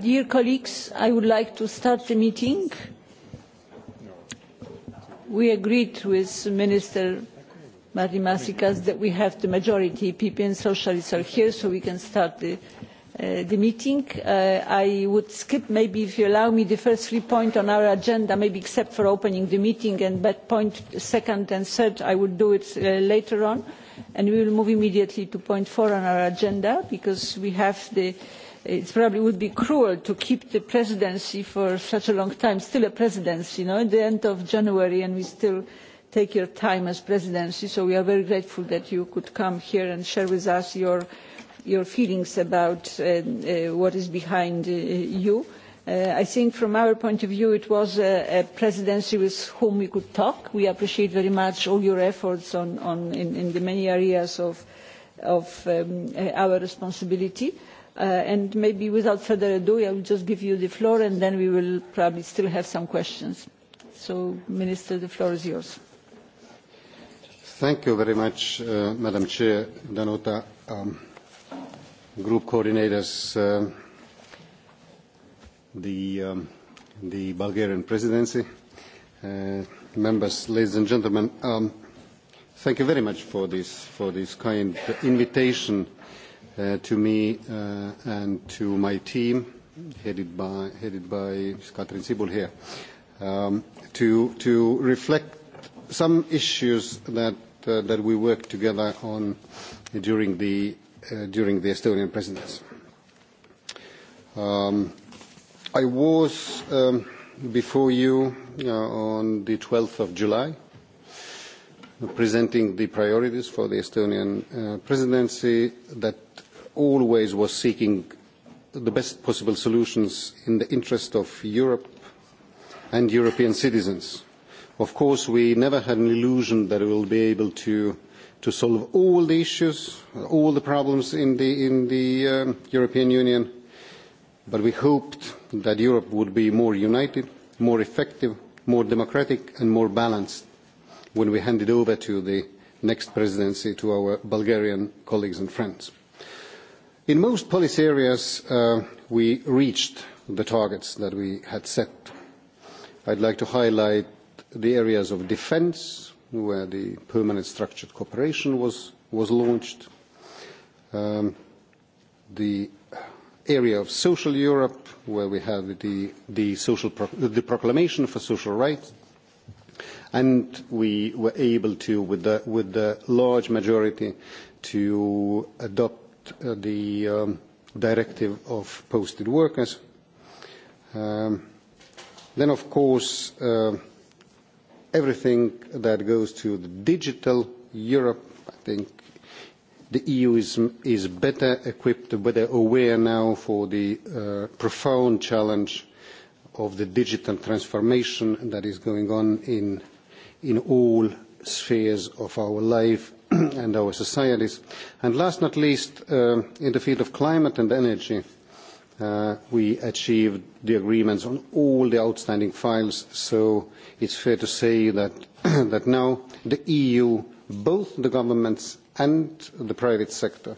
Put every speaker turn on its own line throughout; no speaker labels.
dear colleagues, I would like to start the meeting. We agreed with Minister Marimasikas Masikas that we have the majority. PP and Socialists are here, so we can start the, the meeting. I would skip, maybe if you allow me, the first three points on our agenda, maybe except for opening the meeting, and that point second and third, I will do it later on. And we will move immediately to point four on our agenda, because we have the it probably would be cruel to keep the presidency for such a long time still a presidency at the end of january and we still take your time as presidency so we are very grateful that you could come here and share with us your feelings about what is behind you. I think from our point of view it was a, presidency with whom we could talk. We appreciate very much all your efforts in, the many areas of our responsibility and maybe without further ado, I will just give you the floor, and then we will probably still have some questions. So, Minister, the floor is yours.
Thank you very much, Madam Chair, Danuta, group coordinators, the, the Bulgarian presidency, members, ladies and gentlemen. thank you very much for this, for this kind invitation to me and to my team, headed by Ms Katrin Sibul here, to reflect some issues that that we worked together on during the during the Estonian presidency. I was before you on the 12th of July presenting the priorities for the Estonian uh, presidency that always was seeking the best possible solutions in the interest of Europe and European citizens. Of course, we never had an illusion that we will be able to to solve all the issues, all the problems in the in the um, European Union, but we hoped that Europe would be more united, more effective, more democratic, and more balanced when we hand it over to the next presidency to our Bulgarian colleagues and friends. In most policy areas, we reached the targets that we had set. I'd like to highlight the areas of defence, where the permanent structured cooperation was, was launched, the area of social Europe, where we have the, the, social pro the proclamation for social rights, and we were able to, with the, with the large majority, to adopt the um, directive of posted workers. Um, then, of course, uh, everything that goes to the digital Europe, I think the EU is, is better equipped, better aware now for the uh, profound challenge of the digital transformation that is going on in in all spheres of our life and our societies. And last but not least, in the field of climate and energy, we achieved the agreements on all the outstanding files, so it's fair to say that now the EU, both the governments and the private sector,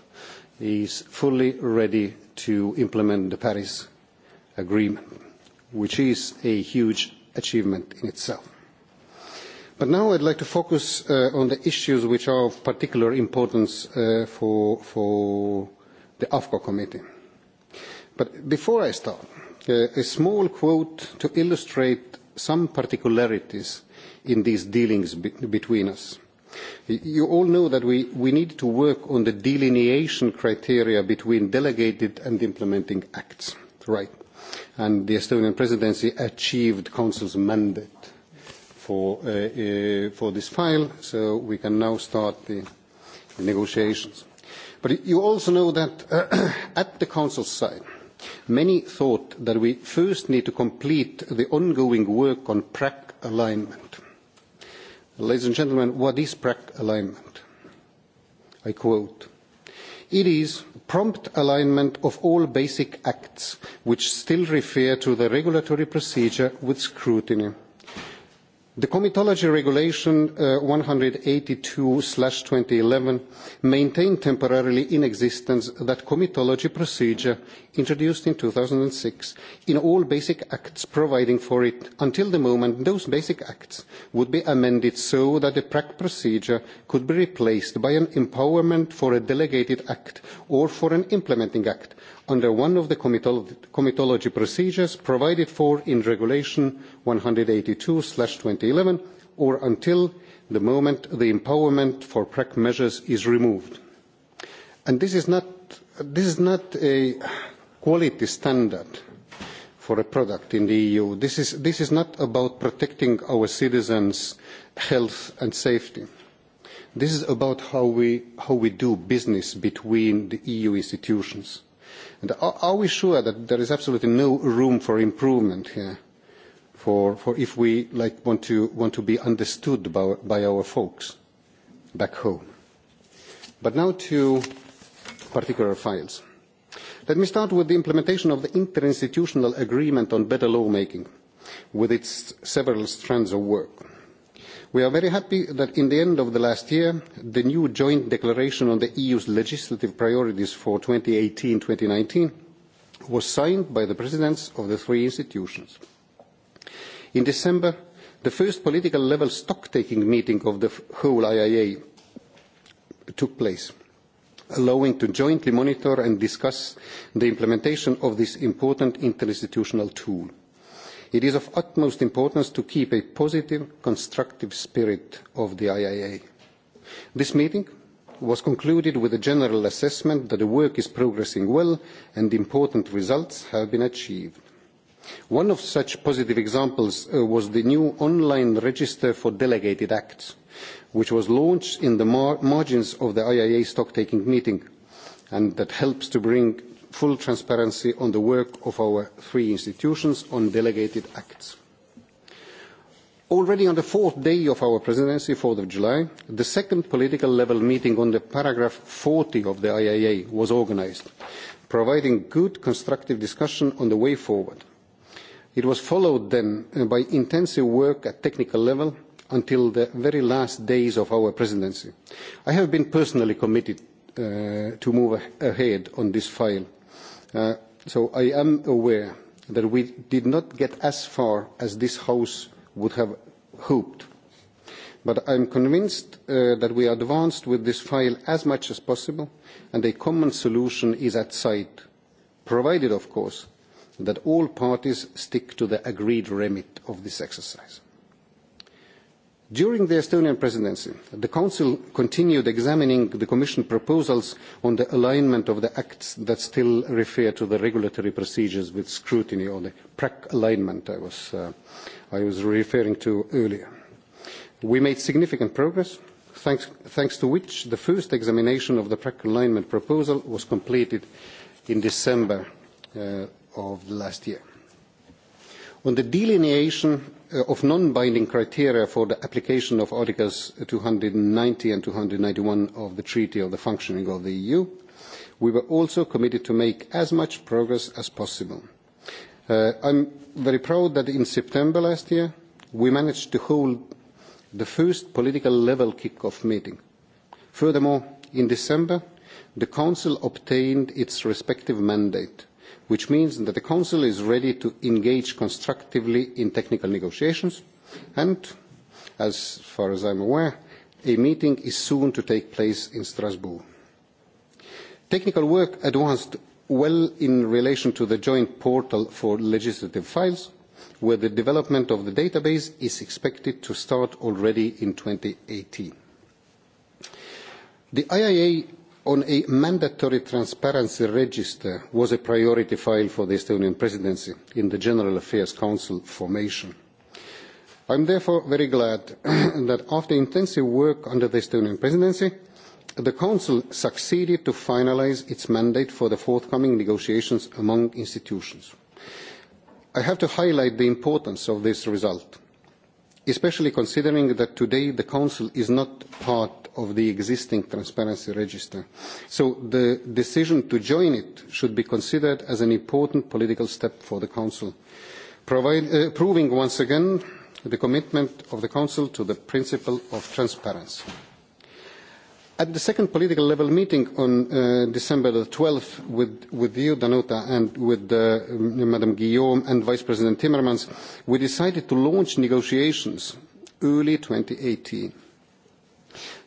is fully ready to implement the Paris Agreement, which is a huge achievement in itself. But now I'd like to focus uh, on the issues which are of particular importance uh, for, for the AFCO committee. But before I start, uh, a small quote to illustrate some particularities in these dealings be between us. You all know that we, we need to work on the delineation criteria between delegated and implementing acts, right? And the Estonian presidency achieved Council's mandate for this file, so we can now start the negotiations. But you also know that at the council side, many thought that we first need to complete the ongoing work on PRAC alignment. Ladies and gentlemen, what is PRAC alignment? I quote, "It is prompt alignment of all basic acts which still refer to the regulatory procedure with scrutiny." The Comitology Regulation one hundred and eighty two and eleven maintained temporarily in existence that comitology procedure introduced in two thousand six in all basic acts providing for it until the moment those basic acts would be amended so that the PRAC procedure could be replaced by an empowerment for a delegated act or for an implementing act under one of the comitology procedures provided for in Regulation one hundred and eighty 182 eleven or until the moment the empowerment for PRAC measures is removed. And this is not, this is not a quality standard for a product in the EU. This is, this is not about protecting our citizens' health and safety. This is about how we, how we do business between the EU institutions And are, we sure that there is absolutely no room for improvement here, for, if we like want to be understood by, by our folks back home? But now to particular files. Let me start with the implementation of the interinstitutional agreement on better lawmaking, with its several strands of work we are very happy that at the end of last year the new joint declaration on the eu's legislative priorities for two thousand and eighteen two thousand and nineteen was signed by the presidents of the three institutions. in december the first political level stock taking meeting of the whole iia took place allowing to jointly monitor and discuss the implementation of this important interinstitutional tool it is of utmost importance to keep a positive, constructive spirit of the IIA. This meeting was concluded with a general assessment that the work is progressing well and important results have been achieved. One of such positive examples was the new online register for delegated acts, which was launched in the margins of the IIA stocktaking meeting and that helps to bring full transparency on the work of our three institutions on delegated acts. Already on the fourth day of our presidency, 4th of July, the second political level meeting on the paragraph 40 of the IAA was organised, providing good constructive discussion on the way forward. It was followed then by intensive work at technical level until the very last days of our presidency. I have been personally committed to move ahead on this file so I am aware that we did not get as far as this House would have hoped. But I am convinced that we advanced with this file as much as possible, and a common solution is at sight, provided, of course, that all parties stick to the agreed remit of this exercise. During the Estonian presidency, the Council continued examining the Commission proposals on the alignment of the acts that still refer to the regulatory procedures with scrutiny, or the PRAC alignment I was, referring to earlier. We made significant progress, thanks, to which the first examination of the PRAC alignment proposal was completed in December of last year. On the delineation of non-binding criteria for the application of Articles two hundred and ninety and two hundred and ninety one of the Treaty on the Functioning of the EU. We were also committed to make as much progress as possible. I am very proud that in September last year, we managed to hold the first political level kick-off meeting. Furthermore, in December, the Council obtained its respective mandate which means that the Council is ready to engage constructively in technical negotiations and, as far as I am aware, a meeting is soon to take place in Strasbourg. Technical work advanced well in relation to the joint portal for legislative files, where the development of the database is expected to start already in eighteen. The IIA on a mandatory transparency register was a priority file for the Estonian presidency in the General Affairs Council formation. I am therefore very glad that after intensive work under the Estonian presidency, the Council succeeded to finalise its mandate for the forthcoming negotiations among institutions. I have to highlight the importance of this result, especially considering that today the Council is not part of the existing transparency register. So the decision to join it should be considered as an important political step for the Council, proving once again the commitment of the Council to the principle of transparency. At the second political level meeting on December the 12th with, with you, Danuta, and with Madam Guillaume and Vice President Timmermans, we decided to launch negotiations early eighteen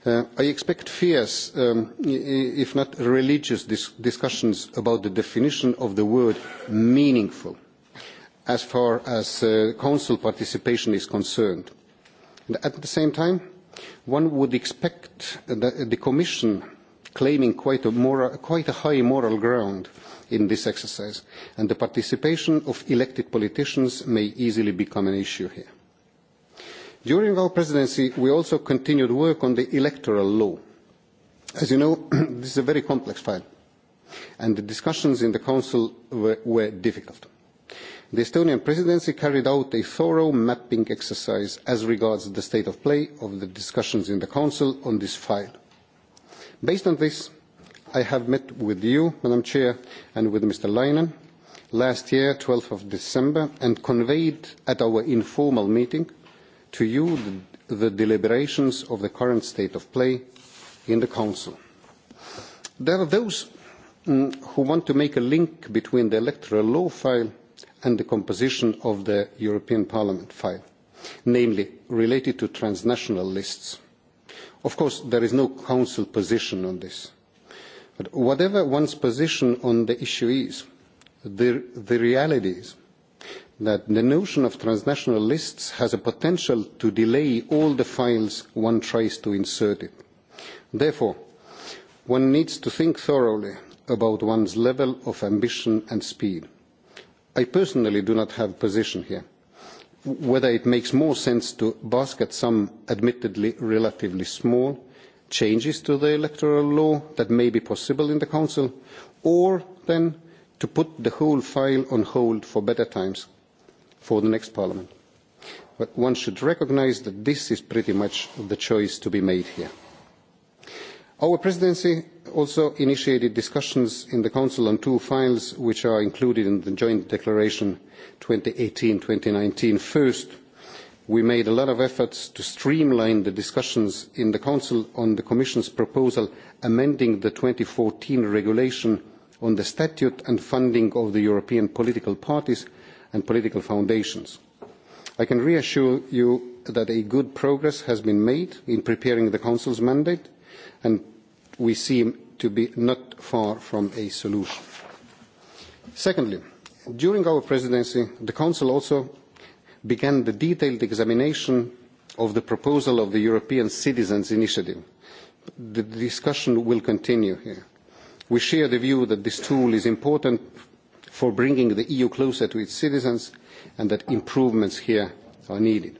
I expect fierce, if not religious, discussions about the definition of the word meaningful as far as council participation is concerned. At the same time, one would expect the Commission claiming quite a, high moral ground in this exercise, and the participation of elected politicians may easily become an issue here. During our presidency, we also continued work on the electoral law. As you know, this is a very complex file, and the discussions in the Council were, were difficult. The Estonian presidency carried out a thorough mapping exercise as regards the state of play of the discussions in the Council on this file. Based on this, I have met with you, Madam Chair, and with Mr. Leinen last year, 12th of December, and conveyed at our informal meeting to you the deliberations of the current state of play in the Council. There are those who want to make a link between the electoral law file and the composition of the European Parliament file, namely related to transnational lists. Of course, there is no Council position on this. But whatever one's position on the issue is, the, the reality is that the notion of transnational lists has a potential to delay all the files one tries to insert it. Therefore, one needs to think thoroughly about one's level of ambition and speed. I personally do not have a position here. Whether it makes more sense to basket some admittedly relatively small changes to the electoral law that may be possible in the Council, or then to put the whole file on hold for better times for the next parliament. But one should recognise that this is pretty much the choice to be made here. Our presidency also initiated discussions in the Council on two files which are included in the joint declaration 2018-2019. First, we made a lot of efforts to streamline the discussions in the Council on the Commission's proposal amending the fourteen regulation on the statute and funding of the European political parties and political foundations. I can reassure you that a good progress has been made in preparing the Council's mandate, and we seem to be not far from a solution. Secondly, during our presidency, the Council also began the detailed examination of the proposal of the European Citizens Initiative. The discussion will continue here. We share the view that this tool is important for bringing the EU closer to its citizens and that improvements here are needed.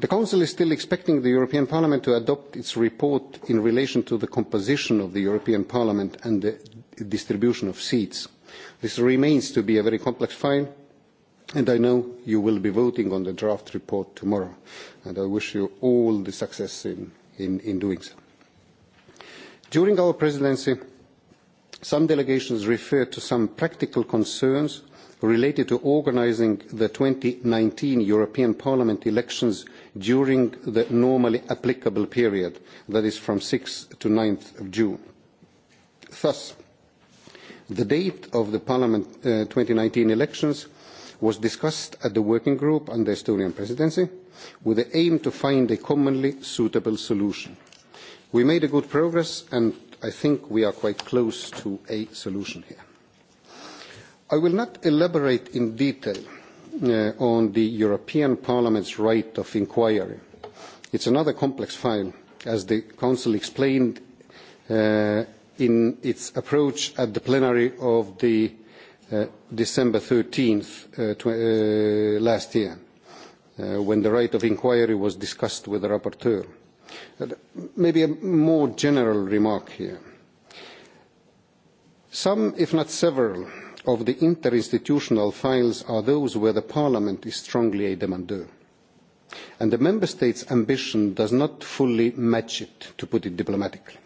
The Council is still expecting the European Parliament to adopt its report in relation to the composition of the European Parliament and the distribution of seats. This remains to be a very complex file, and I know you will be voting on the draft report tomorrow, and I wish you all the success in, in, in doing so. During our presidency, Some delegations referred to some practical concerns related to organising the nineteen European Parliament elections during the normally applicable period, that is from 6 to 9 of June. Thus, the date of the Parliament nineteen elections was discussed at the working group under the Estonian presidency with the aim to find a commonly suitable solution. We made good progress and I think we are quite close to a solution here. I will not elaborate in detail on the European Parliament's right of inquiry. It's another complex file, as the Council explained in its approach at the plenary of the December 13th last year, when the right of inquiry was discussed with the rapporteur. Maybe a more general remark here. Some, if not several, of the interinstitutional files are those where the Parliament is strongly a demandeur. And the Member States' ambition does not fully match it, to put it diplomatically.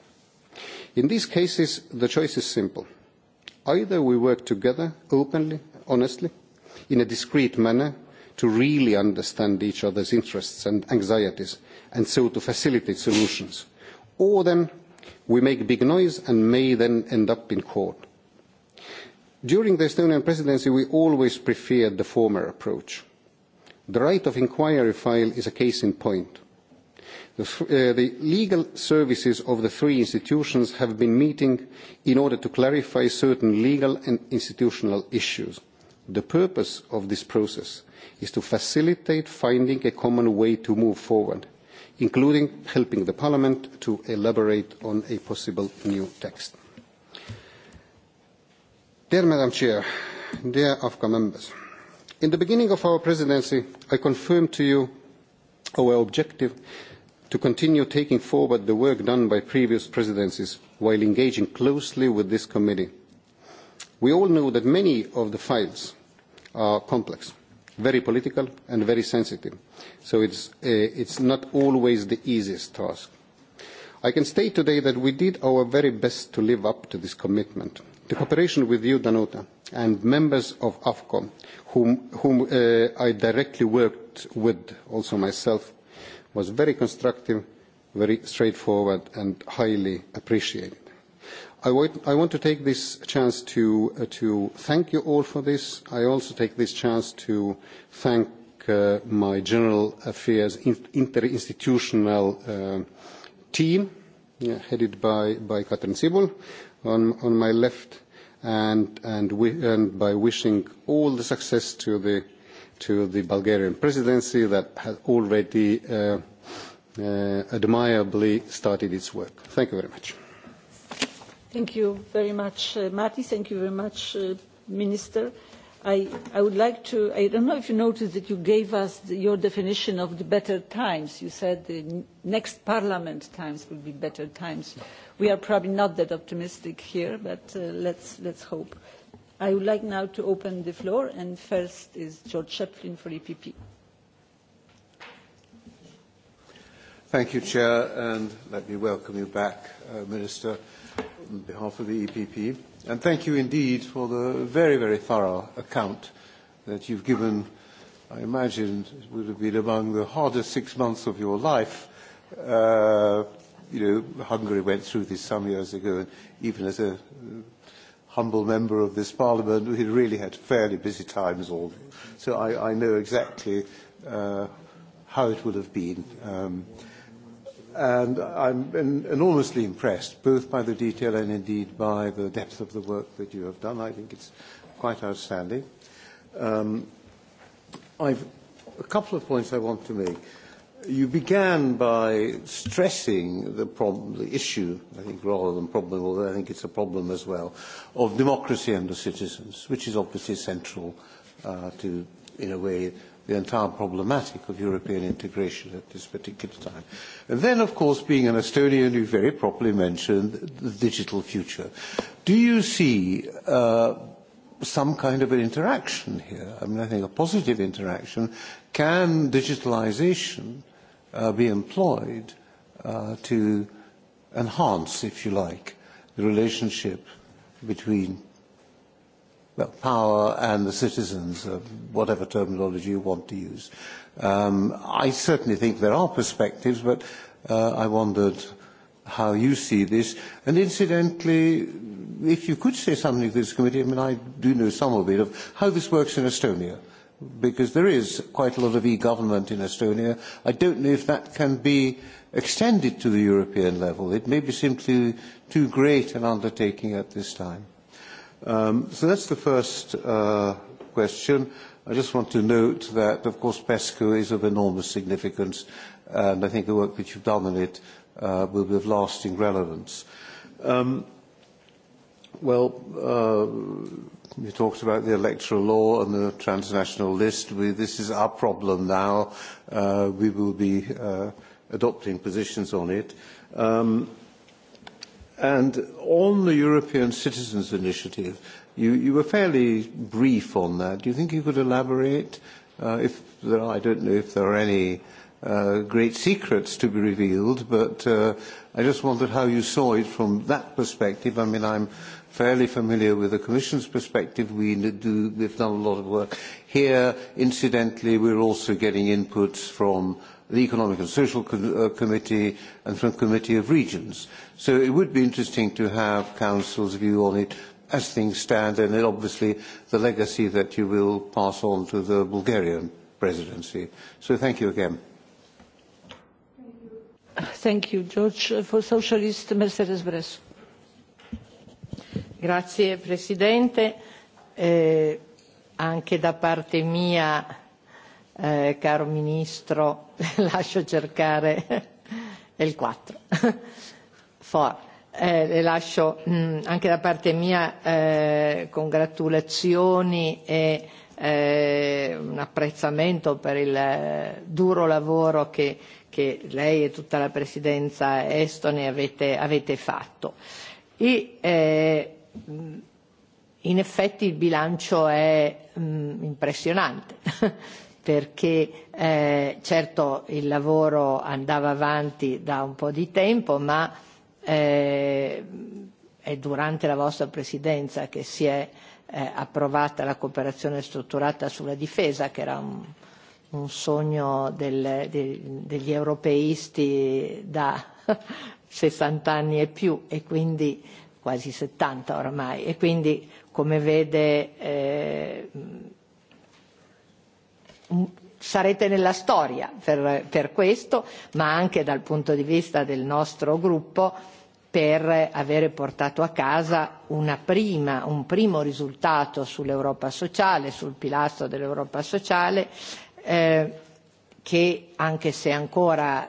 In these cases, the choice is simple. Either we work together openly, honestly, in a discreet manner to really understand each other's interests and anxieties and so to facilitate solutions. Or then we make big noise and may then end up in court. During the Estonian presidency, we always preferred the former approach. The right of inquiry file is a case in point. The, legal services of the three institutions have been meeting in order to clarify certain legal and institutional issues. The purpose of this process is to facilitate finding a common way to move forward including helping the Parliament to elaborate on a possible new text. Dear Madam Chair, dear AFCA members, in the beginning of our presidency, I confirmed to you our objective to continue taking forward the work done by previous presidencies while engaging closely with this committee. We all know that many of the files are complex very political and very sensitive. So it's, uh, it's not always the easiest task. I can state today that we did our very best to live up to this commitment. The cooperation with you, Danuta, and members of AFCO, whom, whom uh, I directly worked with, also myself, was very constructive, very straightforward, and highly appreciated. I want to take this chance to thank you all for this. I also take this chance to thank my General Affairs Interinstitutional team, headed by Katrin Sibyl on my left, and by wishing all the success to the Bulgarian presidency that has already admirably started its work. Thank you very much.
Thank you very much, uh, Thank you very much, uh, Minister. I, I would like to, I don't know if you noticed that you gave us the, your definition of the better times. You said the next parliament times will be better times. We are probably not that optimistic here, but uh, let's, let's hope. I would like now to open the floor, and first is George Shepflin for EPP.
Thank you, Chair, and let me welcome you back, uh, Minister on behalf of the EPP. And thank you indeed for the very, very thorough account that you've given. I imagine it would have been among the hardest six months of your life. Uh, you know, Hungary went through this some years ago, and even as a humble member of this parliament, we really had fairly busy times all. So I, I know exactly uh, how it would have been. Um, and I'm enormously impressed both by the detail and indeed by the depth of the work that you have done. I think it's quite outstanding. Um, I've a couple of points I want to make. You began by stressing the problem, the issue, I think rather than problem, although I think it's a problem as well, of democracy and the citizens, which is obviously central uh, to, in a way, the entire problematic of European integration at this particular time. And then, of course, being an Estonian, you very properly mentioned the digital future. Do you see uh, some kind of an interaction here? I mean, I think a positive interaction. Can digitalization uh, be employed uh, to enhance, if you like, the relationship between well, power and the citizens, uh, whatever terminology you want to use. Um, I certainly think there are perspectives, but uh, I wondered how you see this. And incidentally, if you could say something to this committee, I mean, I do know some of it, of how this works in Estonia, because there is quite a lot of e-government in Estonia. I don't know if that can be extended to the European level. It may be simply too great an undertaking at this time. Um, so that's the first uh, question. I just want to note that, of course, PESCO is of enormous significance, and I think the work that you've done on it uh, will be of lasting relevance. Um, well, uh, you talked about the electoral law and the transnational list. We, this is our problem now. Uh, we will be uh, adopting positions on it. Um, And on the European Citizens Initiative, you, you were fairly brief on that. Do you think you could elaborate? Uh, if there are, I don't know if there are any uh, great secrets to be revealed, but uh, I just wondered how you saw it from that perspective. I mean, I'm fairly familiar with the Commission's perspective. We do, we've done a lot of work here. Incidentally, we're also getting inputs from the Economic and Social Com- uh, Committee and from the Committee of Regions. So it would be interesting to have Council's view on it as things stand and obviously the legacy that you will pass on to the Bulgarian presidency. So thank you again.
Thank you, George. For Socialist, Mercedes Bresso. Grazie Presidente. Eh,
anche da parte mia eh, caro Ministro, lascio cercare è il 4. For. Eh, le lascio mh, anche da parte mia eh, congratulazioni e eh, un apprezzamento per il duro lavoro che, che lei e tutta la Presidenza Estone avete, avete fatto. E, eh, in effetti il bilancio è mh, impressionante perché eh, certo il lavoro andava avanti da un po' di tempo, ma eh, è durante la vostra presidenza che si è eh, approvata la cooperazione strutturata sulla difesa, che era un, un sogno del, de, degli europeisti da 60 anni e più, e quindi quasi 70 oramai, e quindi come vede eh, sarete nella storia per, questo, ma anche dal punto di vista del nostro gruppo per avere portato a casa un primo risultato sull'Europa sociale, sul pilastro dell'Europa sociale, che anche se ancora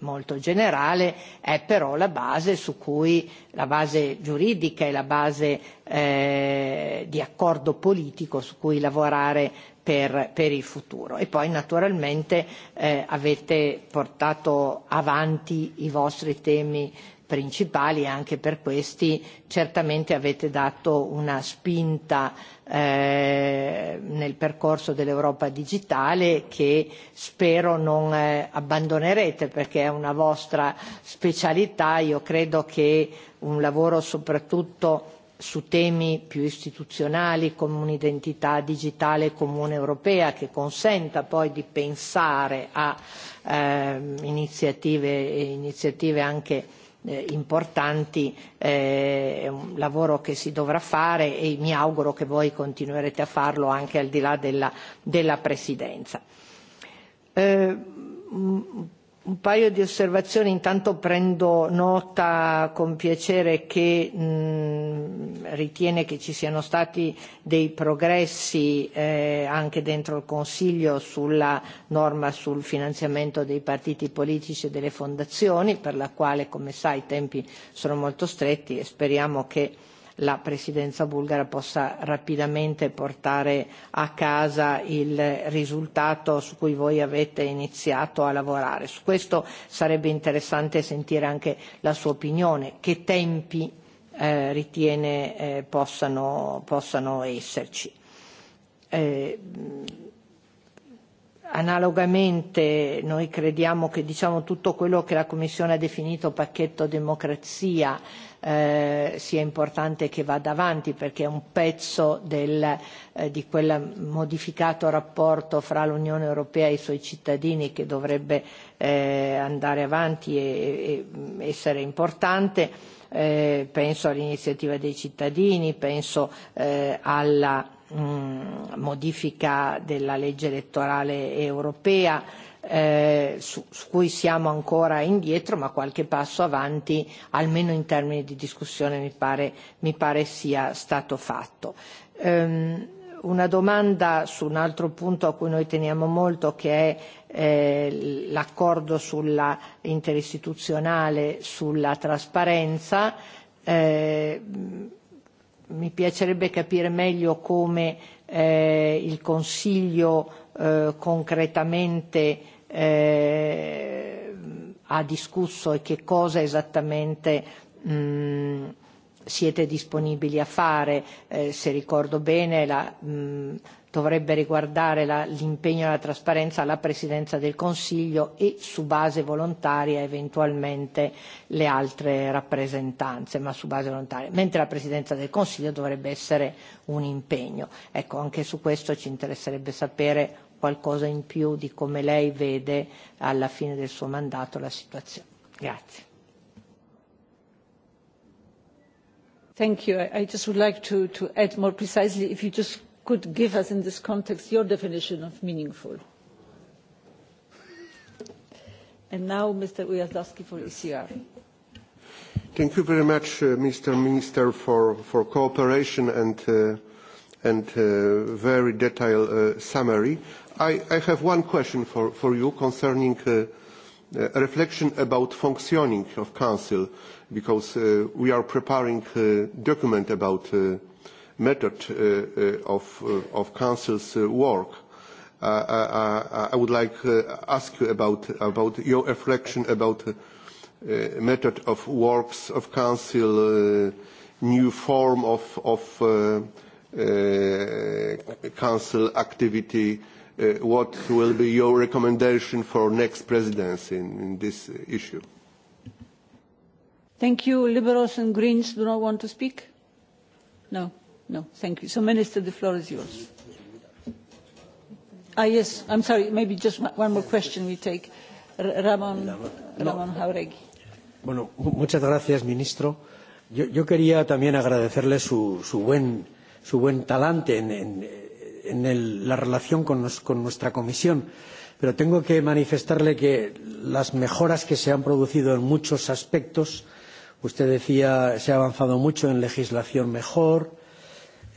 molto generale, è però la base su cui la base giuridica e la base eh, di accordo politico su cui lavorare per, per il futuro. E poi naturalmente eh, avete portato avanti i vostri temi principali e anche per questi certamente avete dato una spinta eh, nel percorso dell'Europa digitale che spero non eh, abbandonerete perché è una vostra specialità. Io credo che un lavoro soprattutto su temi più istituzionali come un'identità digitale comune europea che consenta poi di pensare a iniziative, anche importanti, è un lavoro che si dovrà fare e mi auguro che voi continuerete a farlo anche al di là della, Presidenza un paio di osservazioni. Intanto prendo nota con piacere che mh, ritiene che ci siano stati dei progressi eh, anche dentro il Consiglio sulla norma sul finanziamento dei partiti politici e delle fondazioni, per la quale, come sa, i tempi sono molto stretti e speriamo che la presidenza bulgara possa rapidamente portare a casa il risultato su cui voi avete iniziato a lavorare. Su questo sarebbe interessante sentire anche la sua opinione. Che tempi eh, ritiene eh, possano, possano esserci? Eh, Analogamente noi crediamo che diciamo, tutto quello che la Commissione ha definito pacchetto democrazia sia importante che vada avanti perché è un pezzo del, di quel modificato rapporto fra l'Unione Europea e i suoi cittadini che dovrebbe andare avanti e, essere importante. penso all'iniziativa dei cittadini, penso alla modifica della legge elettorale europea, eh, su, su cui siamo ancora indietro, ma qualche passo avanti, almeno in termini di discussione, mi pare, mi pare sia stato fatto. una domanda su un altro punto a cui noi teniamo molto, che è eh, l'accordo interistituzionale sulla trasparenza. Eh, mi piacerebbe capire meglio come eh, il Consiglio eh, concretamente eh, ha discusso e che cosa esattamente mh, siete disponibili a fare. Eh, se ricordo bene la mh, dovrebbe riguardare l'impegno alla trasparenza alla Presidenza del Consiglio e su base volontaria eventualmente le altre rappresentanze, ma su base volontaria, mentre la Presidenza del Consiglio dovrebbe essere un impegno. Ecco, anche su questo ci interesserebbe sapere qualcosa in più di come lei vede alla fine del suo mandato la situazione. Grazie.
Thank you. I just would like to, to add more precisely, if you just could give us in this context your definition of meaningful. And now Mr. Ujazdowski for ECR.
Thank you very much, uh, Mr. Minister, for, for cooperation and, uh, and uh, very detailed uh, summary. I, I have one question for, for you concerning uh, a reflection about functioning of Council, because uh, we are preparing a document about uh, method of Council's work. I would like to ask you about your reflection about method of works of Council, new form of Council activity. What will be your recommendation for next presidency in this issue?
Thank you. Liberals and Greens do not want to speak? No. No, thank you. So, Minister, the floor is yours. Ah, yes, I'm sorry, maybe just one more question we take. Ramon Ramón Jauregui.
Bueno, muchas gracias, ministro. Yo, quería también agradecerle su, su, buen, su buen talante en, en, en el, la relación con, nos, con nuestra comisión, pero tengo que manifestarle que las mejoras que se han producido en muchos aspectos, usted decía se ha avanzado mucho en legislación mejor,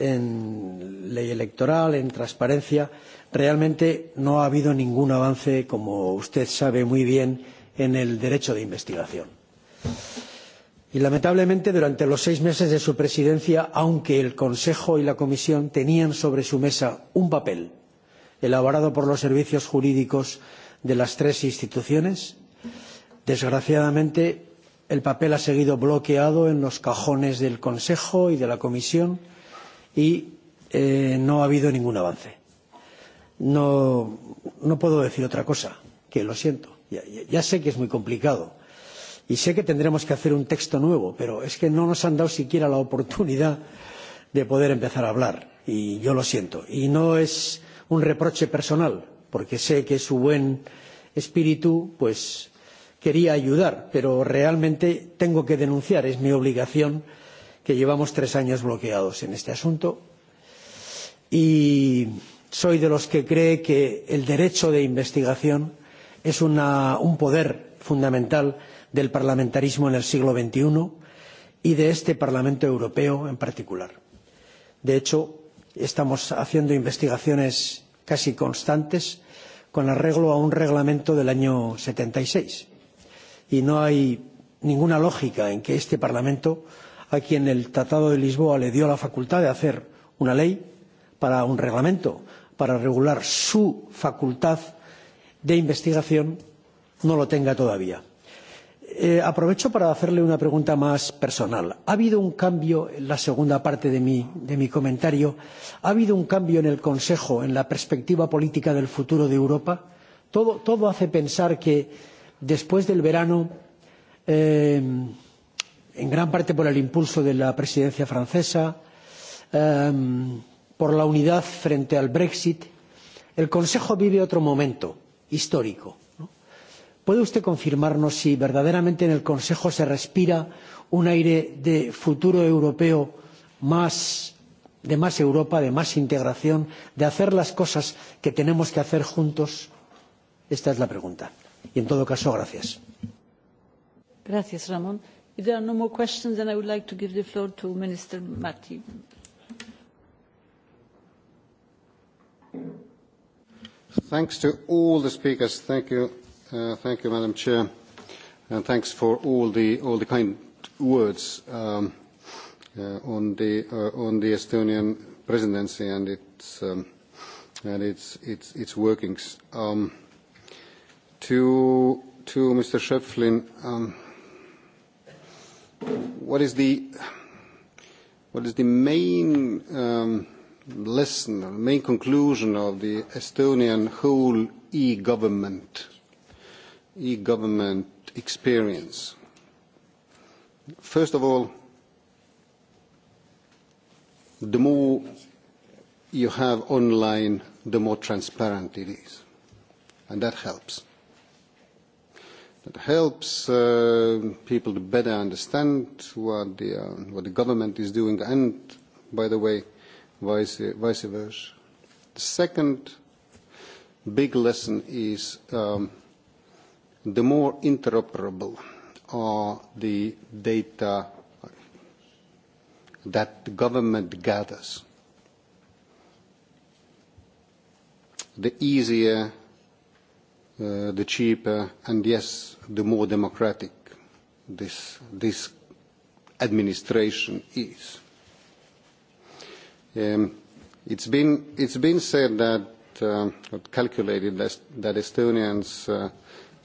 en ley electoral, en transparencia, realmente no ha habido ningún avance, como usted sabe muy bien, en el derecho de investigación. Y lamentablemente durante los seis meses de su presidencia, aunque el Consejo y la Comisión tenían sobre su mesa un papel elaborado por los servicios jurídicos de las tres instituciones, desgraciadamente el papel ha seguido bloqueado en los cajones del Consejo y de la Comisión y eh, no ha habido ningún avance. No, no puedo decir otra cosa, que lo siento. Ya, ya sé que es muy complicado y sé que tendremos que hacer un texto nuevo, pero es que no nos han dado siquiera la oportunidad de poder empezar a hablar y yo lo siento. Y no es un reproche personal, porque sé que su buen espíritu pues quería ayudar, pero realmente tengo que denunciar, es mi obligación que llevamos tres años bloqueados en este asunto. Y soy de los que cree que el derecho de investigación es un poder fundamental del parlamentarismo en el siglo XXI y de este Parlamento Europeo en particular. De hecho, estamos haciendo investigaciones casi constantes con arreglo a un reglamento del año setenta y seis. Y no hay ninguna lógica en que este Parlamento a quien el Tratado de Lisboa le dio la facultad de hacer una ley para un reglamento para regular su facultad de investigación no lo tenga todavía. aprovecho para hacerle una pregunta más personal. ¿Ha habido un cambio en la segunda parte de mi, comentario? ¿Ha habido un cambio en el Consejo, en la perspectiva política del futuro de Europa? Todo, hace pensar que después del verano en gran parte por el impulso de la presidencia francesa, por la unidad frente al Brexit. El Consejo vive otro momento histórico. ¿Puede usted confirmarnos si verdaderamente en el Consejo se respira un aire de futuro europeo más de más Europa, de más integración, de hacer las cosas que tenemos que hacer juntos? Esta es la pregunta. Y en todo caso, gracias.
Gracias, Ramón. If there are no more questions, then I would like to give the floor to Minister Matti.
Thanks to all the speakers. Thank you, uh, thank you, Madam Chair, and thanks for all the all the kind words um, uh, on the uh, on the Estonian presidency and its um, and its its its workings. Um, to to Mr. Schöpflin. Um, what is the what is the main um, lesson, the main conclusion of the Estonian whole e-government e-government experience? First of all, the more you have online, the more transparent it is, and that helps That helps people to better understand what the, uh, what the government is doing and, by the way, vice, vice versa. The second big lesson is um, the more interoperable are the data that the government gathers, the easier the cheaper and yes, the more democratic this, this administration is. Um, it's, been, it's been said that, uh, calculated that, that Estonians uh,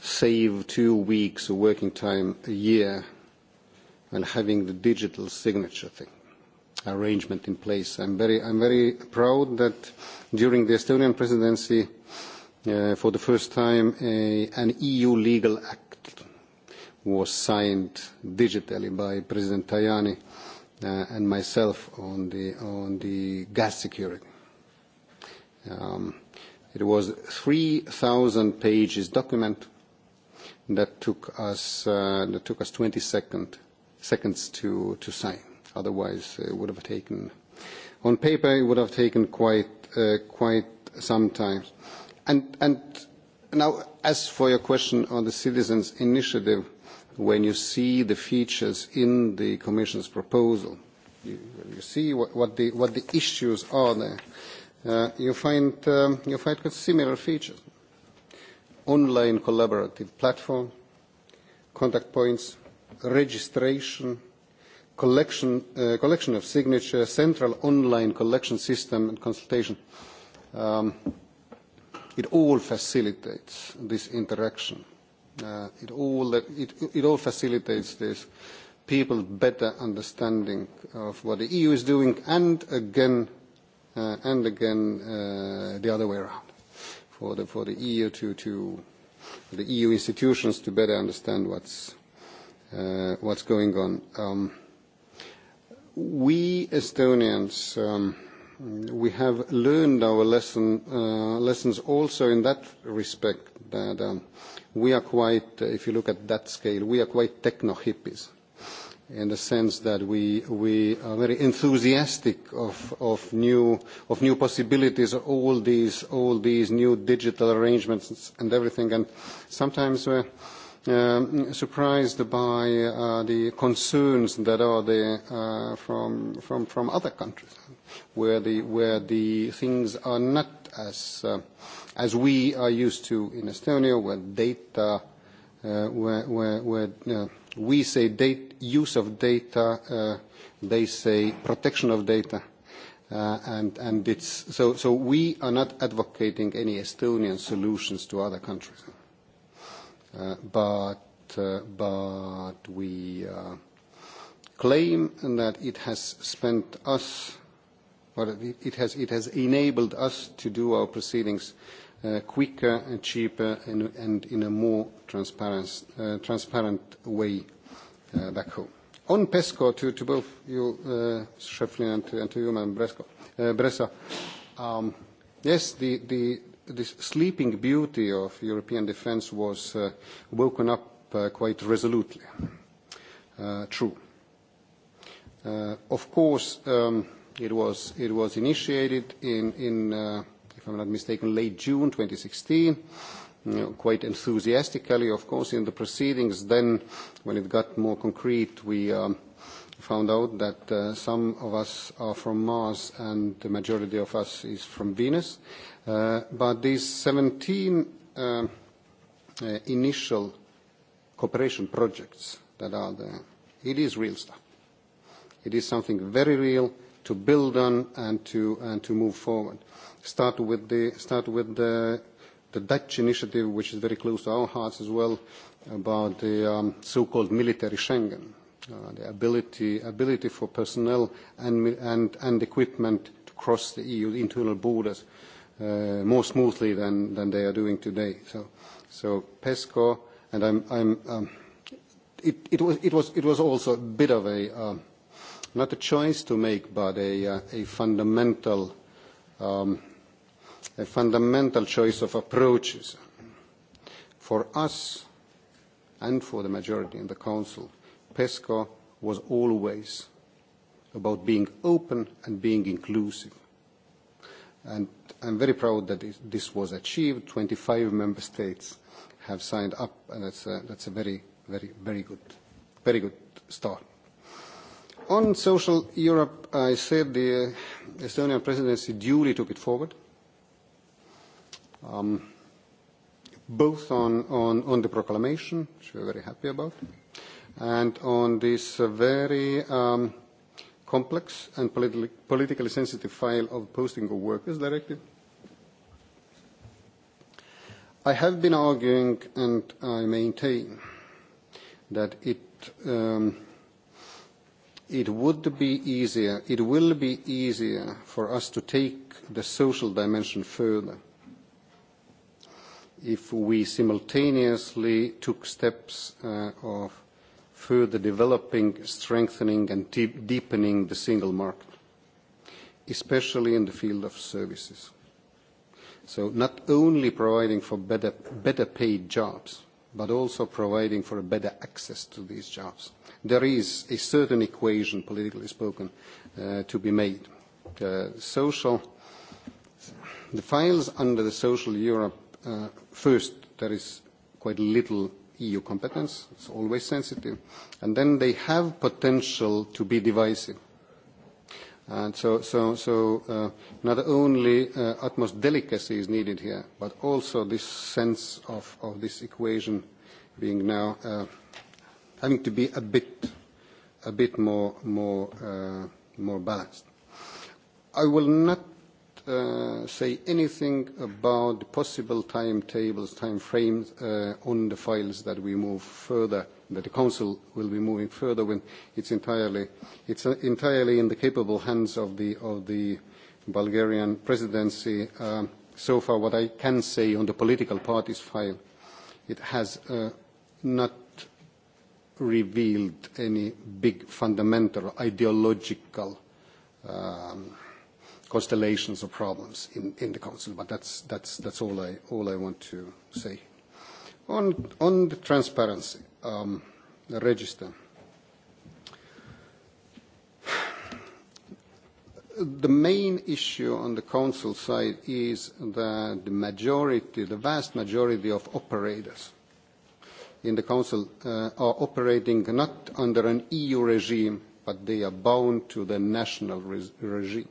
save two weeks of working time a year and having the digital signature thing arrangement in place. I'm very, I'm very proud that during the Estonian presidency, for the first time an EU legal act was signed digitally by President Tajani and myself on the, on the gas security. it was a 3,000 pages document that took us, uh, that took us 20 second, seconds to, to sign. Otherwise, it would have taken, on paper, it would have taken quite, uh, quite some time And Now, as for your question on the citizens' initiative, when you see the features in the Commission's proposal, you, you see what, what, the, what the issues are there, uh, you, find, um, you find similar features. Online collaborative platform, contact points, registration, collection, uh, collection of signatures, central online collection system and consultation. Um, It all facilitates this interaction. Uh, it, all, it, it all facilitates this people better understanding of what the EU is doing and again uh, and again uh, the other way around for the for the EU to to the EU institutions to better understand what's uh, what's going on. Um, we Estonians um, we have learned our lesson, uh, lessons also in that respect that um, we are quite, if you look at that scale, we are quite techno-hippies in the sense that we, we are very enthusiastic of, of, new, of new possibilities, all these, all these new digital arrangements and everything. And sometimes uh, surprised by the concerns that are there from other countries, where the things are not as we are used to in Estonia, where data, where we say use of data, they say protection of data. and it's so We are not advocating any Estonian solutions to other countries but but we claim that it has spent us, well, it has it has enabled us to do our proceedings quicker and cheaper and in a more transparent way back home. On PESCO, to both you, Mr. and to you, Madam Bressa, yes, the this sleeping beauty of European defence was uh, woken up uh, quite resolutely. Uh, true. Uh, of course, um, it was it was initiated in in uh, if I'm not mistaken late June 2016 quite enthusiastically, of course, in the proceedings. Then, when it got more concrete, we um, found out that uh, some of us are from Mars and the majority of us is from Venus. But these 17 initial cooperation projects that are there, it is real stuff. It is something very real to build on and to and to move forward. Start with the start with the the Dutch initiative, which is very close to our hearts as well, about the um, so-called military Schengen, uh, the ability ability for personnel and and and equipment to cross the EU internal borders more smoothly than than they are doing today. So so PESCO, and I'm I'm um it it was it was it was also a bit of a not a choice to make, but a uh a fundamental um a fundamental choice of approaches. For us and for the majority in the council, PESCO was always about being open and being inclusive. And I'm very proud that this was achieved. 25 member states have signed up, and that's a, a very, very, very good, very good start. On social Europe, I said the Estonian presidency duly took it forward, um, both on, on, on the proclamation, which we're very happy about, and on this very um, complex and politically sensitive file of Posting of Workers Directive. I have been arguing, and I maintain, that it, um, it would be easier, it will be easier for us to take the social dimension further if we simultaneously took steps uh, of further developing, strengthening, and deepening the single market, especially in the field of services. So not only providing for better, better paid jobs, but also providing for a better access to these jobs. There is a certain equation, politically spoken, uh, to be made. Uh, social, the files under the social Europe, uh, first, there is quite little EU competence. It's always sensitive. And then they have potential to be divisive. And so, so, so uh, not only uh, utmost delicacy is needed here, but also this sense of, of this equation being now uh, having to be a bit, a bit more, more, uh, more balanced. I will not uh, say anything about the possible timetables, time uh, on the files that we move further, that the Council will be moving further when it's entirely, it's entirely in the capable hands of the, of the Bulgarian presidency. so far, what I can say on the political parties file, it has not revealed any big fundamental ideological um, constellations of problems in, in the Council. But that's, that's, that's all, I, all I want to say. On, on the transparency, um, the register, the main issue on the Council side is that the majority, the vast majority of operators in the Council uh, are operating not under an EU regime, but they are bound to the national re regime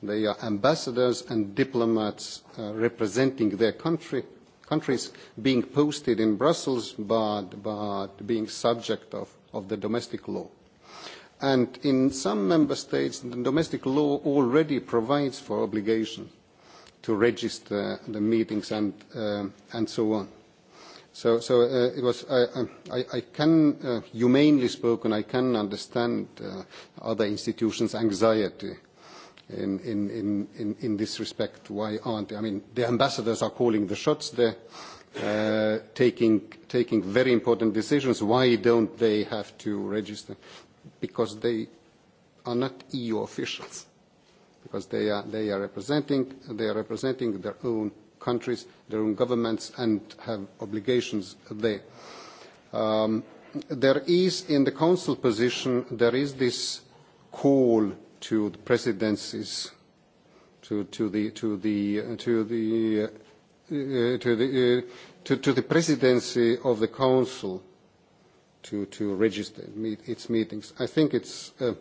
They are ambassadors and diplomats representing their country, countries being posted in Brussels but, but being subject of, of the domestic law. And in some member states, the domestic law already provides for obligation to register the meetings and, uh, and so on. So, so uh, it was, I, I, I can, uh, humanely spoken, I can understand uh, other institutions' anxiety in, in, in, in, in this respect? Why aren't they? I mean, the ambassadors are calling the shots. They're taking, taking very important decisions. Why don't they have to register? Because they are not EU officials. Because they are, they are, representing, they are representing their own countries, their own governments, and have obligations there. there is, in the Council position, there is this call to the presidencies, to, to the to the to the uh, to the uh, to, to the presidency of the council to to register meet, its meetings. I think it's. Uh,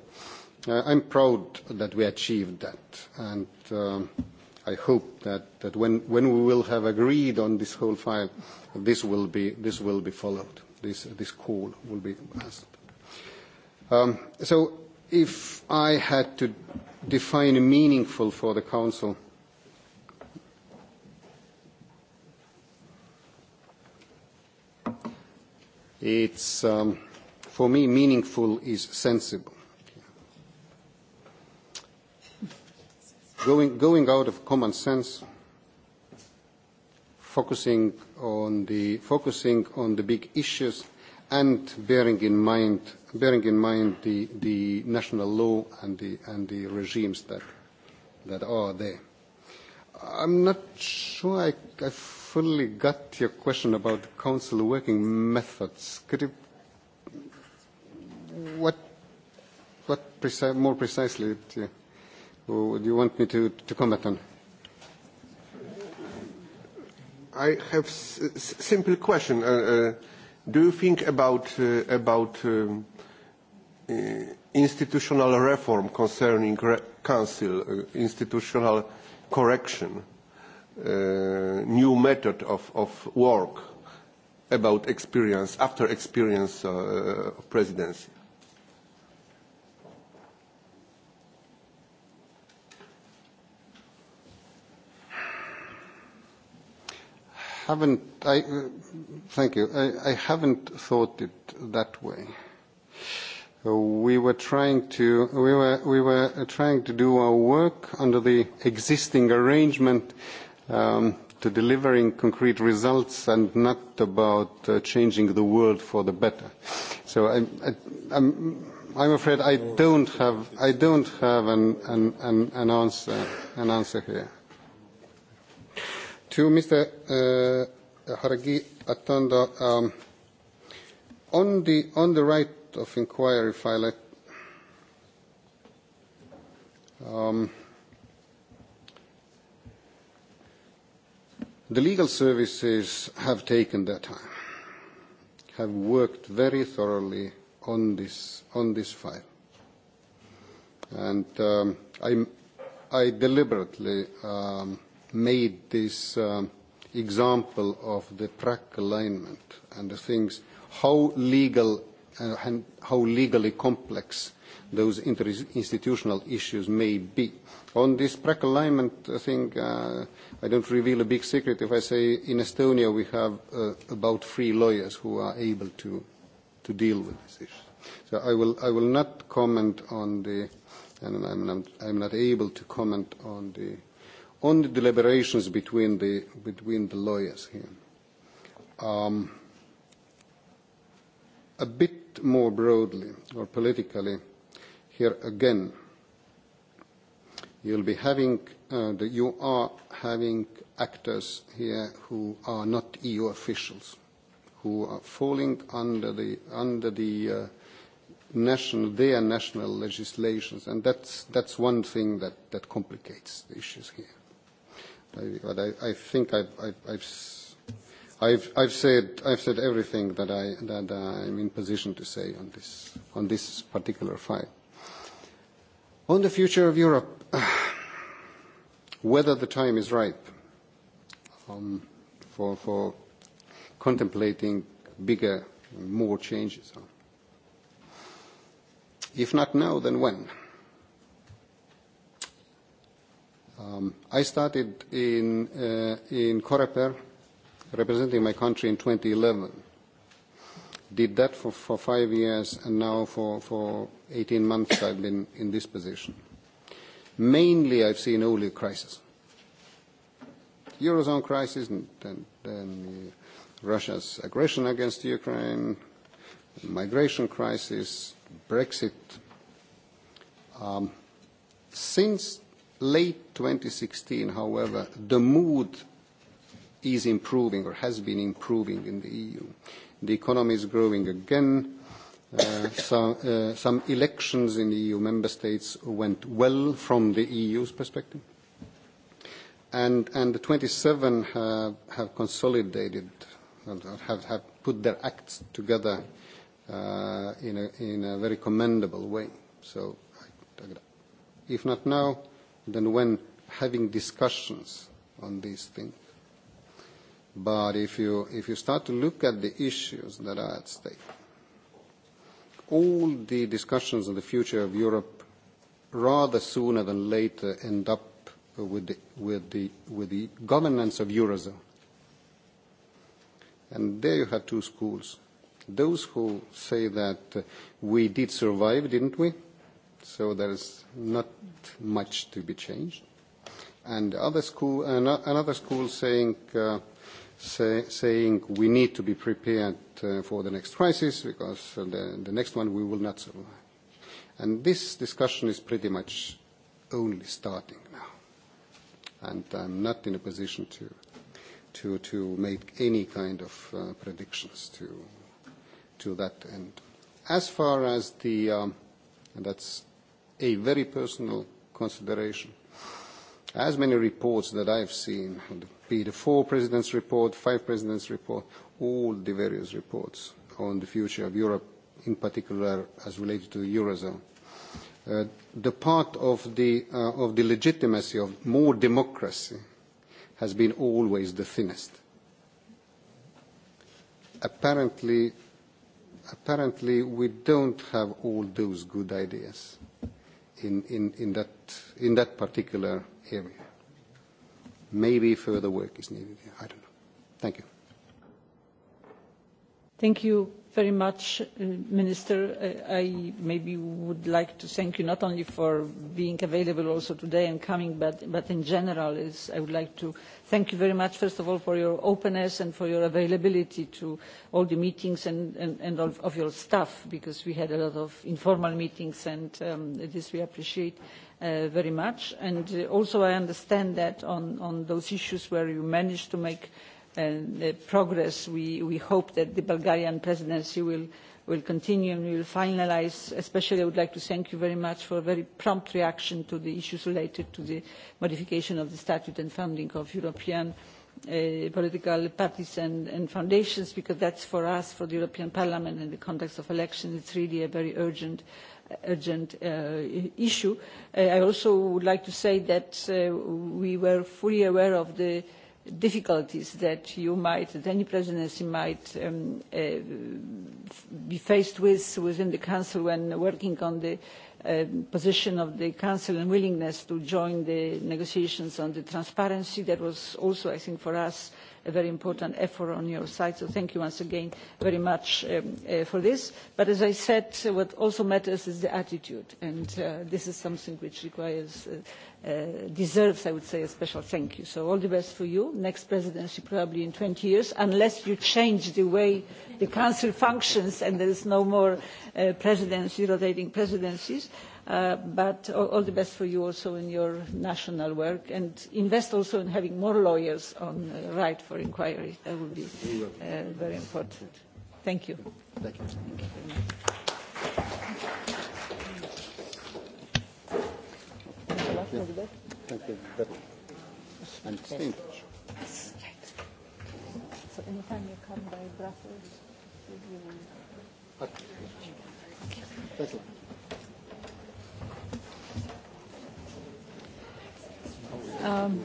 I'm proud that we achieved that, and um, I hope that, that when, when we will have agreed on this whole file, this will be, this will be followed. This, this call will be asked. Um, so if I had to define meaningful for the Council, it's um, for me meaningful is sensible. Going, going out of common sense, focusing on the focusing on the big issues and bearing in mind, bearing in mind the, the national law and the, and the regimes that, that are there. I'm not sure I, I fully got your question about the council working methods. Could you, what, precise, more precisely do you, want me to, comment on?
I have a simple question. Do you think about, uh, about um, uh, institutional reform concerning re council, uh, institutional correction, uh, new method of, of work about experience, after experience uh, of presidency?
haven't. I, thank you. I, I haven't thought it that way. We were trying to we were we were trying to do our work under the existing arrangement um, to delivering concrete results and not about uh, changing the world for the better. So I, I, I'm. I'm afraid I don't have I don't have an, an, an, an answer an answer here. To Mr. Haragi Atondo, on the on the right of inquiry file, the legal services have taken their time, have worked very thoroughly on this on this file, and I I deliberately. Um, made this um, example of the track alignment and the things, how legal uh, and how legally complex those interinstitutional issues may be. On this track alignment thing, uh, I don't reveal a big secret if I say in Estonia we have uh, about three lawyers who are able to, to deal with this issue. So I will, I will not comment on the, and I'm, I'm, I'm not able to comment on the On the deliberations between the, between the lawyers here. Um, a bit more broadly or politically, here again, you'll be having, uh, the, you are having actors here who are not EU officials, who are falling under the, under the uh, national, their national legislations, and that's, that's one thing that, that complicates the issues here but I, I think I've, I've, I've, I've, I've said I've said everything that I that I'm in position to say on this on this particular file. On the future of Europe, whether the time is ripe um, for for contemplating bigger, more changes. If not now, then when? Um, I started in, uh, in Coreper, representing my country in 2011. Did that for, for five years, and now for, for 18 months I've been in this position. Mainly I've seen oil crisis. Eurozone crisis, and then, then Russia's aggression against Ukraine, migration crisis, Brexit. Um, since late 2016, however, the mood is improving or has been improving in the EU. The economy is growing again. Some elections in the EU member states went well from the EU's perspective. and The 27 have consolidated, have put their acts together in a very commendable way. So If not now, than when having discussions on these things. But if you, if you start to look at the issues that are at stake, all the discussions on the future of Europe rather sooner than later end up with the, with the, with the governance of Eurozone. And there you have two schools. Those who say that we did survive, didn't we? so there is not much to be changed. And other school, another school saying, uh, say, saying we need to be prepared uh, for the next crisis because the, the next one we will not survive. And this discussion is pretty much only starting now. And I'm not in a position to, to, to make any kind of uh, predictions to, to that end. As far as the, um, and that's a very personal consideration. As many reports that I've seen, be the four presidents report, five presidents report, all the various reports on the future of Europe, in particular as related to the Eurozone. Uh, the part of the, uh, of the legitimacy of more democracy has been always the thinnest. Apparently, apparently we don't have all those good ideas in, in, that, in that particular area. Maybe further work is needed. I don't know. Thank you.
Thank you very much, Minister. I maybe would like to thank you not only for being available also today and coming, but, but in general, is I would like to thank you very much, first of all, for your openness and for your availability to all the meetings and, and, and all of your staff, because we had a lot of informal meetings, and um, this we appreciate uh, very much. And uh, also I understand that on, on those issues where you managed to make – the progress we hope that the bulgarian presidency will continue and will finalise. especially i would like to thank you very much for a very prompt reaction to the issues related to the modification of the statute and funding of european political parties and foundations because that is for us for the european parliament in the context of elections really a very urgent issue. i also would like to say that we were fully aware of the difficulties that you might, that any presidency might be faced with within the Council when working on the position of the Council and willingness to join the negotiations on the transparency. That was also, I think, for us a very important effort on your side. So thank you once again very much for this. But as I said, what also matters is the attitude. And this is something which requires, deserves, I would say, a special thank you. So all the best for you. Next presidency probably in twenty years, unless you change the way the Council functions and there is no more presidency, rotating presidencies but all the best for you also in your national work and invest also in having more lawyers on the right for inquiry. That would be uh, very important. Thank you. Thank you. Thank you So anytime you come by Brussels, Thank you. Um,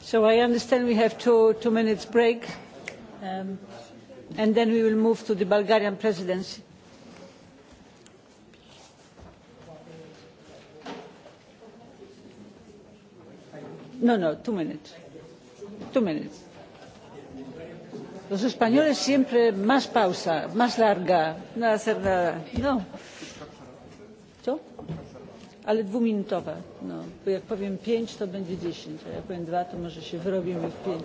so I understand we have two, two minutes break, um, and then we will move to the Bulgarian presidency. No, no, two minutes. Two minutes. Los españoles siempre más pausa, más larga, no hacer nada. No. Co? Ale dwuminutowa. No, bo jak powiem pięć, to będzie dziesięć, a jak powiem dwa, to może się wyrobimy w pięć.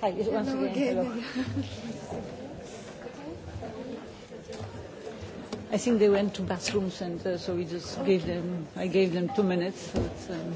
Hi, once again, hello. I think they went to bathrooms, and uh, so we just gave them. I gave them two minutes. So it's, um,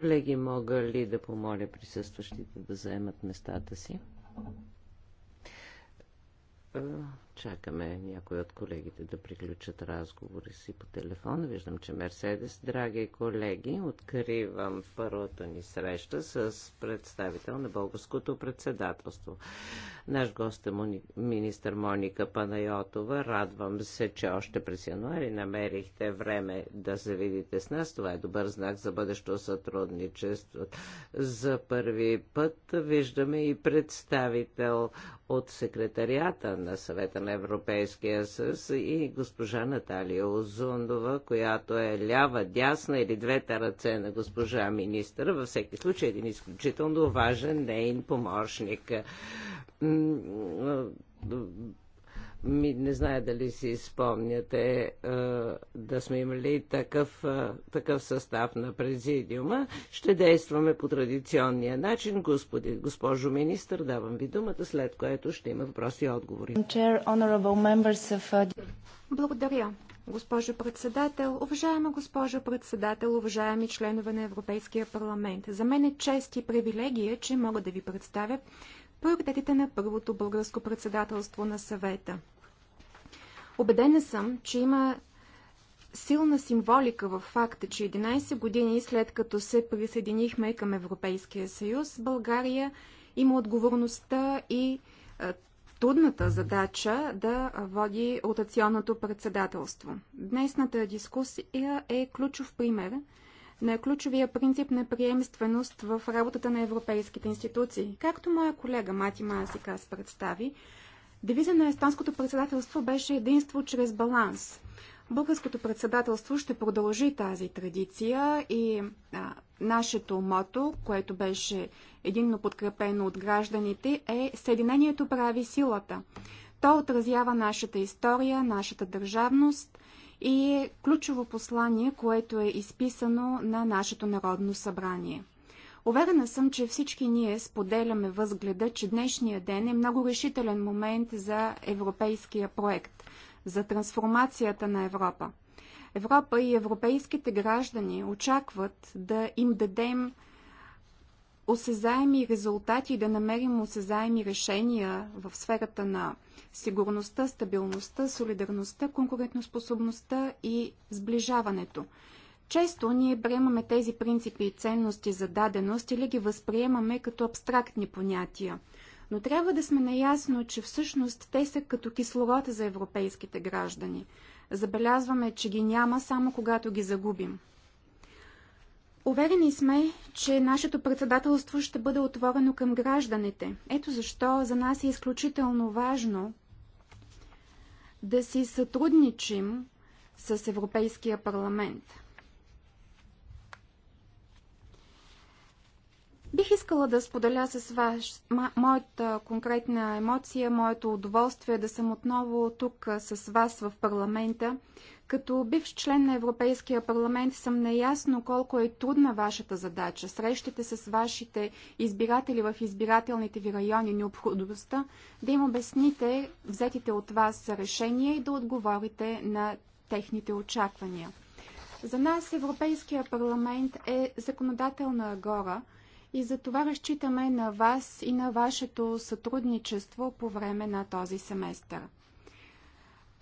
Колеги, мога ли да помоля присъстващите да заемат местата си? Е, чакаме някои от колегите да приключат разговори си по телефона. Виждам, че Мерседес, драги колеги, откривам първата ни среща с представител на българското председателство. Наш гост е Мони... министър Моника Панайотова. Радвам се, че още през януари намерихте време да се видите с нас. Това е добър знак за бъдещо сътрудничество. За първи път виждаме и представител от секретарията на съвета на Европейския съюз и госпожа Наталия Озундова, която е лява, дясна или двете ръце на госпожа министър. Във всеки случай един изключително важен нейн помощник ми, не зная дали си спомняте да сме имали такъв, такъв състав на президиума. Ще действаме по традиционния начин. Господи, госпожо министр, давам ви думата, след което ще има въпроси и отговори.
Uh, Благодаря. Госпожо председател, уважаема госпожо председател, уважаеми членове на Европейския парламент, за мен е чест и привилегия, че мога да ви представя приоритетите на първото българско председателство на съвета. Обедена съм, че има силна символика в факта, че 11 години след като се присъединихме към Европейския съюз, България има отговорността и е, трудната задача да води ротационното председателство. Днесната дискусия е ключов пример – на ключовия принцип на приемственост в работата на европейските институции. Както моя колега Мати Масикас представи, девиза на естонското председателство беше единство чрез баланс. Българското председателство ще продължи тази традиция и а, нашето мото, което беше единно подкрепено от гражданите, е Съединението прави силата. То отразява нашата история, нашата държавност и ключово послание, което е изписано на нашето Народно събрание. Уверена съм, че всички ние споделяме възгледа, че днешния ден е много решителен момент за европейския проект, за трансформацията на Европа. Европа и европейските граждани очакват да им дадем осезаеми резултати, да намерим осезаеми решения в сферата на сигурността, стабилността, солидарността, конкурентоспособността и сближаването. Често ние приемаме тези принципи и ценности за даденост или ги възприемаме като абстрактни понятия. Но трябва да сме наясно, че всъщност те са като кислород за европейските граждани. Забелязваме, че ги няма само когато ги загубим. Уверени сме, че нашето председателство ще бъде отворено към гражданите. Ето защо за нас е изключително важно да си сътрудничим с Европейския парламент. Бих искала да споделя с вас моята конкретна емоция, моето удоволствие да съм отново тук с вас в парламента като бивш член на Европейския парламент съм наясно колко е трудна вашата задача. Срещите с вашите избиратели в избирателните ви райони, необходимостта да им обясните взетите от вас решения и да отговорите на техните очаквания. За нас Европейския парламент е законодателна гора и за това разчитаме на вас и на вашето сътрудничество по време на този семестър.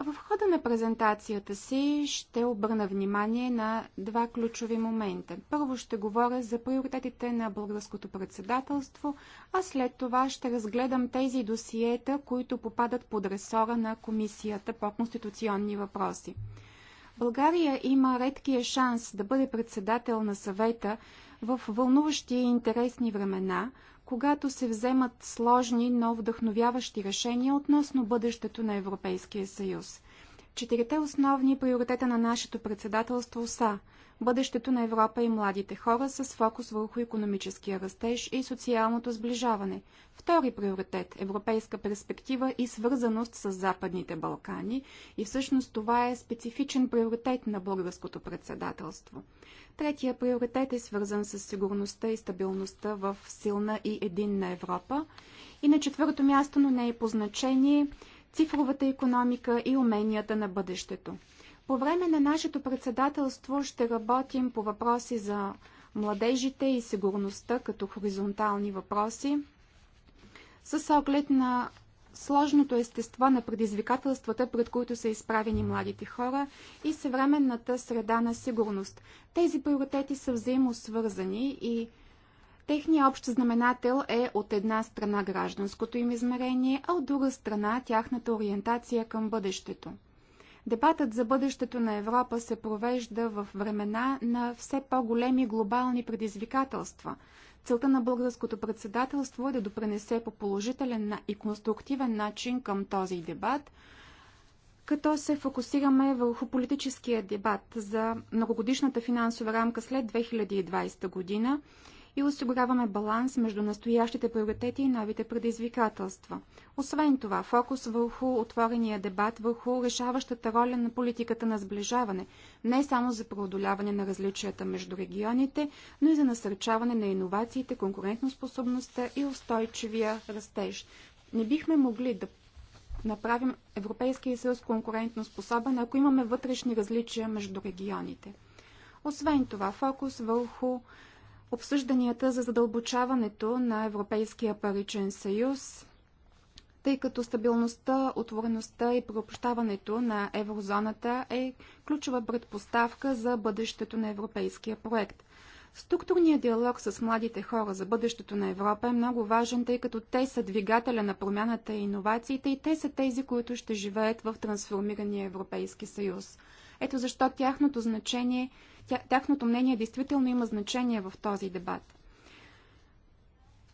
В хода на презентацията си ще обърна внимание на два ключови момента. Първо ще говоря за приоритетите на българското председателство, а след това ще разгледам тези досиета, които попадат под ресора на Комисията по конституционни въпроси. България има редкия шанс да бъде председател на съвета в вълнуващи и интересни времена – когато се вземат сложни, но вдъхновяващи решения относно бъдещето на Европейския съюз. Четирите основни приоритета на нашето председателство са бъдещето на Европа и младите хора с фокус върху економическия растеж и социалното сближаване. Втори приоритет – европейска перспектива и свързаност с Западните Балкани и всъщност това е специфичен приоритет на българското председателство. Третия приоритет е свързан с сигурността и стабилността в силна и единна Европа. И на четвърто място, но не е по значение – цифровата економика и уменията на бъдещето. По време на нашето председателство ще работим по въпроси за младежите и сигурността като хоризонтални въпроси, с оглед на сложното естество на предизвикателствата, пред които са изправени младите хора и съвременната среда на сигурност. Тези приоритети са взаимосвързани и Техният общ знаменател е от една страна гражданското им измерение, а от друга страна тяхната ориентация към бъдещето. Дебатът за бъдещето на Европа се провежда в времена на все по-големи глобални предизвикателства. Целта на българското председателство е да допренесе по положителен и конструктивен начин към този дебат, като се фокусираме върху политическия дебат за многогодишната финансова рамка след 2020 година и осигуряваме баланс между настоящите приоритети и новите предизвикателства. Освен това, фокус върху отворения дебат върху решаващата роля на политиката на сближаване, не само за преодоляване на различията между регионите, но и за насърчаване на иновациите, конкурентоспособността и устойчивия растеж. Не бихме могли да направим Европейския съюз конкурентно способен, ако имаме вътрешни различия между регионите. Освен това, фокус върху обсъжданията за задълбочаването на Европейския паричен съюз, тъй като стабилността, отвореността и пропущаването на еврозоната е ключова предпоставка за бъдещето на европейския проект. Структурният диалог с младите хора за бъдещето на Европа е много важен, тъй като те са двигателя на промяната и иновациите и те са тези, които ще живеят в трансформирания Европейски съюз. Ето защо тяхното значение, тяхното мнение действително има значение в този дебат.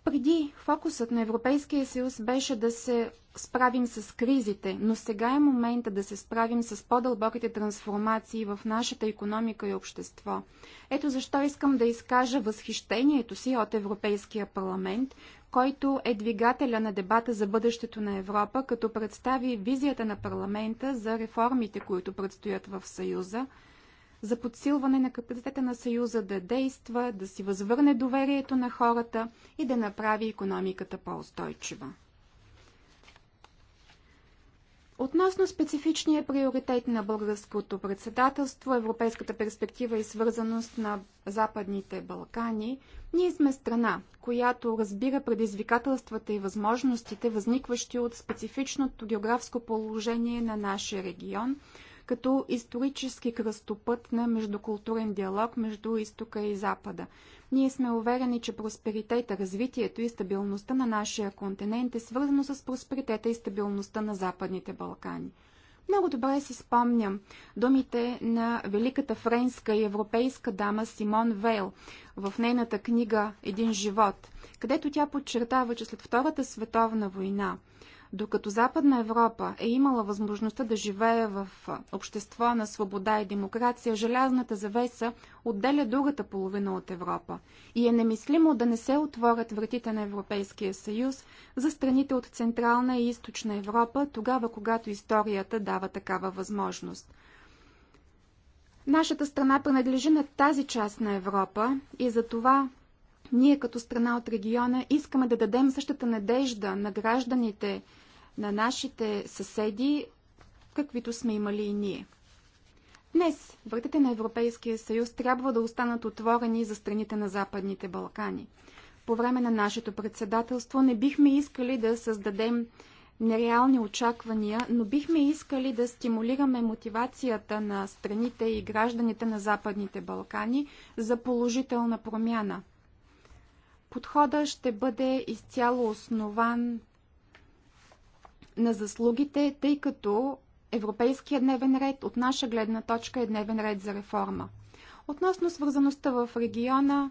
Преди фокусът на Европейския съюз беше да се справим с кризите, но сега е момента да се справим с по-дълбоките трансформации в нашата економика и общество. Ето защо искам да изкажа възхищението си от Европейския парламент, който е двигателя на дебата за бъдещето на Европа, като представи визията на парламента за реформите, които предстоят в Съюза, за подсилване на капацитета на Съюза да действа, да си възвърне доверието на хората и да направи економиката по-устойчива. Относно специфичния приоритет на българското председателство, европейската перспектива и свързаност на Западните Балкани, ние сме страна, която разбира предизвикателствата и възможностите, възникващи от специфичното географско положение на нашия регион – като исторически кръстопът на междукултурен диалог между изтока и запада. Ние сме уверени, че просперитета, развитието и стабилността на нашия континент е свързано с просперитета и стабилността на Западните Балкани. Много добре си спомням думите на великата френска и европейска дама Симон Вейл в нейната книга «Един живот», където тя подчертава, че след Втората световна война – докато Западна Европа е имала възможността да живее в общество на свобода и демокрация, желязната завеса отделя другата половина от Европа. И е немислимо да не се отворят вратите на Европейския съюз за страните от Централна и Източна Европа, тогава когато историята дава такава възможност. Нашата страна принадлежи на тази част на Европа и за това ние като страна от региона искаме да дадем същата надежда на гражданите, на нашите съседи, каквито сме имали и ние. Днес вратите на Европейския съюз трябва да останат отворени за страните на Западните Балкани. По време на нашето председателство не бихме искали да създадем нереални очаквания, но бихме искали да стимулираме мотивацията на страните и гражданите на Западните Балкани за положителна промяна – Подходът ще бъде изцяло основан на заслугите, тъй като Европейския дневен ред от наша гледна точка е дневен ред за реформа. Относно свързаността в региона,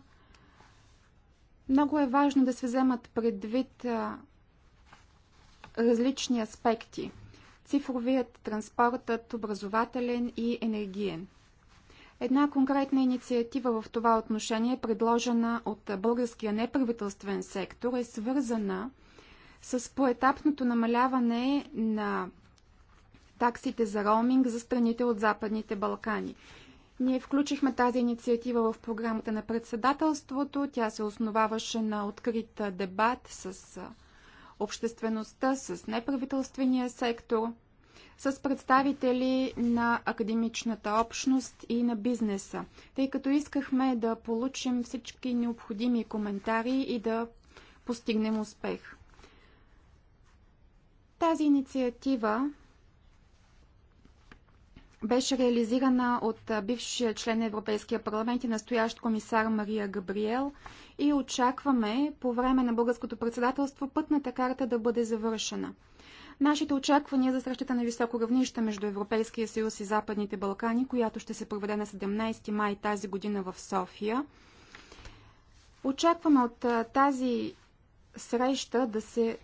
много е важно да се вземат предвид различни аспекти. Цифровият, транспортът, образователен и енергиен – Една конкретна инициатива в това отношение, предложена от българския неправителствен сектор, е свързана с поетапното намаляване на таксите за роуминг за страните от Западните Балкани. Ние включихме тази инициатива в програмата на председателството. Тя се основаваше на открит дебат с обществеността, с неправителствения сектор – с представители на академичната общност и на бизнеса, тъй като искахме да получим всички необходими коментари и да постигнем успех. Тази инициатива беше реализирана от бившия член на Европейския парламент и настоящ комисар Мария Габриел и очакваме по време на българското председателство пътната карта да бъде завършена – Нашите очаквания за срещата на високо равнище между Европейския съюз и Западните Балкани, която ще се проведе на 17 май тази година в София, очакваме от тази среща да се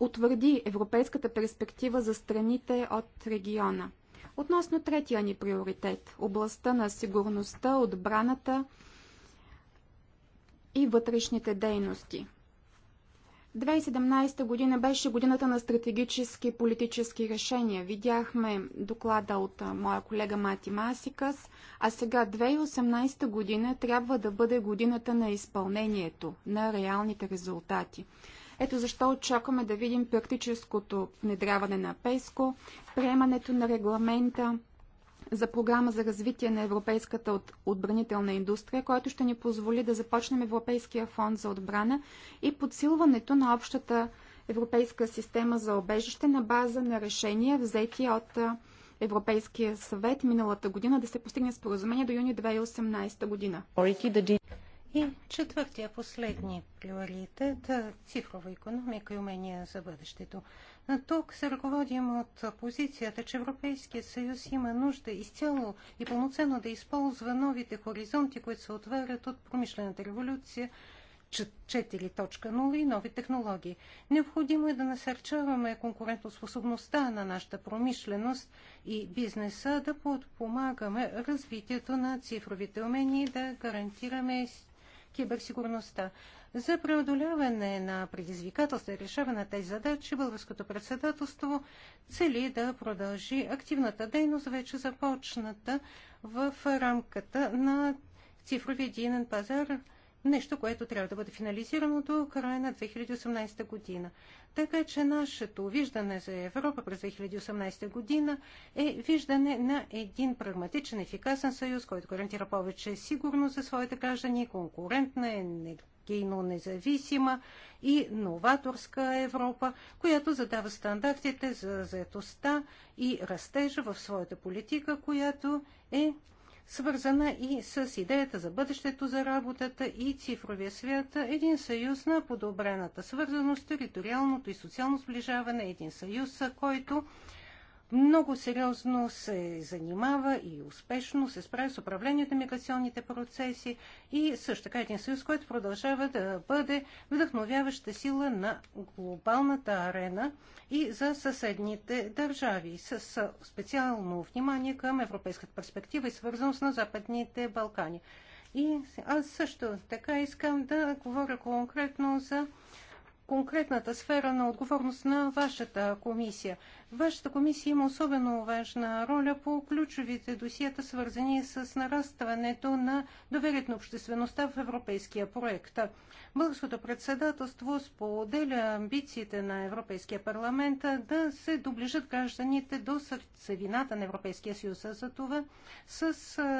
утвърди европейската перспектива за страните от региона. Относно третия ни приоритет – областта на сигурността, отбраната и вътрешните дейности – 2017 година беше годината на стратегически политически решения. Видяхме доклада от моя колега Мати Масикас, а сега 2018 година трябва да бъде годината на изпълнението, на реалните резултати. Ето защо очакваме да видим практическото внедряване на ПЕСКО, приемането на регламента, за програма за развитие на европейската от, отбранителна индустрия, който ще ни позволи да започнем Европейския фонд за отбрана и подсилването на общата европейска система за обежище на база на решения, взети от Европейския съвет миналата година да се постигне споразумение до юни 2018 година. И четвъртия,
последни приоритет е, – цифрова економика и умения за бъдещето. Тук се ръководим от позицията, че Европейският съюз има нужда изцяло и пълноценно да използва новите хоризонти, които се отварят от промишлената революция 4.0 и нови технологии. Необходимо е да насърчаваме конкурентоспособността на нашата промишленост и бизнеса, да подпомагаме развитието на цифровите умения и да гарантираме киберсигурността. За преодоляване на предизвикателства и решаване на тези задачи, българското председателство цели да продължи активната дейност, вече започната в рамката на цифрови единен пазар нещо, което трябва да бъде финализирано до края на 2018 година. Така че нашето виждане за Европа през 2018 година е виждане на един прагматичен, ефикасен съюз, който гарантира повече сигурност за своите граждани, конкурентна, енергийно независима и новаторска Европа, която задава стандартите за заетостта и растежа в своята политика, която е свързана и с идеята за бъдещето за работата и цифровия свят, един съюз на подобрената свързаност, териториалното и социално сближаване, един съюз, който много сериозно се занимава и успешно се справя с управлението на миграционните процеси и също така един съюз, който продължава да бъде вдъхновяваща сила на глобалната арена и за съседните държави, с специално внимание към европейската перспектива и свързаност на Западните Балкани. И аз също така искам да говоря конкретно за конкретната сфера на отговорност на вашата комисия. Вашата комисия има особено важна роля по ключовите досиета, свързани с нарастването на доверието на обществеността в европейския проект. Българското председателство споделя амбициите на Европейския парламент да се доближат гражданите до сърцевината на Европейския съюз. За това с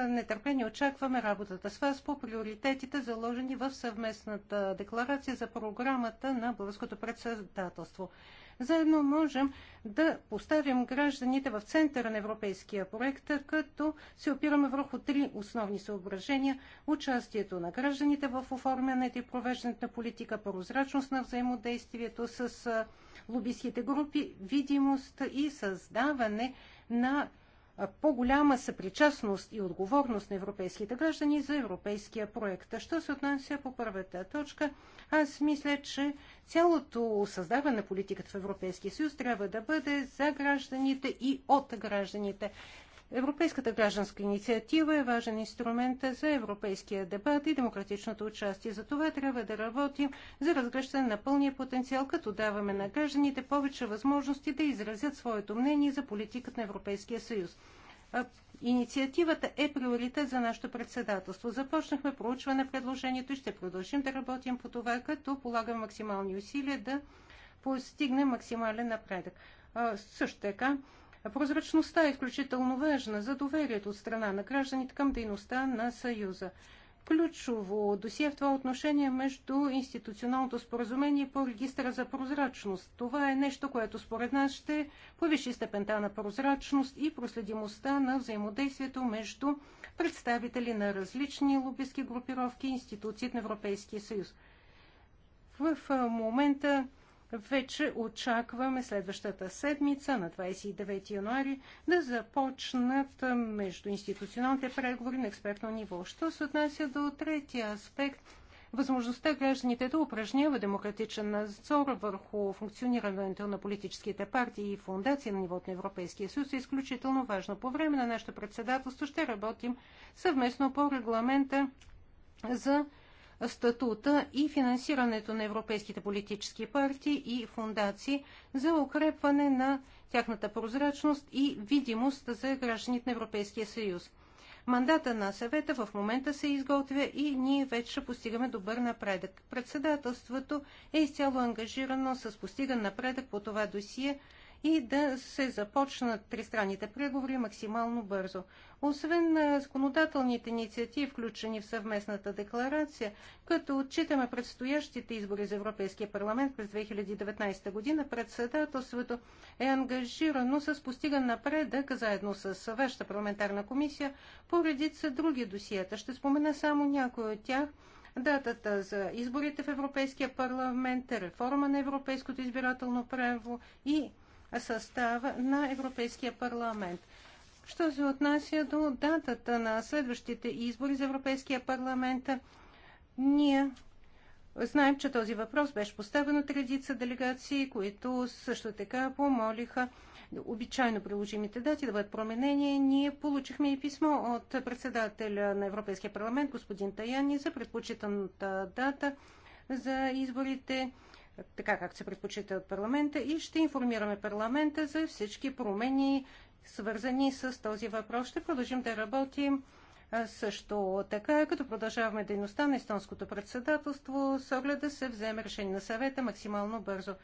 нетърпение очакваме работата с вас по приоритетите, заложени в съвместната декларация за програмата на Българското председателство заедно можем да поставим гражданите в центъра на европейския проект, като се опираме върху три основни съображения – участието на гражданите в оформянето и провеждането на политика, прозрачност на взаимодействието с лобистските групи, видимост и създаване на по-голяма съпричастност и отговорност на европейските граждани за европейския проект. Що се отнася по първата точка, аз мисля, че цялото създаване на политиката в Европейския съюз трябва да бъде за гражданите и от гражданите. Европейската гражданска инициатива е важен инструмент за европейския дебат и демократичното участие. За това трябва да работим за разгръщане на пълния потенциал, като даваме на гражданите повече възможности да изразят своето мнение за политиката на Европейския съюз. Инициативата е приоритет за нашето председателство. Започнахме проучване на предложението и ще продължим да работим по това, като полагаме максимални усилия да постигнем максимален напредък. Също така, Прозрачността е изключително важна за доверието от страна на гражданите към дейността на Съюза. Ключово досие в това отношение е между институционалното споразумение по регистра за прозрачност. Това е нещо, което според нас ще повиши степента на прозрачност и проследимостта на взаимодействието между представители на различни лобистки групировки и институции на Европейския съюз. В момента вече очакваме следващата седмица, на 29 януари, да започнат между институционалните преговори на експертно ниво. Що се отнася до третия аспект – възможността гражданите да упражнява демократичен надзор върху функционирането на политическите партии и фундации на нивото на Европейския съюз е изключително важно. По време на нашето председателство ще работим съвместно по регламента за статута и финансирането на европейските политически партии и фундации за укрепване на тяхната прозрачност и видимост за гражданите на Европейския съюз. Мандата на съвета в момента се изготвя и ние вече постигаме добър напредък. Председателството е изцяло ангажирано с постиган напредък по това досие – и да се започнат тристранните преговори максимално бързо. Освен на законодателните инициативи, включени в съвместната декларация, като отчитаме предстоящите избори за Европейския парламент през 2019 година, председателството е ангажирано с постиган напредък заедно с вашата парламентарна комисия по редица други досиета. Ще спомена само някои от тях датата за изборите в Европейския парламент, реформа на европейското избирателно право и състава на Европейския парламент. Що се отнася до датата на следващите избори за Европейския парламент, ние знаем, че този въпрос беше поставен от редица делегации, които също така помолиха обичайно приложимите дати да бъдат променени. Ние получихме и писмо от председателя на Европейския парламент, господин Таяни, за предпочитаната дата за изборите така както се предпочита от парламента и ще информираме парламента за всички промени, свързани с този въпрос. Ще продължим да работим също така, като продължаваме дейността на естонското председателство с оглед да се вземе решение на съвета максимално бързо.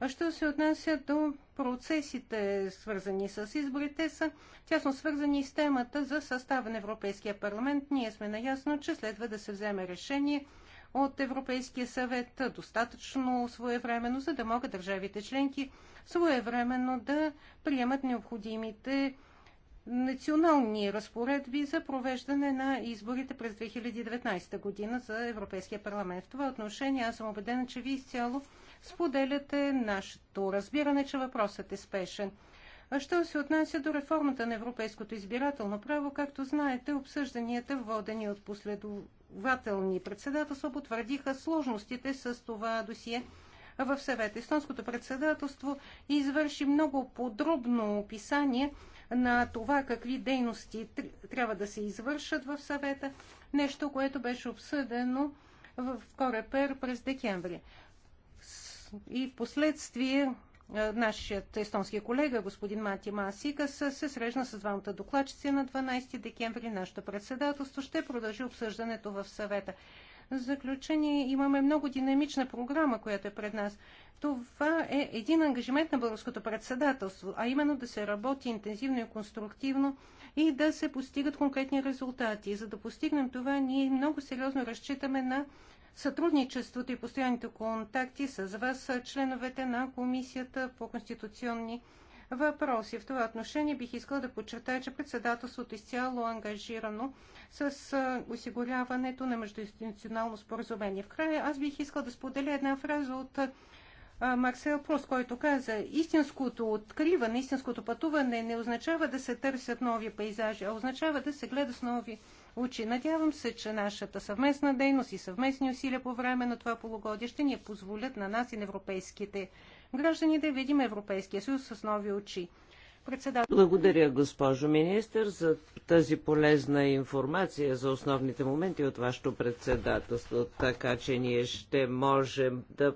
А що се отнася до процесите, свързани с изборите, са тясно свързани с темата за състава на Европейския парламент. Ние сме наясно, че следва да се вземе решение – от Европейския съвет достатъчно своевременно, за да могат държавите членки своевременно да приемат необходимите национални разпоредби за провеждане на изборите през 2019 година за Европейския парламент. В това отношение аз съм убедена, че ви изцяло споделяте нашето разбиране, че въпросът е спешен. А що се отнася до реформата на европейското избирателно право, както знаете, обсъжданията, водени от последователни председателства, потвърдиха сложностите с това досие в съвет. Естонското председателство извърши много подробно описание на това какви дейности трябва да се извършат в съвета, нещо, което беше обсъдено в Корепер през декември. И в последствие е, нашият естонски колега, господин Мати Масика, се срещна с двамата докладчици на 12 декември. Нашето председателство ще продължи обсъждането в съвета. В заключение имаме много динамична програма, която е пред нас. Това е един ангажимент на българското председателство, а именно да се работи интензивно и конструктивно и да се постигат конкретни резултати. За да постигнем това, ние много сериозно разчитаме на сътрудничеството и постоянните контакти с вас, членовете на Комисията по конституционни въпроси. В това отношение бих искала да подчертая, че председателството е изцяло ангажирано с осигуряването на междуинституционално споразумение. В края аз бих искала да споделя една фраза от Марсел Прус, който каза, истинското откриване, истинското пътуване не означава да се търсят нови пейзажи, а означава да се гледа с нови учи. Надявам се, че нашата съвместна дейност и съвместни усилия по време на това полугодие ще ни позволят на нас и на европейските граждани да видим Европейския съюз с нови очи. Председател... Благодаря,
госпожо министър, за тази полезна информация за основните моменти от вашето председателство, така че ние ще можем да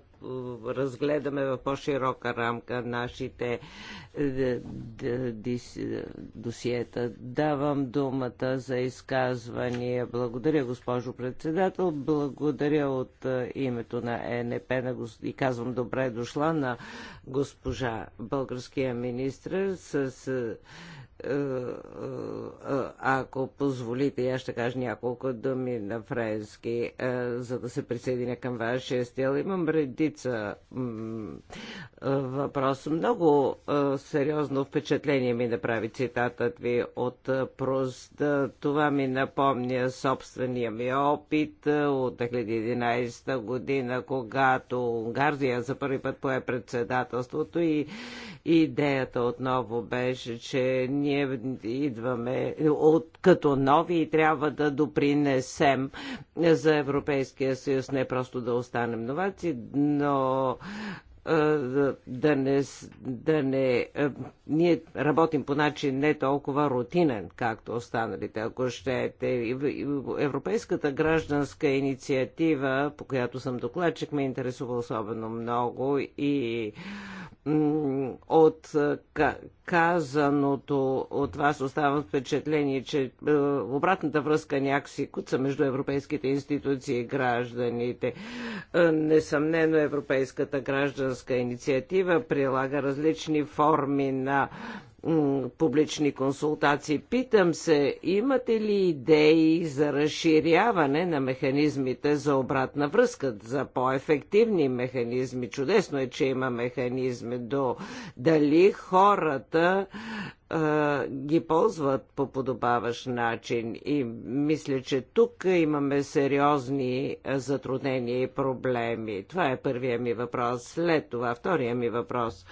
разгледаме в по-широка рамка нашите е, досиета. Давам думата за изказвания. Благодаря, госпожо председател. Благодаря от е, името на ЕНП и казвам добре дошла на госпожа българския министр с е, ако позволите, аз ще кажа няколко думи на френски, за да се присъединя към вашия стил. Имам редица въпрос. Много сериозно впечатление ми направи цитатът ви от Прост. Това ми напомня собствения ми опит от 2011 година, когато Унгарзия за първи път пое председателството и Идеята отново беше, че ние идваме от, като нови и трябва да допринесем за Европейския съюз, не просто да останем новаци, но да не, да не... Ние работим по начин не толкова рутинен, както останалите, ако щете. Европейската гражданска инициатива, по която съм докладчик, ме интересува особено много и от казаното от вас оставам впечатление, че обратната връзка някакси куца между европейските институции и гражданите. Несъмнено Европейската гражданска инициатива прилага различни форми на публични консултации. Питам се, имате ли идеи за разширяване на механизмите за обратна връзка, за по-ефективни механизми? Чудесно е, че има механизми до дали хората а, ги ползват по подобаващ начин. И мисля, че тук имаме сериозни затруднения и проблеми. Това е първия ми въпрос. След това втория ми въпрос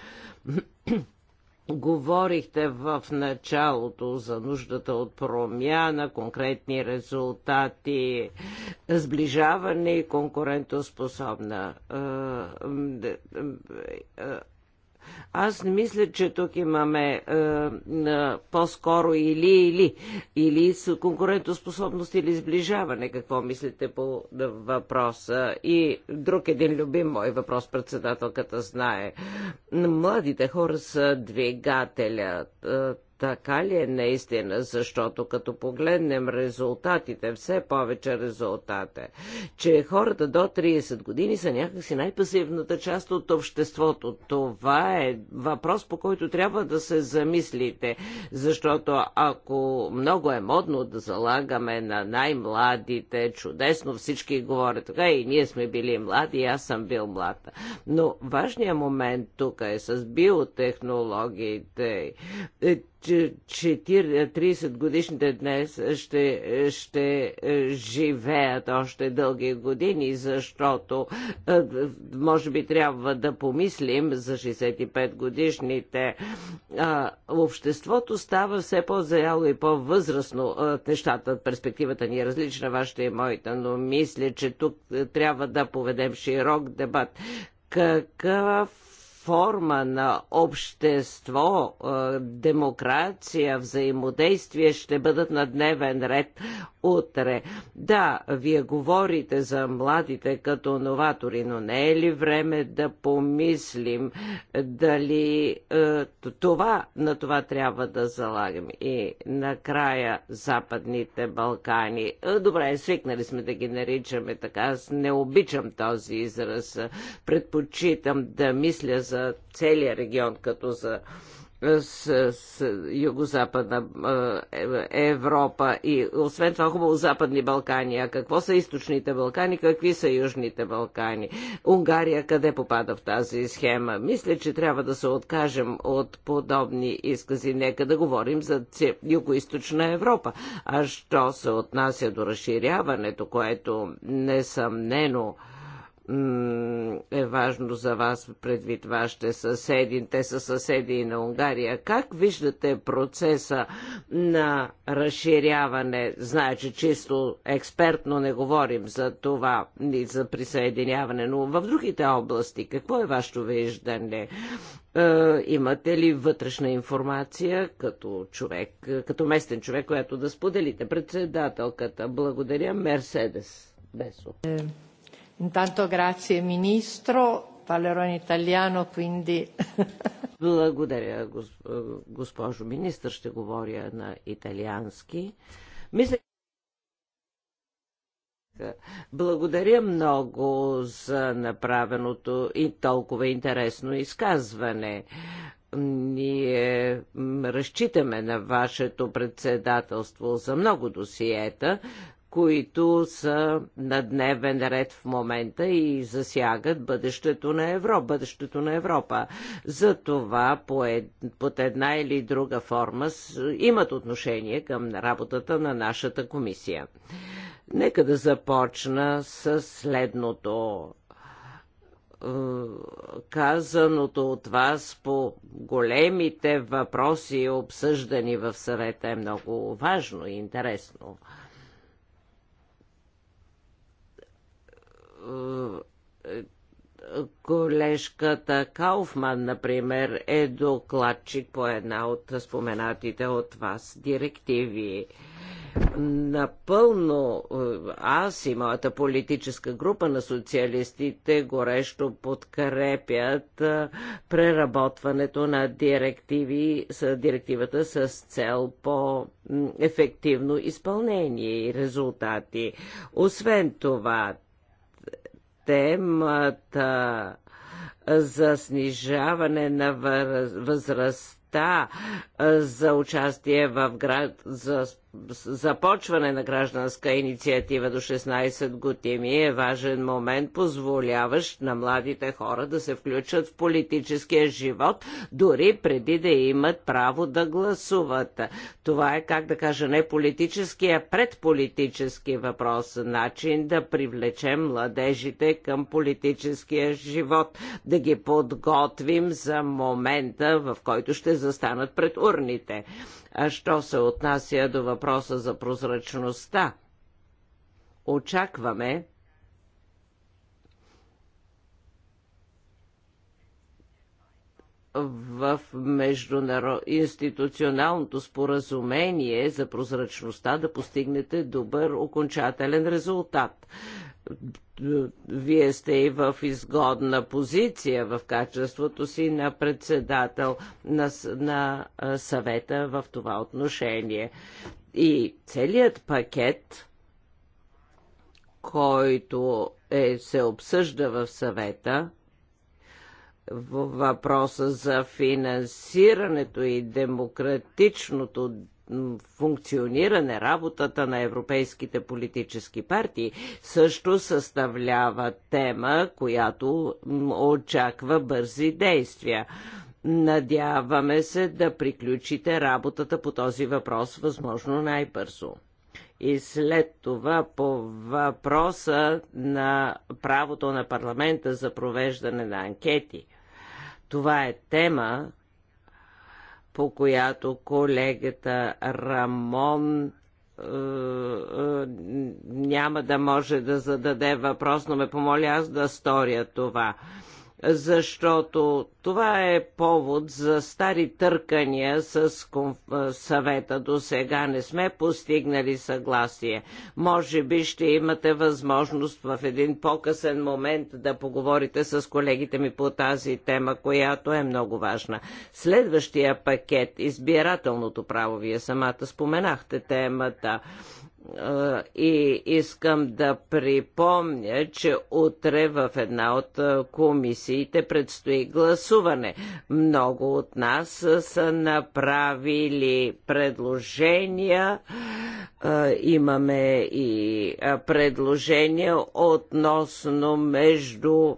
Говорихте в началото за нуждата от промяна, конкретни резултати, сближаване и конкурентоспособна е, е, аз не мисля, че тук имаме е, е, по-скоро или или, или с конкурентоспособност или сближаване. Какво мислите по въпроса? И друг един любим мой въпрос, председателката знае. Младите хора са двигателят е, така ли е наистина? Защото като погледнем резултатите, все повече резултата, е, че хората до 30 години са някакси най-пасивната част от обществото. Това е въпрос, по който трябва да се замислите. Защото ако много е модно да залагаме на най-младите, чудесно всички говорят, така и ние сме били млади, и аз съм бил млад. Но важният момент тук е с биотехнологиите е, 30 годишните днес ще, ще е, живеят още дълги години, защото е, може би трябва да помислим за 65 годишните. Обществото става все по-заяло и по-възрастно. Е, нещата, перспективата ни е различна, вашата и моята, но мисля, че тук трябва да поведем широк дебат. Какъв форма на общество, е, демокрация, взаимодействие ще бъдат на дневен ред утре. Да, вие говорите за младите като новатори, но не е ли време да помислим дали е, това, на това трябва да залагам И накрая Западните Балкани. Е, добре, свикнали сме да ги наричаме така. Аз не обичам този израз. Предпочитам да мисля за целия регион като за с, с Юго-Западна е, Европа и освен това хубаво Западни Балкани. А какво са източните Балкани, какви са южните Балкани? Унгария къде попада в тази схема? Мисля, че трябва да се откажем от подобни изкази. Нека да говорим за Юго-Источна Европа. А що се отнася до разширяването, което несъмнено е важно за вас предвид вашите съседи, те са съседи и на Унгария. Как виждате процеса на разширяване? Знае, че чисто експертно не говорим за това и за присъединяване, но в другите области какво е вашето виждане? Е, имате ли вътрешна информация като човек, като местен човек, която да споделите председателката? Благодаря, Мерседес. Бесо. Е, Intanto
grazie Ministro, parlerò in italiano, quindi...
Благодаря, госпожо министр, ще говоря на италиански. Мисля, благодаря много за направеното и толкова интересно изказване. Ние разчитаме на вашето председателство за много досиета, които са на дневен ред в момента и засягат бъдещето на Европа. Бъдещето на Европа. За това по под една или друга форма с, имат отношение към работата на нашата комисия. Нека да започна с следното е, казаното от вас по големите въпроси, обсъждани в съвета, е много важно и интересно. Е, Колешката Кауфман, например, е докладчик по една от споменатите от вас директиви. Напълно е, аз и моята политическа група на социалистите горещо подкрепят е, преработването на директиви, с директивата с цел по ефективно изпълнение и резултати. Освен това, системата за снижаване на възрастта за участие в град, за започване на гражданска инициатива до 16 години е важен момент, позволяващ на младите хора да се включат в политическия живот, дори преди да имат право да гласуват. Това е, как да кажа, не политически, а предполитически въпрос, начин да привлечем младежите към политическия живот, да ги подготвим за момента, в който ще застанат пред урните. А що се отнася до въпроса за прозрачността? Очакваме в международ... институционалното споразумение за прозрачността да постигнете добър окончателен резултат вие сте и в изгодна позиция в качеството си на председател на, на съвета в това отношение. И целият пакет, който е, се обсъжда в съвета, въпроса за финансирането и демократичното функциониране, работата на европейските политически партии също съставлява тема, която очаква бързи действия. Надяваме се да приключите работата по този въпрос възможно най-бързо. И след това по въпроса на правото на парламента за провеждане на анкети. Това е тема, по която колегата Рамон е, е, няма да може да зададе въпрос, но ме помоля аз да сторя това защото това е повод за стари търкания с съвета. До сега не сме постигнали съгласие. Може би ще имате възможност в един по-късен момент да поговорите с колегите ми по тази тема, която е много важна. Следващия пакет, избирателното право, вие самата споменахте темата. Е, и искам да припомня, че утре в една от е, комисиите предстои гласуване. Много от нас е, са направили предложения. Имаме и предложения относно между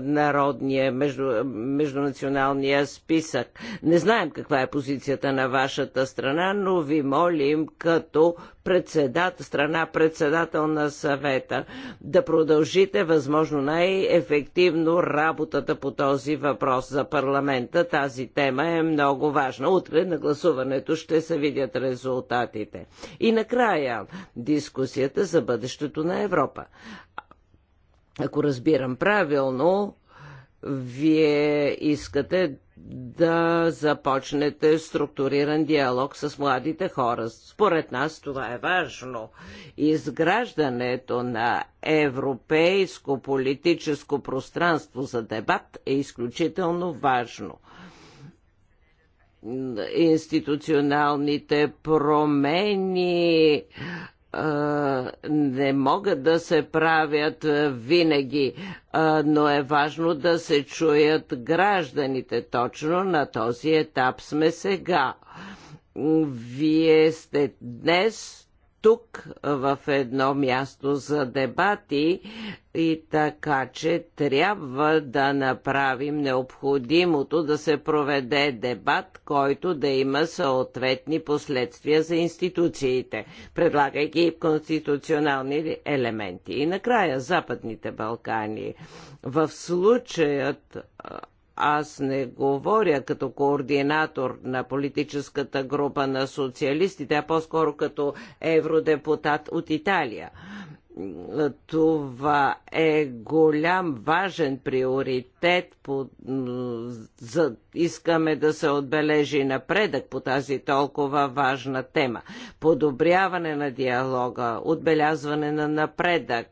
народния, между, междунационалния списък. Не знаем каква е позицията на вашата страна, но ви молим като страна председател на съвета, да продължите възможно най-ефективно работата по този въпрос за парламента. Тази тема е много важна. Утре на гласуването ще се видят резултатите. И накрая дискусията за бъдещето на Европа. Ако разбирам правилно, вие искате да започнете структуриран диалог с младите хора. Според нас това е важно. Изграждането на европейско политическо пространство за дебат е изключително важно институционалните промени, не могат да се правят винаги, но е важно да се чуят гражданите. Точно на този етап сме сега. Вие сте днес тук в едно място за дебати и така, че трябва да направим необходимото да се проведе дебат, който да има съответни последствия за институциите, предлагайки конституционални елементи. И накрая Западните Балкани. В случаят аз не говоря като координатор на политическата група на социалистите, а по-скоро като евродепутат от Италия. Това е голям важен приоритет. По, за, искаме да се отбележи напредък по тази толкова важна тема. Подобряване на диалога, отбелязване на напредък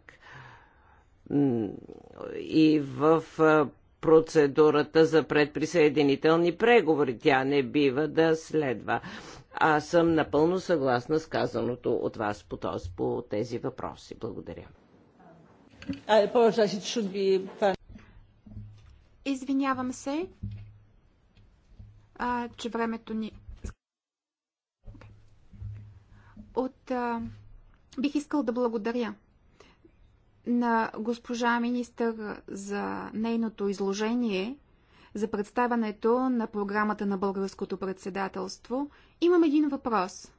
и в процедурата за предприсъединителни преговори. Тя не бива да следва. Аз съм напълно съгласна с казаното от вас по, този, по тези въпроси. Благодаря.
Извинявам се, а, че времето ни. От. А, бих искал да благодаря на госпожа министър за нейното изложение, за представането на програмата на българското председателство, имам един въпрос.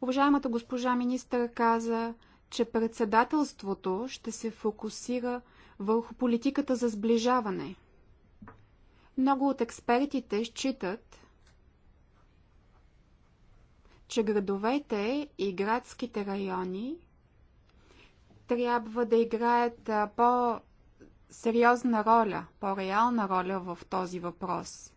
Уважаемата госпожа министър каза, че председателството ще се фокусира върху политиката за сближаване. Много от експертите считат, че градовете и градските райони трябва да играят по-сериозна роля, по-реална роля в този въпрос.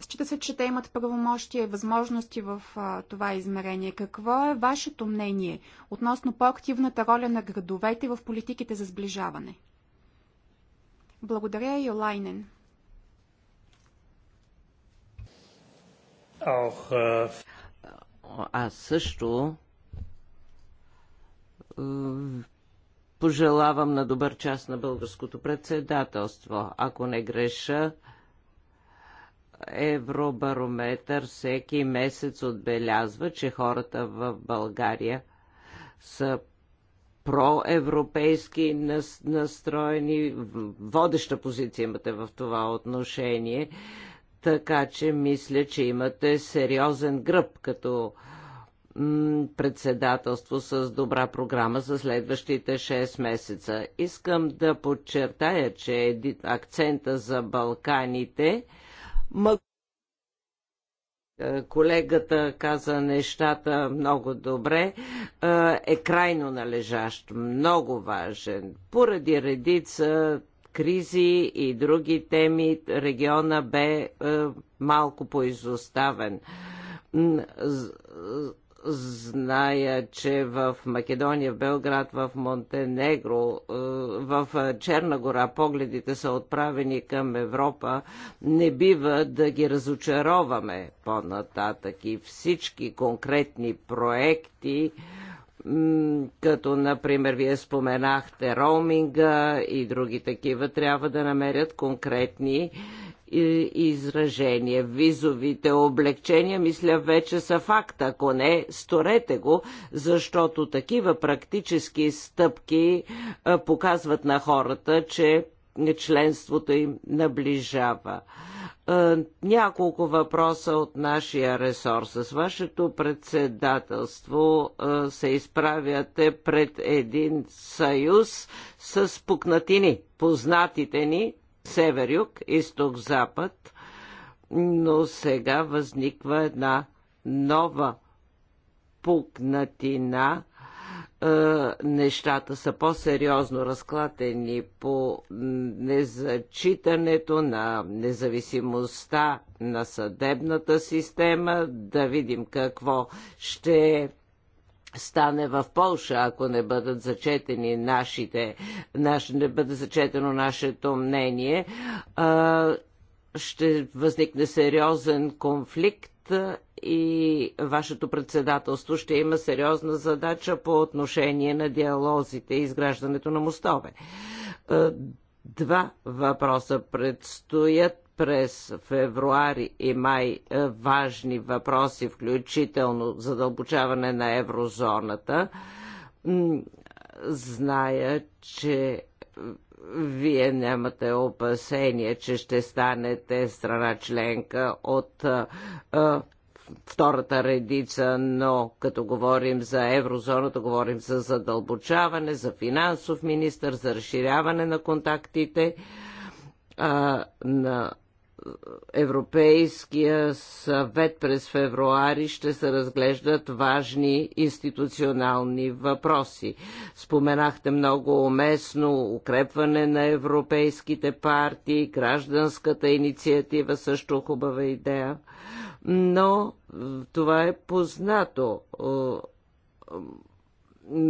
Счита се, че те имат правомощия и възможности в а, това измерение. Какво е вашето мнение относно по-активната роля на градовете в политиките за сближаване? Благодаря, Йолайнен.
Ох, аз също е, пожелавам на добър час на българското председателство. Ако не греша, Евробарометър всеки месец отбелязва, че хората в България са проевропейски настроени. Водеща позиция имате в това отношение. Така че мисля, че имате сериозен гръб като председателство с добра програма за следващите 6 месеца. Искам да подчертая, че акцента за Балканите колегата каза нещата много добре, е, е крайно належащ, много важен, поради редица кризи и други теми региона бе е, малко поизоставен зная, че в Македония, в Белград, в Монтенегро, е, в е, Черна гора погледите са отправени към Европа, не бива да ги разочароваме по-нататък и всички конкретни проекти, като например вие споменахте роуминга и други такива, трябва да намерят конкретни изражения, Визовите облегчения, мисля, вече са факт. Ако не, сторете го, защото такива практически стъпки показват на хората, че членството им наближава. Е, няколко въпроса от нашия ресор. С вашето председателство е, се изправяте пред един съюз с пукнатини, познатите ни, север-юг, изток-запад, но сега възниква една нова пукнатина – е, нещата са по-сериозно разклатени по незачитането на независимостта на съдебната система. Да видим какво ще стане в Полша, ако не бъдат зачетени нашите, наш, не бъде зачетено нашето мнение, е, ще възникне сериозен конфликт и вашето председателство ще има сериозна задача по отношение на диалозите и изграждането на мостове. Е, два въпроса предстоят през февруари и май е, важни въпроси, включително задълбочаване на еврозоната. Зная, че вие нямате опасение, че ще станете страна членка от а, а, втората редица, но като говорим за еврозоната, говорим за задълбочаване, за финансов министр, за разширяване на контактите а, на Европейския съвет през февруари ще се разглеждат важни институционални въпроси. Споменахте много уместно укрепване на европейските партии, гражданската инициатива също хубава идея, но това е познато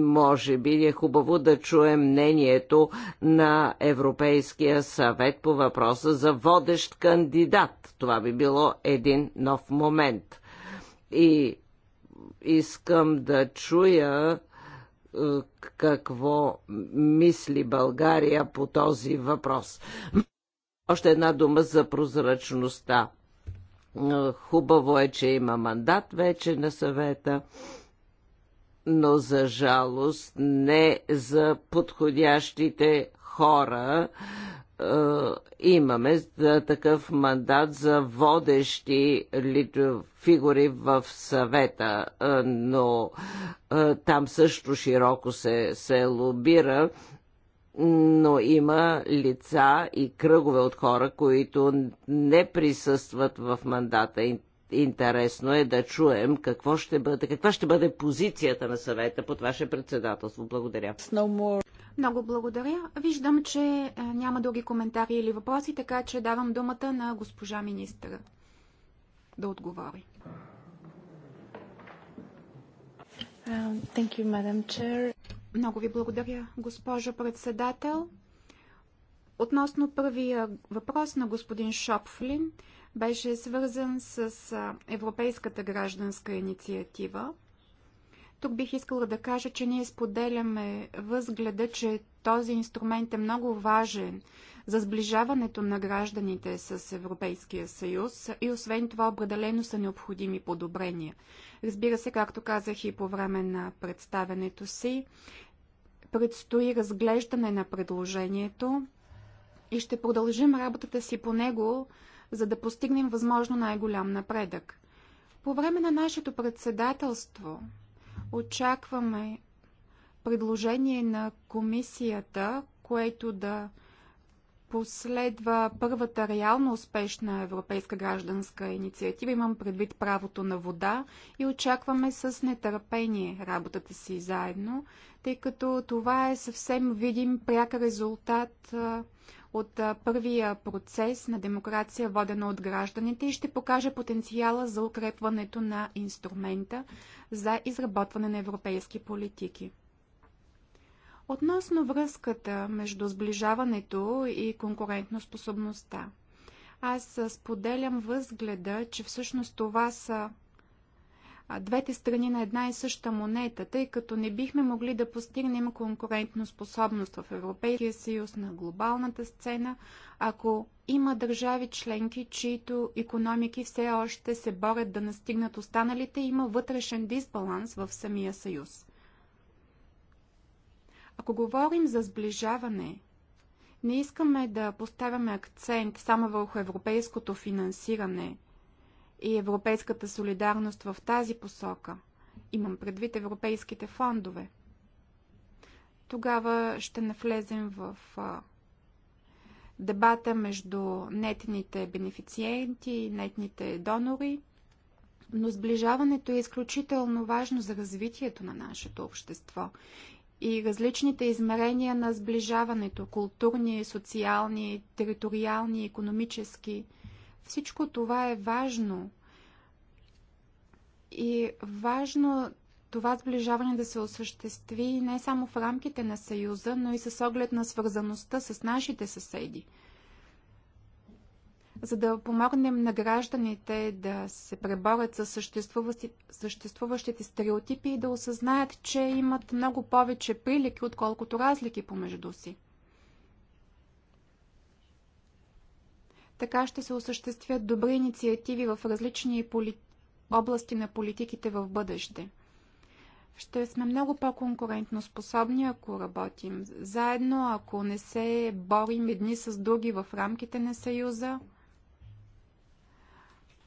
може би е хубаво да чуем мнението на Европейския съвет по въпроса за водещ кандидат. Това би било един нов момент. И искам да чуя е, какво мисли България по този въпрос. Още една дума за прозрачността. Е, хубаво е, че има мандат вече на съвета но за жалост не за подходящите хора, е, имаме такъв мандат за водещи фигури в съвета, е, но е, там също широко се, се лобира, но има лица и кръгове от хора, които не присъстват в мандата. Интересно е да чуем какво ще бъде, каква ще бъде позицията на съвета под ваше председателство. Благодаря.
Много благодаря. Виждам, че е, няма други коментари или въпроси, така че давам думата на госпожа министра да отговори. Um, thank you, Madam Chair. Много ви благодаря, госпожо председател. Относно първия въпрос на господин Шопфлин – беше свързан с Европейската гражданска инициатива. Тук бих искала да кажа, че ние споделяме възгледа, че този инструмент е много важен за сближаването на гражданите с Европейския съюз и освен това определено са необходими подобрения. Разбира се, както казах и по време на представенето си, предстои разглеждане на предложението и ще продължим работата си по него за да постигнем възможно най-голям напредък. По време на нашето председателство очакваме предложение на комисията, което да последва първата реално успешна европейска гражданска инициатива. Имам предвид правото на вода и очакваме с нетърпение работата си заедно, тъй като това е съвсем видим пряк резултат от първия процес на демокрация, водена от гражданите и ще покаже потенциала за укрепването на инструмента за изработване на европейски политики. Относно връзката между сближаването и конкурентноспособността, аз споделям възгледа, че всъщност това са двете страни на една и съща монета, тъй като не бихме могли да постигнем конкурентно способност в Европейския съюз на глобалната сцена, ако има държави членки, чието економики все още се борят да настигнат останалите, има вътрешен дисбаланс в самия съюз. Ако говорим за сближаване, не искаме да поставяме акцент само върху европейското финансиране – и европейската солидарност в тази посока. Имам предвид европейските фондове. Тогава ще навлезем в дебата между нетните бенефициенти и нетните донори, но сближаването е изключително важно за развитието на нашето общество и различните измерения на сближаването културни, социални, териториални, економически – всичко това е важно. И важно това сближаване да се осъществи не само в рамките на Съюза, но и с оглед на свързаността с нашите съседи. За да помогнем на гражданите да се преборят с съществуващите стереотипи и да осъзнаят, че имат много повече прилики, отколкото разлики помежду си. Така ще се осъществят добри инициативи в различни поли... области на политиките в бъдеще. Ще сме много по-конкурентно способни, ако работим заедно, ако не се борим едни с други в рамките на Съюза,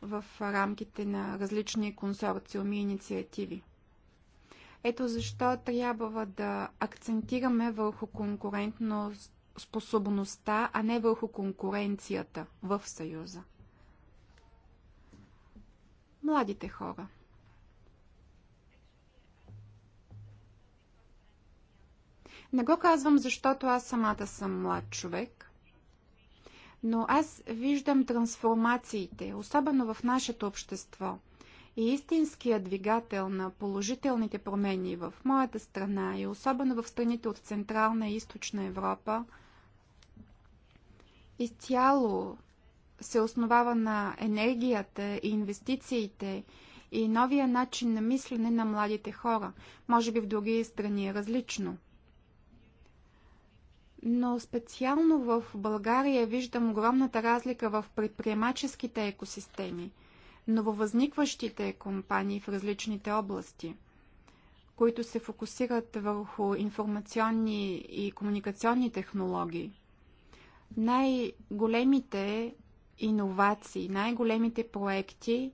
в рамките на различни консорциуми и инициативи. Ето защо трябва да акцентираме върху конкурентност способността, а не върху конкуренцията в Съюза. Младите хора. Не го казвам, защото аз самата съм млад човек, но аз виждам трансформациите, особено в нашето общество. И истинският двигател на положителните промени в моята страна и особено в страните от Централна и Източна Европа – изцяло се основава на енергията и инвестициите и новия начин на мислене на младите хора. Може би в други страни е различно. Но специално в България виждам огромната разлика в предприемаческите екосистеми, нововъзникващите компании в различните области – които се фокусират върху информационни и комуникационни технологии. Най-големите иновации, най-големите проекти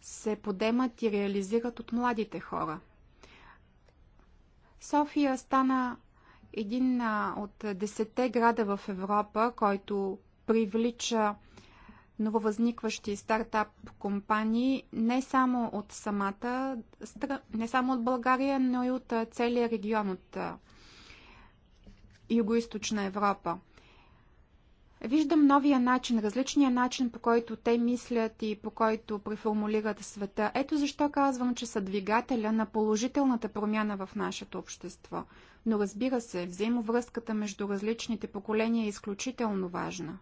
се подемат и реализират от младите хора. София стана един от десетте града в Европа, който привлича нововъзникващи стартап компании не само от самата не само от България, но и от целия регион от Юго-Источна Европа. Виждам новия начин, различния начин, по който те мислят и по който преформулират света. Ето защо казвам, че са двигателя на положителната промяна в нашето общество. Но разбира се, взаимовръзката между различните поколения е изключително важна.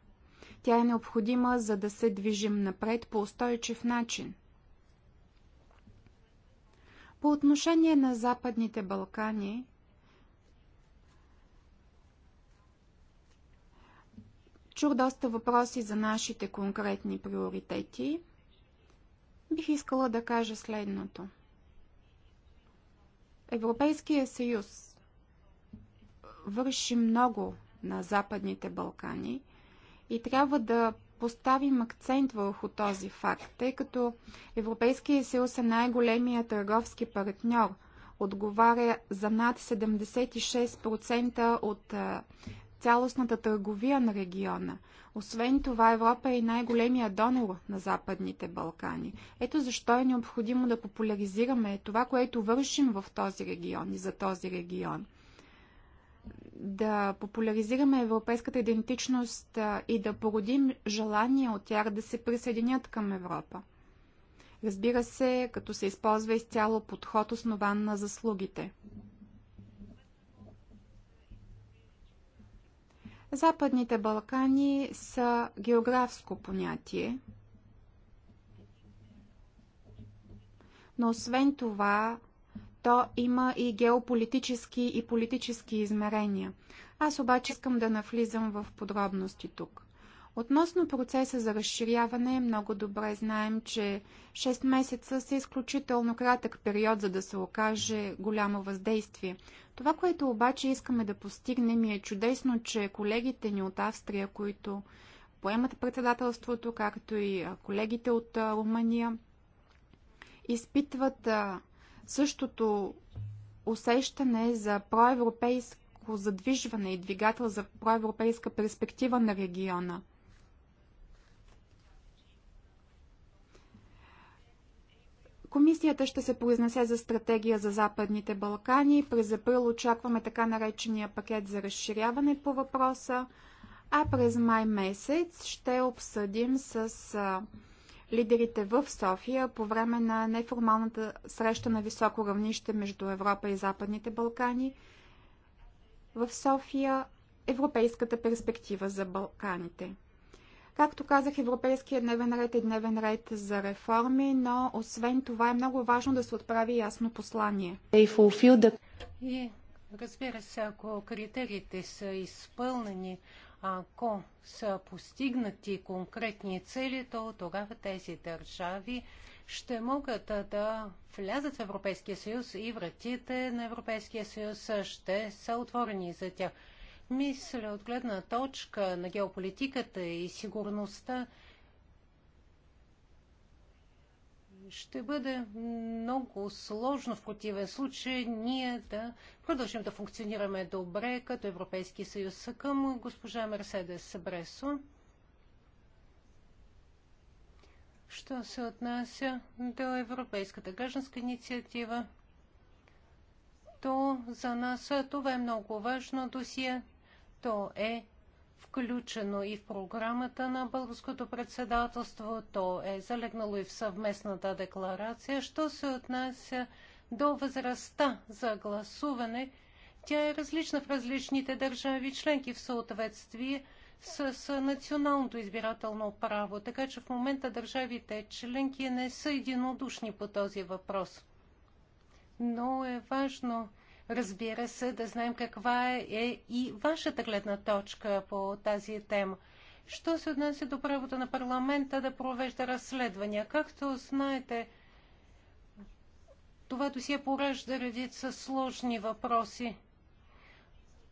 Тя е необходима, за да се движим напред по устойчив начин. По отношение на Западните Балкани, Чух доста въпроси за нашите конкретни приоритети. Бих искала да кажа следното. Европейския съюз върши много на Западните Балкани и трябва да поставим акцент върху този факт, тъй като Европейския съюз е най-големия търговски партньор, отговаря за над 76% от цялостната търговия на региона. Освен това, Европа е и най-големия донор на Западните Балкани. Ето защо е необходимо да популяризираме това, което вършим в този регион и за този регион. Да популяризираме европейската идентичност и да породим желание от тях да се присъединят към Европа. Разбира се, като се използва изцяло подход основан на заслугите – Западните Балкани са географско понятие, но освен това то има и геополитически и политически измерения. Аз обаче искам да навлизам в подробности тук. Относно процеса за разширяване, много добре знаем, че 6 месеца са изключително кратък период, за да се окаже голямо въздействие. Това, което обаче искаме да постигнем и е чудесно, че колегите ни от Австрия, които поемат председателството, както и колегите от Румъния, изпитват същото усещане за проевропейско задвижване и двигател за проевропейска перспектива на региона. Комисията ще се произнесе за стратегия за Западните Балкани. През април очакваме така наречения пакет за разширяване по въпроса, а през май месец ще обсъдим с лидерите в София по време на неформалната среща на високо равнище между Европа и Западните Балкани в София Европейската перспектива за Балканите. Както казах, европейският дневен ред е дневен ред за реформи, но освен това е много важно да се отправи ясно послание. И разбира се, ако критериите са изпълнени,
ако са постигнати конкретни цели, то тогава тези държави ще могат да влязат в Европейския съюз и вратите на Европейския съюз ще са отворени за тях. Мисля, от гледна точка на геополитиката и сигурността, ще бъде много сложно в противен случай ние да продължим да функционираме добре като Европейски съюз към госпожа Мерседес Бресо. Що се отнася до Европейската гражданска инициатива, то за нас това е много важно досие. То е включено и в програмата на българското председателство, то е залегнало и в съвместната декларация. Що се отнася до възрастта за гласуване, тя е различна в различните държави членки в съответствие с, с националното избирателно право, така че в момента държавите членки не са единодушни по този въпрос. Но е важно разбира се, да знаем каква е и вашата гледна точка по тази тема. Що се отнася до правото на парламента да провежда разследвания? Както знаете, това до е поражда редица сложни въпроси.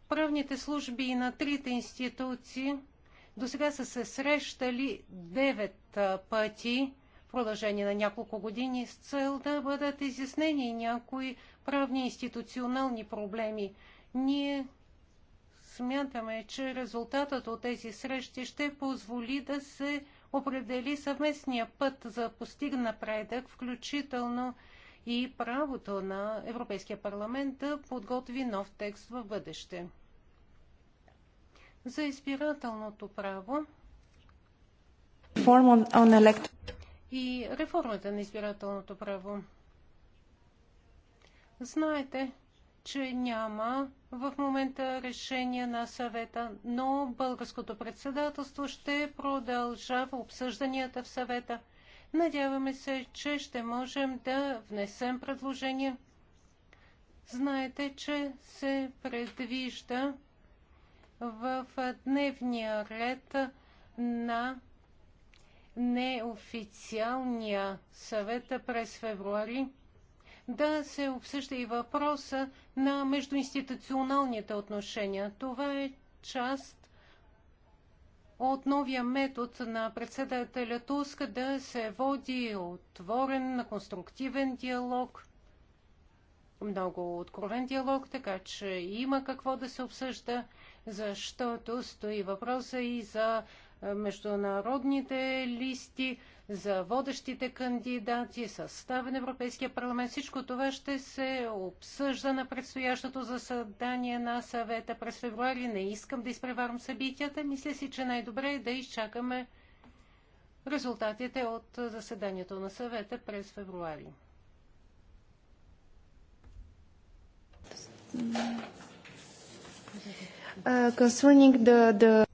Правните служби и на трите институции до сега са се срещали девет пъти – продължение на няколко години с цел да бъдат изяснени някои правни институционални проблеми. Ние смятаме, че резултатът от тези срещи ще позволи да се определи съвместния път за постигна напредък, включително и правото на Европейския парламент да подготви нов текст в бъдеще. За избирателното право и реформата на избирателното право. Знаете, че няма в момента решение на съвета, но българското председателство ще продължава обсъжданията в съвета. Надяваме се, че ще можем да внесем предложение. Знаете, че се предвижда в дневния ред на неофициалния съвет през февруари да се обсъжда и въпроса на междуинституционалните отношения. Това е част от новия метод на председателя Туск да се води отворен, конструктивен диалог, много откровен диалог, така че има какво да се обсъжда, защото стои въпроса и за е, международните листи, за водещите кандидати, състава на Европейския парламент. Всичко това ще се обсъжда на предстоящото заседание на съвета през февруари. Не искам да изпреварвам събитията. Мисля си, че най-добре е да изчакаме резултатите от заседанието на съвета през февруари.
Uh, concerning the, the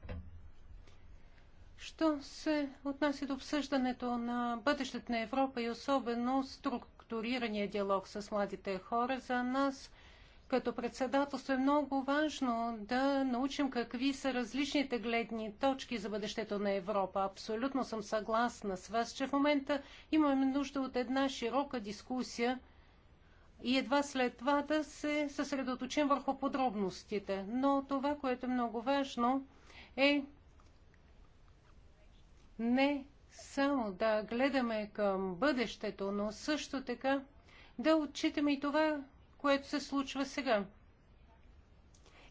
Що се отнася до обсъждането на бъдещето на Европа и особено структурирания диалог с младите хора, за нас като председателство е много важно да научим какви са различните гледни точки за бъдещето на Европа. Абсолютно съм съгласна с вас, че в момента имаме нужда от една широка дискусия и едва след това да се съсредоточим върху подробностите. Но това, което е много важно, е не само да гледаме към бъдещето, но също така да отчитаме и това, което се случва сега.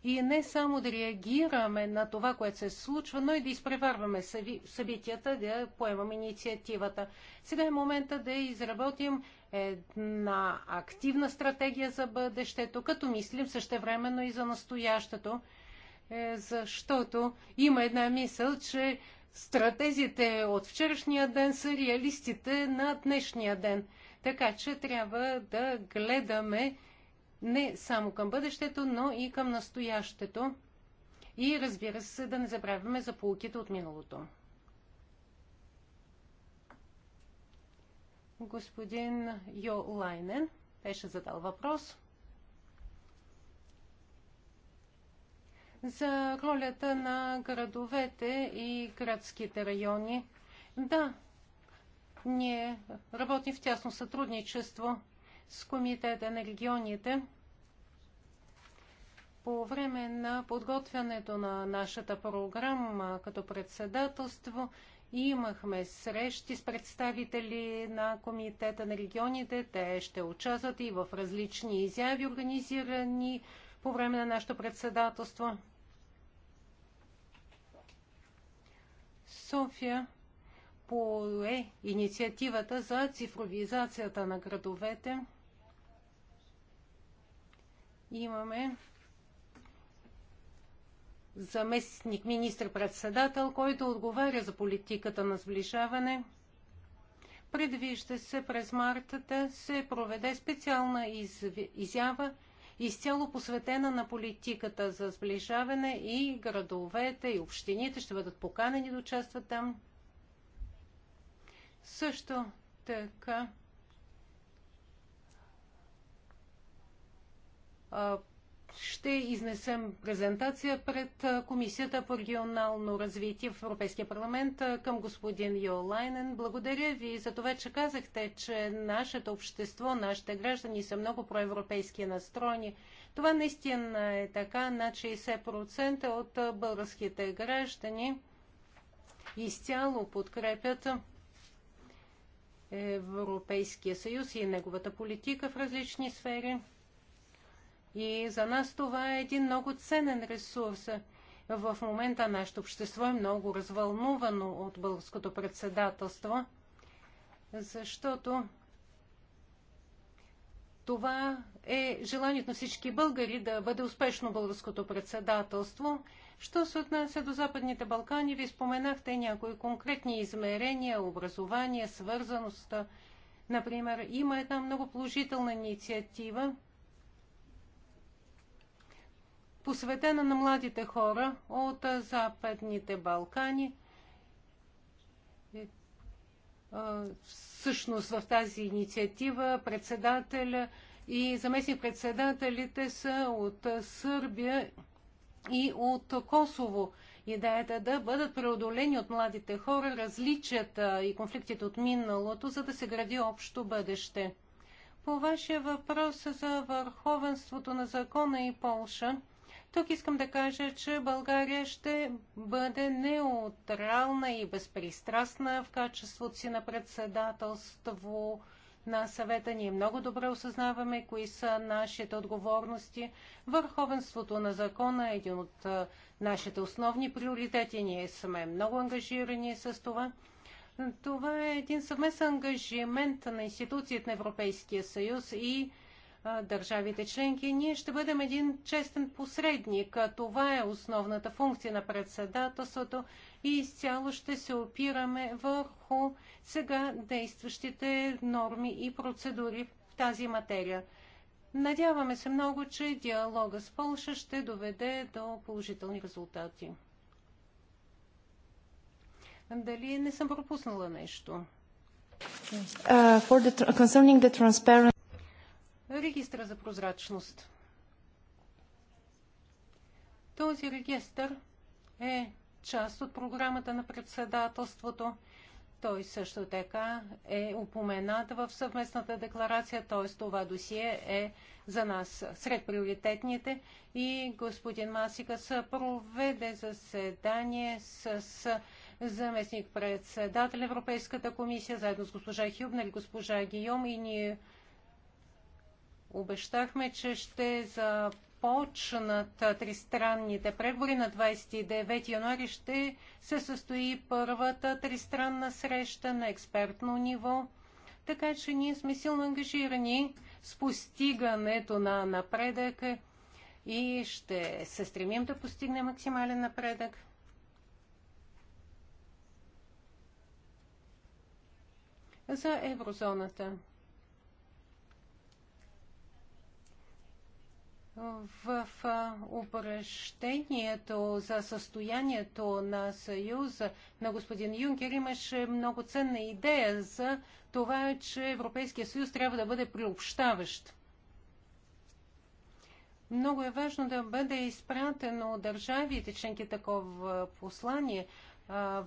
И не само да реагираме на това, което се случва, но и да изпреварваме събитията, да поемаме инициативата. Сега е момента да изработим една активна стратегия за бъдещето, като мислим същевременно и за настоящето, е, защото има една мисъл, че стратезите от вчерашния ден са реалистите на днешния ден. Така че трябва да гледаме не само към бъдещето, но и към настоящето. И разбира се, да не забравяме за полуките от миналото. Господин Йо Лайнен беше задал въпрос. за ролята на градовете и градските райони. Да, ние работим в тясно сътрудничество с Комитета на регионите. По време на подготвянето на нашата програма като председателство имахме срещи с представители на Комитета на регионите. Те ще участват и в различни изяви, организирани по време на нашето председателство. София пое инициативата за цифровизацията на градовете. Имаме заместник министр-председател, който отговаря за политиката на сближаване. Предвижда се през марта да се проведе специална изява изцяло посветена на политиката за сближаване и градовете и общините ще бъдат поканени да участват там. Също така ще изнесем презентация пред Комисията по регионално развитие в Европейския парламент към господин Йолайнен. Благодаря ви за това, че казахте, че нашето общество, нашите граждани са много проевропейски настроени. Това наистина е така. Над 60% от българските граждани изцяло подкрепят Европейския съюз и неговата политика в различни сфери. И за нас това е един много ценен ресурс. В момента нашето общество е много развълнувано от българското председателство, защото това е желанието на всички българи да бъде успешно българското председателство. Що се отнася до Западните Балкани, ви споменахте някои конкретни измерения, образование, свързаността. Например, има една много положителна инициатива – посветена на младите хора от Западните Балкани. Всъщност в тази инициатива председателя и заместник-председателите са от Сърбия и от Косово. Идеята е да бъдат преодолени от младите хора различията и конфликтите от миналото, за да се гради общо бъдеще. По вашия въпрос за върховенството на закона и Полша, тук искам да кажа, че България ще бъде неутрална и безпристрастна в качеството си на председателство на съвета. Ние много добре осъзнаваме кои са нашите отговорности. Върховенството на закона е един от нашите основни приоритети. Ние сме много ангажирани с това. Това е един съвместен ангажимент на институциите на Европейския съюз и държавите членки, ние ще бъдем един честен посредник. Това е основната функция на председателството и изцяло ще се опираме върху сега действащите норми и процедури в тази материя. Надяваме се много, че диалога с Польша ще доведе до положителни резултати. Дали не съм пропуснала нещо?
Uh, the, the
регистра за прозрачност. Този регистр е част от програмата на председателството. Той също така е упоменат в съвместната декларация, т.е. това досие е за нас сред приоритетните и господин Масикас проведе заседание с заместник председател Европейската комисия, заедно с госпожа Хюбнер и госпожа Гийом и ние обещахме, че ще започнат тристранните преговори. На 29 януари ще се състои първата тристранна среща на експертно ниво. Така че ние сме силно ангажирани с постигането на напредък и ще се стремим да постигнем максимален напредък. За еврозоната. в обращението за състоянието на Съюза на господин Юнкер имаше много ценна идея за това, че Европейския съюз трябва да бъде приобщаващ. Много е важно да бъде изпратено държавите членки такова послание.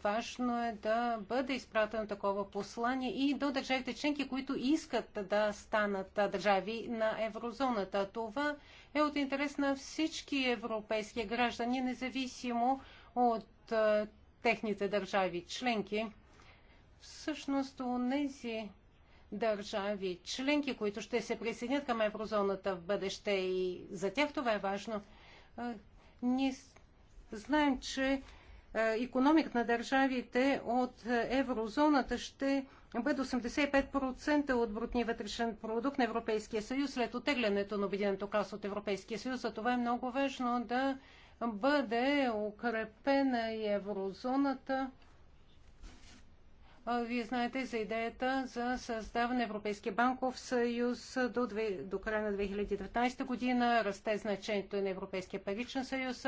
Важно е да бъде изпратено такова послание и до държавите членки, които искат да станат държави на еврозоната. Това е от интерес на всички европейски граждани, независимо от техните държави членки. Всъщност, у нези държави членки, които ще се присъединят към еврозоната в бъдеще и за тях това е важно. ние знаем, че економиката на държавите от еврозоната ще бъде 85% от брутния вътрешен продукт на Европейския съюз след отеглянето на Обединеното кралство от Европейския съюз. Затова е много важно да бъде укрепена и еврозоната. Вие знаете за идеята за създаване Европейския банков съюз до, до края на 2019 година, расте значението на Европейския паричен съюз.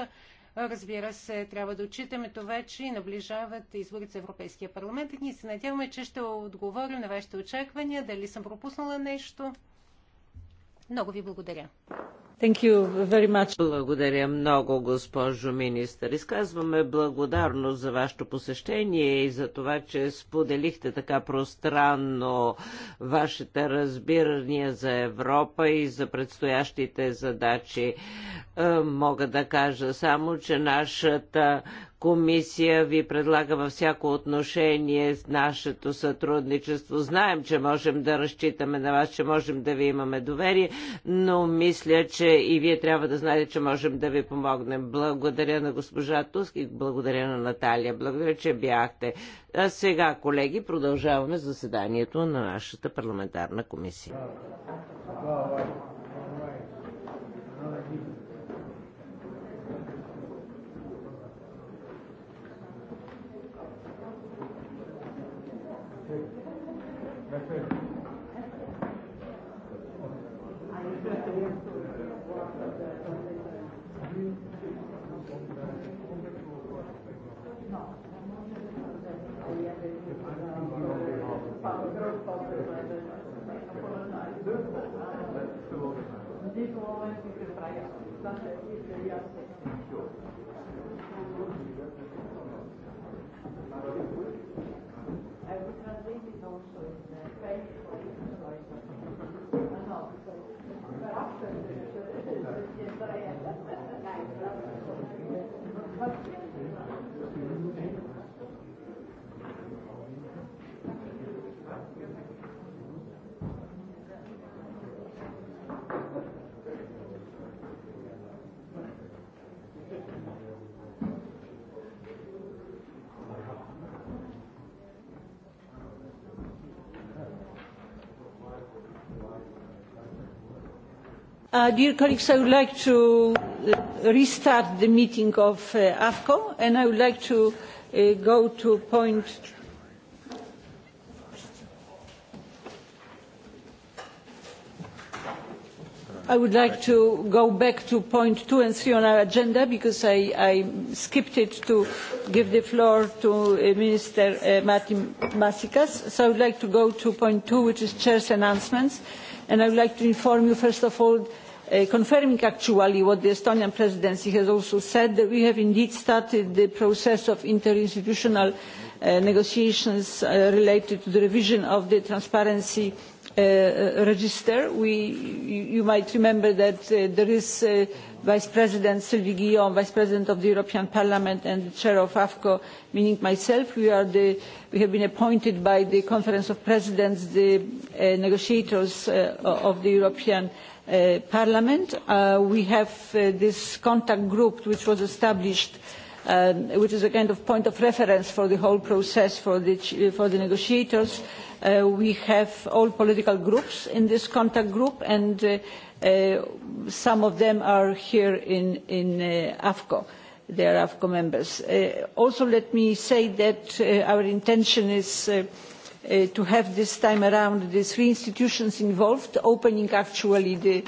Разбира се, трябва да отчитаме това, че и наближават изборите за Европейския парламент ние се надяваме, че ще отговорим на вашите очаквания. Дали съм пропуснала нещо? Много ви благодаря.
Thank you very much. Благодаря много, госпожо министър. Изказваме благодарност за вашето посещение и за това, че споделихте така пространно вашите разбирания за Европа и за предстоящите задачи. Е, мога да кажа само, че нашата комисия ви предлага във всяко отношение с нашето сътрудничество. Знаем, че можем да разчитаме на вас, че можем да ви имаме доверие, но мисля, че и вие трябва да знаете, че можем да ви помогнем. Благодаря на госпожа Туск и благодаря на Наталия. Благодаря, че бяхте. А сега, колеги, продължаваме заседанието на нашата парламентарна комисия.
Thank you. Maja. Sache ist ja
Dear colleagues, I would like to restart the meeting of AFCO, and I would like to go to point I would like to go back to point two and three on our agenda because I, I skipped it to give the floor to Minister Martin Masikas. So I would like to go to point two, which is Chair's announcements. And I would like to inform you, first of all, confirming actually what the Estonian presidency has also said, that we have indeed started the process of interinstitutional negotiations related to the revision of the transparency register. you might remember that there is Vice President Sylvie Guillaume, Vice President of the European Parliament and the Chair of AFCO, meaning myself. We, are the, we have been appointed by the Conference of Presidents, the negotiators of the European Parliament Parliament. we have this contact group which was established which is a kind of point of reference for the whole process for the, negotiators. we have all political groups in this contact group and some of them are here in, in AFCO. They are AFCO members. also let me say that our intention is to have this time around the three institutions involved opening actually the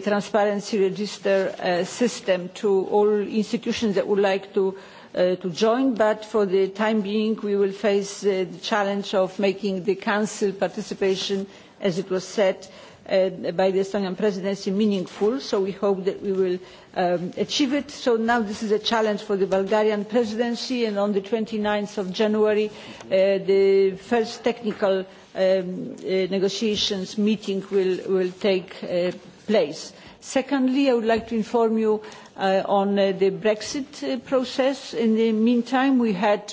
transparency register system to all institutions that would like to to join but for the time being we will face the challenge of making the council participation as it was said by the Estonian presidency meaningful, so we hope that we will achieve it. So now this is a challenge for the Bulgarian presidency, and on the 29th of January, the first technical negotiations meeting will, take place. Secondly, I would like to inform you on the Brexit process. In the meantime, we had,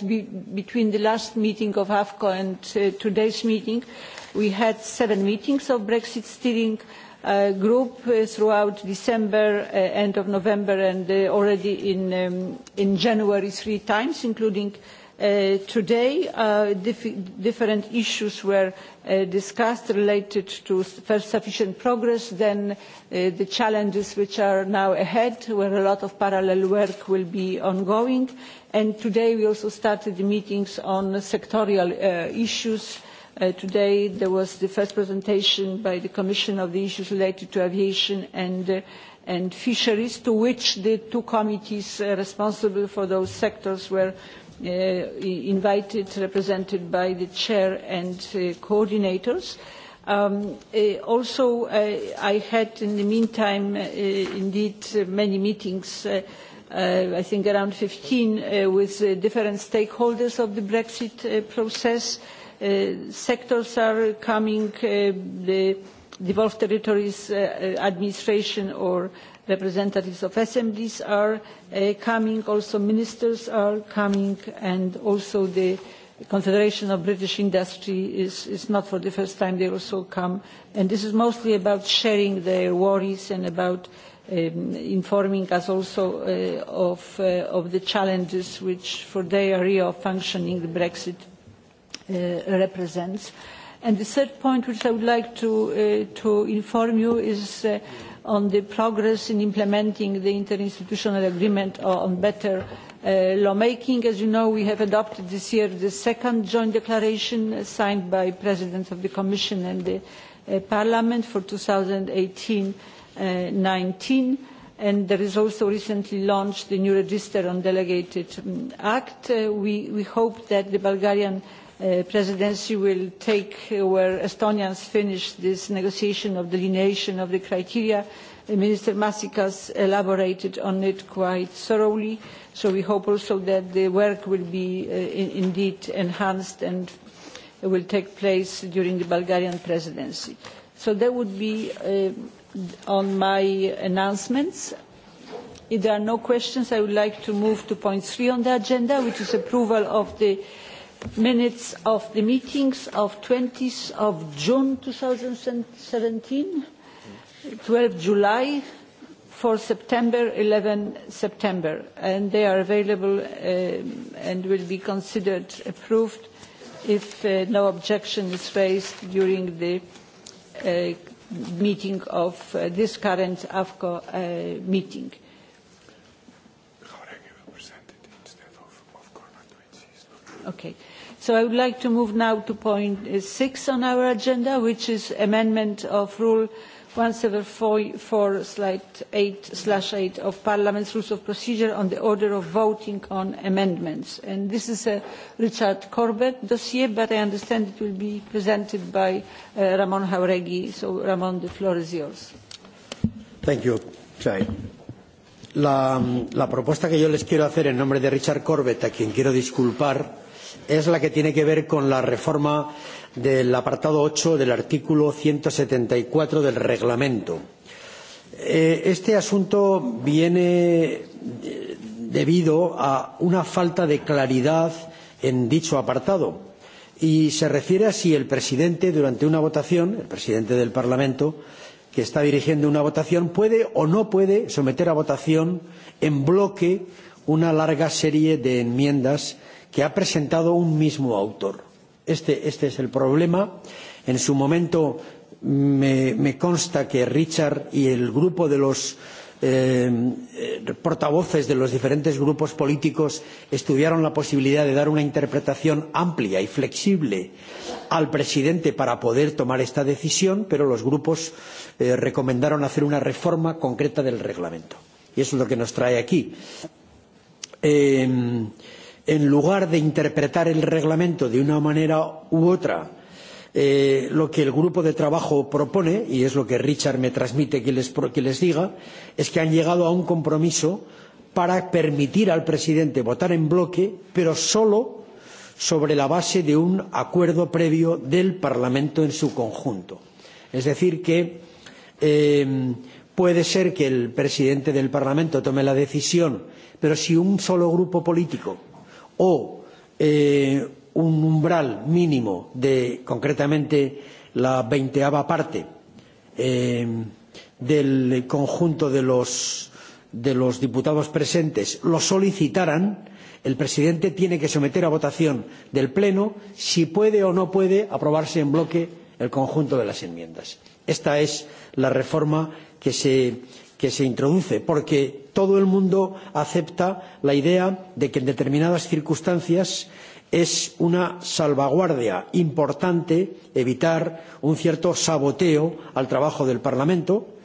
between the last meeting of AFCO and today's meeting, uh, We had seven meetings of Brexit steering uh, group uh, throughout December, uh, end of November, and uh, already in, um, in January three times, including uh, today. Uh, dif different issues were uh, discussed related to first sufficient progress, then uh, the challenges which are now ahead, where a lot of parallel work will be ongoing. And today we also started the meetings on sectorial uh, issues today there was the first presentation by the Commission of the issues related to aviation and and fisheries, to which the two committees responsible for those sectors were invited, represented by the chair and coordinators. also, I had in the meantime, indeed, many meetings, I think around fifteen, with different stakeholders of the Brexit process, uh, sectors are coming, the devolved territories administration or representatives of smes are coming, also ministers are coming, and also the Confederation of British Industry is, is not for the first time, they also come. And this is mostly about sharing their worries and about informing us also of, the challenges which for their area of functioning, the Brexit represents. And the third point which I would like to, uh, to inform you is uh, on the progress in implementing the interinstitutional agreement on better lawmaking. As you know, we have adopted this year the second joint declaration signed by Presidents of the Commission and the Parliament for 2018-19. And there is also recently launched the new register on delegated act. we, hope that the Bulgarian presidency will take where Estonians finish this negotiation of delineation of the criteria. Minister Masikas elaborated on it quite thoroughly, so we hope also that the work will be indeed enhanced and will take place during the Bulgarian presidency. So that would be on my announcements. If there are no questions, I would like to move to point three on the agenda, which is approval of the minutes of the meetings of 20th of June 2017, 12 July, 4 September, 11 September, and they are available and will be considered approved if no objection is raised during the meeting of this current AFCO meeting. Okay. So I would like to move now to point six on our agenda, which is amendment of Rule 174 slash 8 of Parliament's Rules of Procedure on the order of voting on amendments. And this is a Richard Corbett dossier, but I understand it will be presented by uh, Ramon Jauregui. So Ramon, the floor is yours.
Thank you, Chai. La, la propuesta que yo les quiero hacer en nombre de Richard Corbett, a quien quiero disculpar, es la que tiene que ver con la reforma del apartado ocho del artículo ciento setenta y cuatro del reglamento. este asunto viene debido a una falta de claridad en dicho apartado y se refiere a si el presidente durante una votación el presidente del Parlamento que está dirigiendo una votación puede o no puede someter a votación en bloque una larga serie de enmiendas que ha presentado un mismo autor. Este, este es el problema. En su momento me, me consta que Richard y el grupo de los portavoces de los diferentes grupos políticos estudiaron la posibilidad de dar una interpretación amplia y flexible al presidente para poder tomar esta decisión, pero los grupos recomendaron hacer una reforma concreta del reglamento. Y eso es lo que nos trae aquí. Eh, en lugar de interpretar el reglamento de una manera u otra, eh, lo que el grupo de trabajo propone, y es lo que Richard me transmite que les, que les diga, es que han llegado a un compromiso para permitir al presidente votar en bloque, pero solo sobre la base de un acuerdo previo del Parlamento en su conjunto. Es decir, que eh, puede ser que el presidente del Parlamento tome la decisión, pero si un solo grupo político o eh, un umbral mínimo de concretamente la veinteava parte eh, del conjunto de los, de los diputados presentes lo solicitaran, el presidente tiene que someter a votación del Pleno si puede o no puede aprobarse en bloque el conjunto de las enmiendas. Esta es la reforma que se que se introduce, porque todo el mundo acepta la idea de que en determinadas circunstancias es una salvaguardia importante evitar un cierto saboteo al trabajo del Parlamento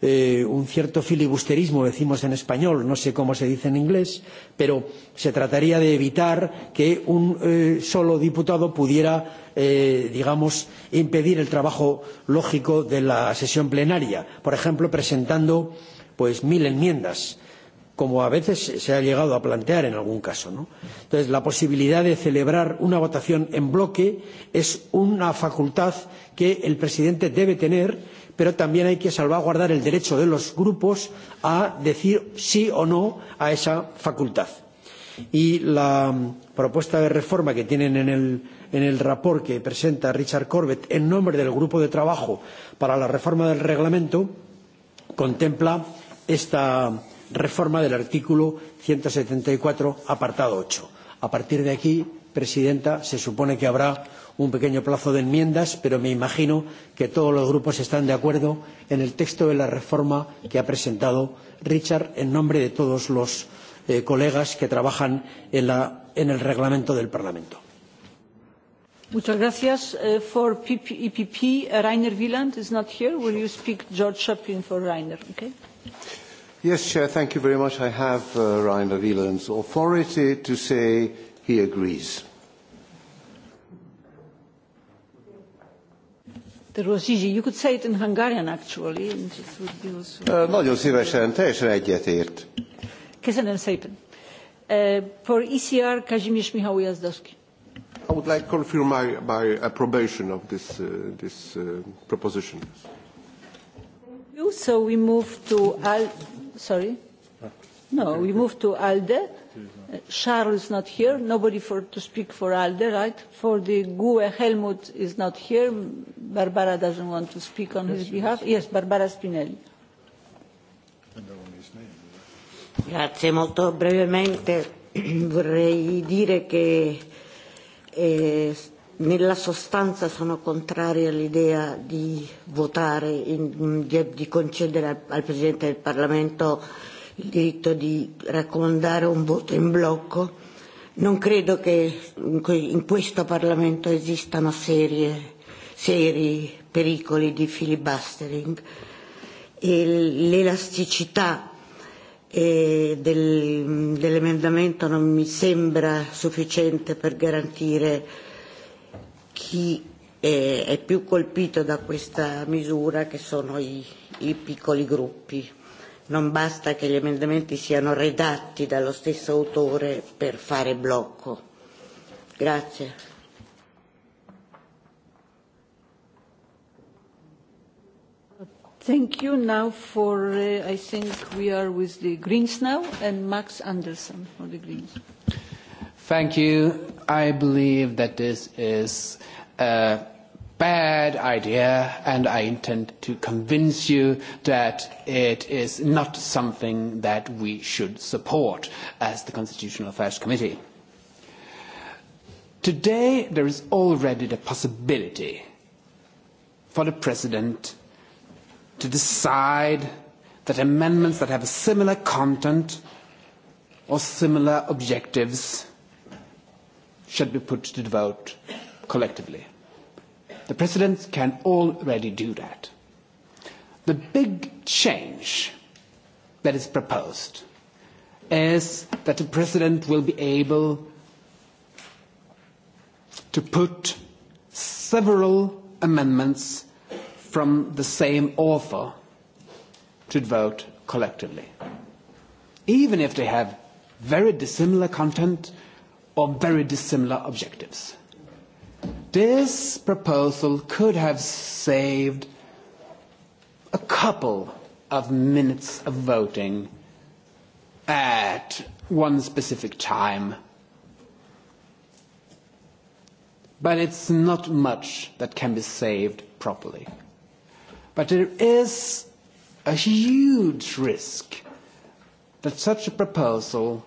eh, un cierto filibusterismo, decimos en español, no sé cómo se dice en inglés, pero se trataría de evitar que un eh, solo diputado pudiera, eh, digamos, impedir el trabajo lógico de la sesión plenaria, por ejemplo, presentando pues mil enmiendas como a veces se ha llegado a plantear en algún caso. ¿no? Entonces, la posibilidad de celebrar una votación en bloque es una facultad que el presidente debe tener pero también hay que salvaguardar el derecho de los grupos a decir sí o no a esa facultad. Y la propuesta de reforma que tienen en el, en el rapor que presenta Richard Corbett en nombre del grupo de trabajo para la reforma del reglamento contempla esta reforma del artículo ciento setenta y cuatro apartado ocho. A partir de aquí, Presidenta, se supone que habrá un pequeño plazo de enmiendas, pero me imagino que todos los grupos están de acuerdo en el texto de la reforma que ha presentado Richard en nombre de todos los colegas que trabajan en, el reglamento del Parlamento.
Muchas gracias. for EPP, Rainer Wieland is not here. Will you speak George Shepin for Rainer? Okay.
Yes, Chair, thank you very much. I have uh, Rainer Wieland's authority to say he agrees.
Rosizsi, you could say it in Hungarian actually, and it would be also...
Nagyon szívesen, teljesen egyetért.
Köszönöm szépen. Uh, for ECR, Kazimierz Michał Jazdowski.
I would like to confirm my, my approbation of this, uh, this uh, proposition.
So we move to Al... Sorry? No, we move to ALDE. Charles is not here. Nobody for, to speak for ALDE, right? For the GUE, Helmut is not here. Barbara doesn't want to speak on his behalf. Yes, Barbara Spinelli.
Grazie, molto brevemente vorrei dire che eh, nella sostanza sono contraria all'idea di votare, in, di, di concedere al, al Presidente del Parlamento il diritto di raccomandare un voto in blocco. Non credo che in questo Parlamento esistano serie, seri pericoli di filibustering. E l'elasticità eh, del, dell'emendamento non mi sembra sufficiente per garantire chi è, è più colpito da questa misura, che sono i, i piccoli gruppi non basta che gli emendamenti siano redatti dallo stesso autore per fare blocco. Grazie.
Thank you. Now for, uh, I think we are with the Greens now, and Max Anderson for the Greens.
Thank you. I believe that this is uh, bad idea and I intend to convince you that it is not something that we should support as the Constitutional Affairs Committee. Today there is already the possibility for the President to decide that amendments that have a similar content or similar objectives should be put to the vote collectively. The presidents can already do that. The big change that is proposed is that the president will be able to put several amendments from the same author to vote collectively, even if they have very dissimilar content or very dissimilar objectives. This proposal could have saved a couple of minutes of voting at one specific time. But it's not much that can be saved properly. But there is a huge risk that such a proposal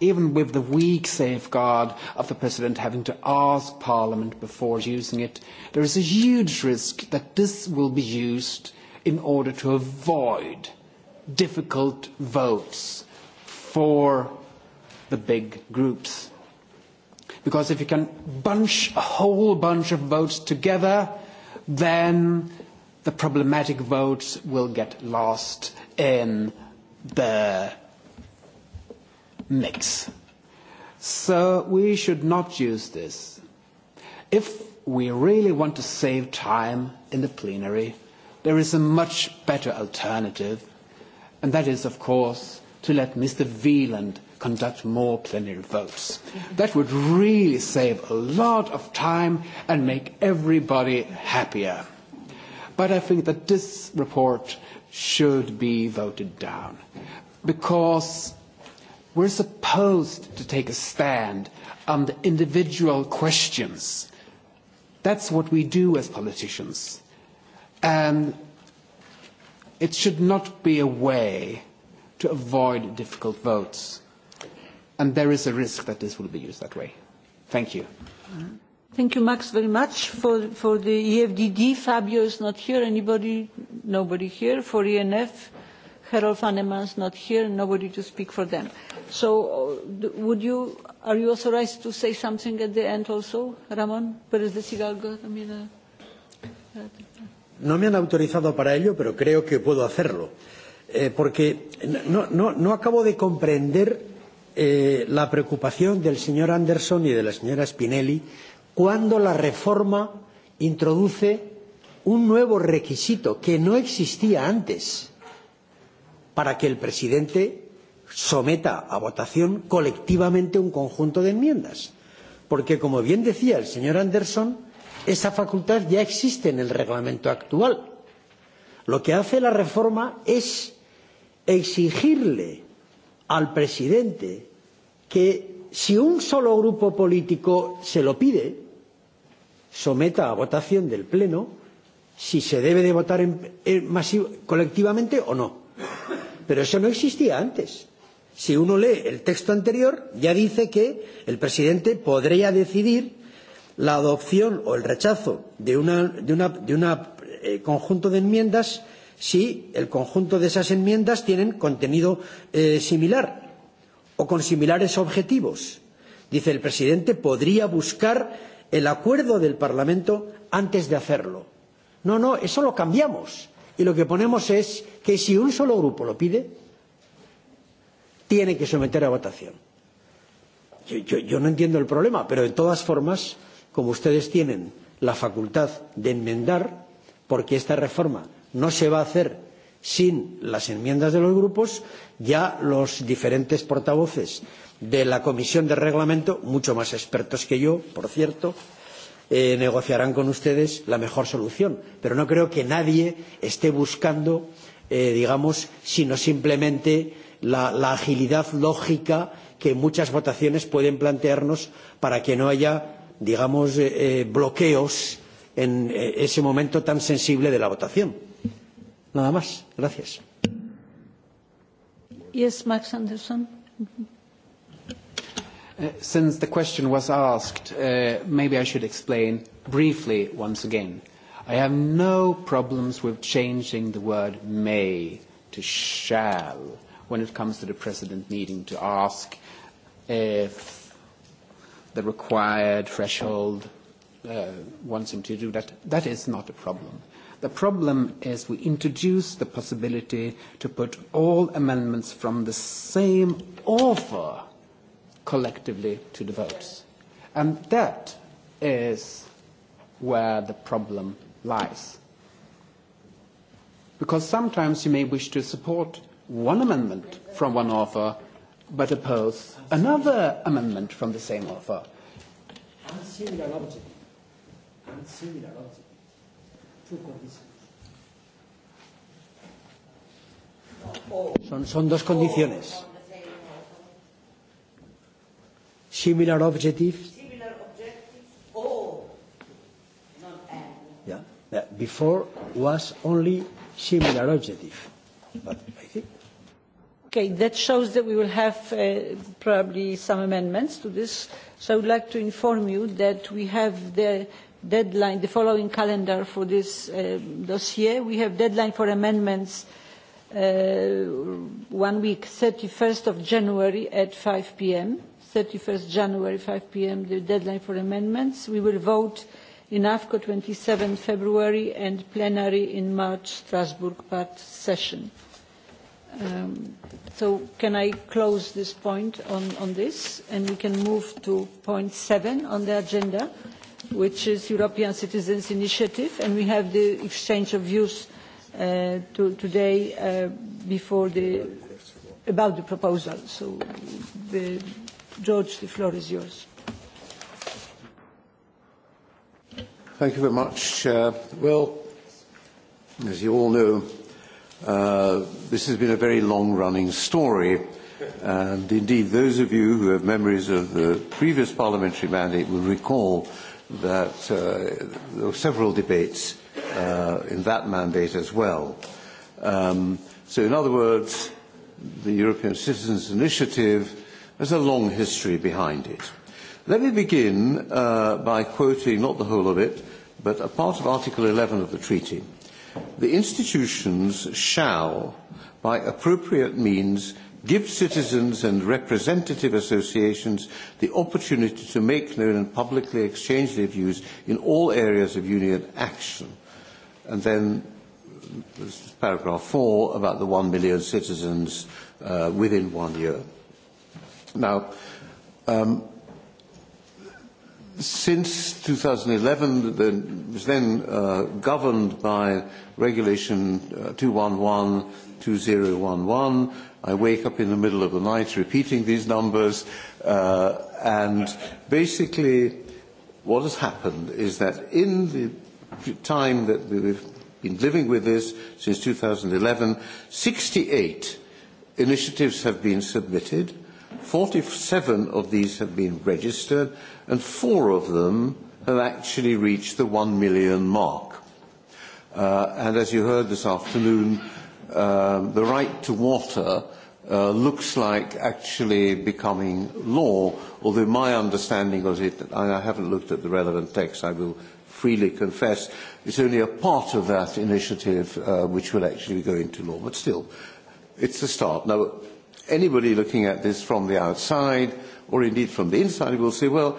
even with the weak safeguard of the President having to ask Parliament before using it, there is a huge risk that this will be used in order to avoid difficult votes for the big groups. Because if you can bunch a whole bunch of votes together, then the problematic votes will get lost in the mix. So we should not use this. If we really want to save time in the plenary, there is a much better alternative, and that is, of course, to let Mr. Wieland conduct more plenary votes. That would really save a lot of time and make everybody happier. But I think that this report should be voted down because We're supposed to take a stand on the individual questions. That's what we do as politicians. And it should not be a way to avoid difficult votes. And there is a risk that this will be used that way. Thank you.
Thank you, Max, very much. For, for the EFDD, Fabio is not here. Anybody? Nobody here. For ENF? Harold is not here, nobody to speak for them. So would you, are you authorized to say something at the end also, ramon perez de Sigalgo? I mean, uh,
No me han autorizado para ello, pero creo que puedo hacerlo, eh, porque no, no, no acabo de comprender eh, la preocupación del señor Anderson y de la señora Spinelli cuando la reforma introduce un nuevo requisito que no existía antes para que el presidente someta a votación colectivamente un conjunto de enmiendas. Porque, como bien decía el señor Anderson, esa facultad ya existe en el reglamento actual. Lo que hace la reforma es exigirle al presidente que si un solo grupo político se lo pide, someta a votación del Pleno si se debe de votar colectivamente o no. Pero eso no existía antes. Si uno lee el texto anterior, ya dice que el presidente podría decidir la adopción o el rechazo de un de una, de una, eh, conjunto de enmiendas si el conjunto de esas enmiendas tienen contenido eh, similar o con similares objetivos. Dice el presidente podría buscar el acuerdo del Parlamento antes de hacerlo. No, no, eso lo cambiamos. Y lo que ponemos es que si un solo grupo lo pide, tiene que someter a votación. Yo, yo, yo no entiendo el problema, pero de todas formas, como ustedes tienen la facultad de enmendar, porque esta reforma no se va a hacer sin las enmiendas de los grupos, ya los diferentes portavoces de la Comisión de Reglamento, mucho más expertos que yo, por cierto, eh, negociarán con ustedes la mejor solución. Pero no creo que nadie esté buscando, eh, digamos, sino simplemente la, la agilidad lógica que muchas votaciones pueden plantearnos para que no haya, digamos, eh, bloqueos en eh, ese momento tan sensible de la votación. Nada más. Gracias.
Yes, Max Anderson. Mm -hmm.
Since
the question was asked, maybe I should explain briefly once again. I have no problems with changing the word may to shall when it comes to the president needing to ask if the required threshold wants him to do that. That is not a problem. The problem is we introduce the possibility to put all amendments from the same author collectively to the votes. And that is where the problem lies. Because sometimes you may wish to support one amendment from one author, but oppose another amendment from the same author.
And similar object. And similar Two conditions. Son, son dos condiciones Similar objectives?
Similar objectives or
not and. Yeah. before was only similar objective. But I think.
Okay, that shows that we will have uh, probably some amendments to this. So I would like to inform you that we have the deadline, the following calendar for this uh, dossier. We have deadline for amendments uh, one week, 31st of January at 5 p.m. 31 January, 5 p.m., the deadline for amendments. We will vote in AFCO 27 February and plenary in March Strasbourg part session. so can I close this point on, on this and we can move to point seven on the agenda which is European Citizens Initiative and we have the exchange of views uh, to, today uh, before the about the proposal. So the George, the floor is yours.
Thank you very much, Chair. Well, as you all know, uh, this has been a very long-running story, and indeed those of you who have memories of the previous parliamentary mandate will recall that uh, there were several debates uh, in that mandate as well. Um, so in other words, the European Citizens Initiative There's a long history behind it. Let me begin uh, by quoting not the whole of it, but a part of Article 11 of the treaty. The institutions shall, by appropriate means, give citizens and representative associations the opportunity to make known and publicly exchange their views in all areas of union action. And then paragraph four about the one million citizens uh, within one year. Now, um, since 2011, the, was then uh, governed by Regulation uh, 211-2011. I wake up in the middle of the night repeating these numbers, uh, and basically what has happened is that in the time that we've been living with this since 2011, 68 initiatives have been submitted – 47 of these have been registered, and four of them have actually reached the 1 million mark. Uh, and as you heard this afternoon, um, the right to water uh, looks like actually becoming law, although my understanding of it, and I haven't looked at the relevant text, I will freely confess, it's only a part of that initiative uh, which will actually go into law, but still, it's a start. Now, anybody looking at this from the outside or indeed from the inside will say, well,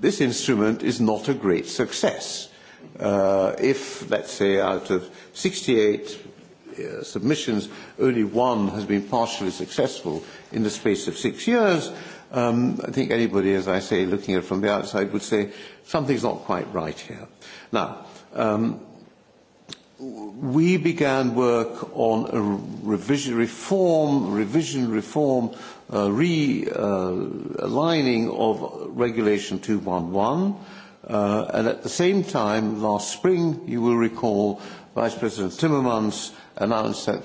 this instrument is not a great success. Uh, if, let's say, out of 68 uh, submissions, only one has been partially successful in the space of six years, um, I think anybody, as I say, looking at it from the outside would say something's not quite right here. Now, um, we began work on a revision, reform, revision, reform, uh, realigning of Regulation 211. Uh, and at the same time, last spring, you will recall, Vice President Timmermans announced that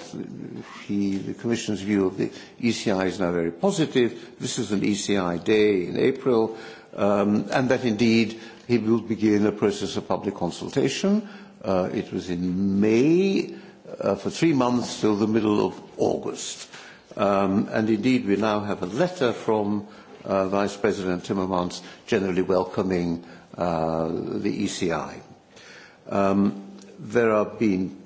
he, the Commission's view of the ECI is now very positive. This is an ECI day in April, um, and that indeed he will begin a process of public consultation Uh, it was in May uh, for three months till the middle of August. Um, and indeed, we now have a letter from uh, Vice President Timmermans generally welcoming uh, the ECI. Um, there have been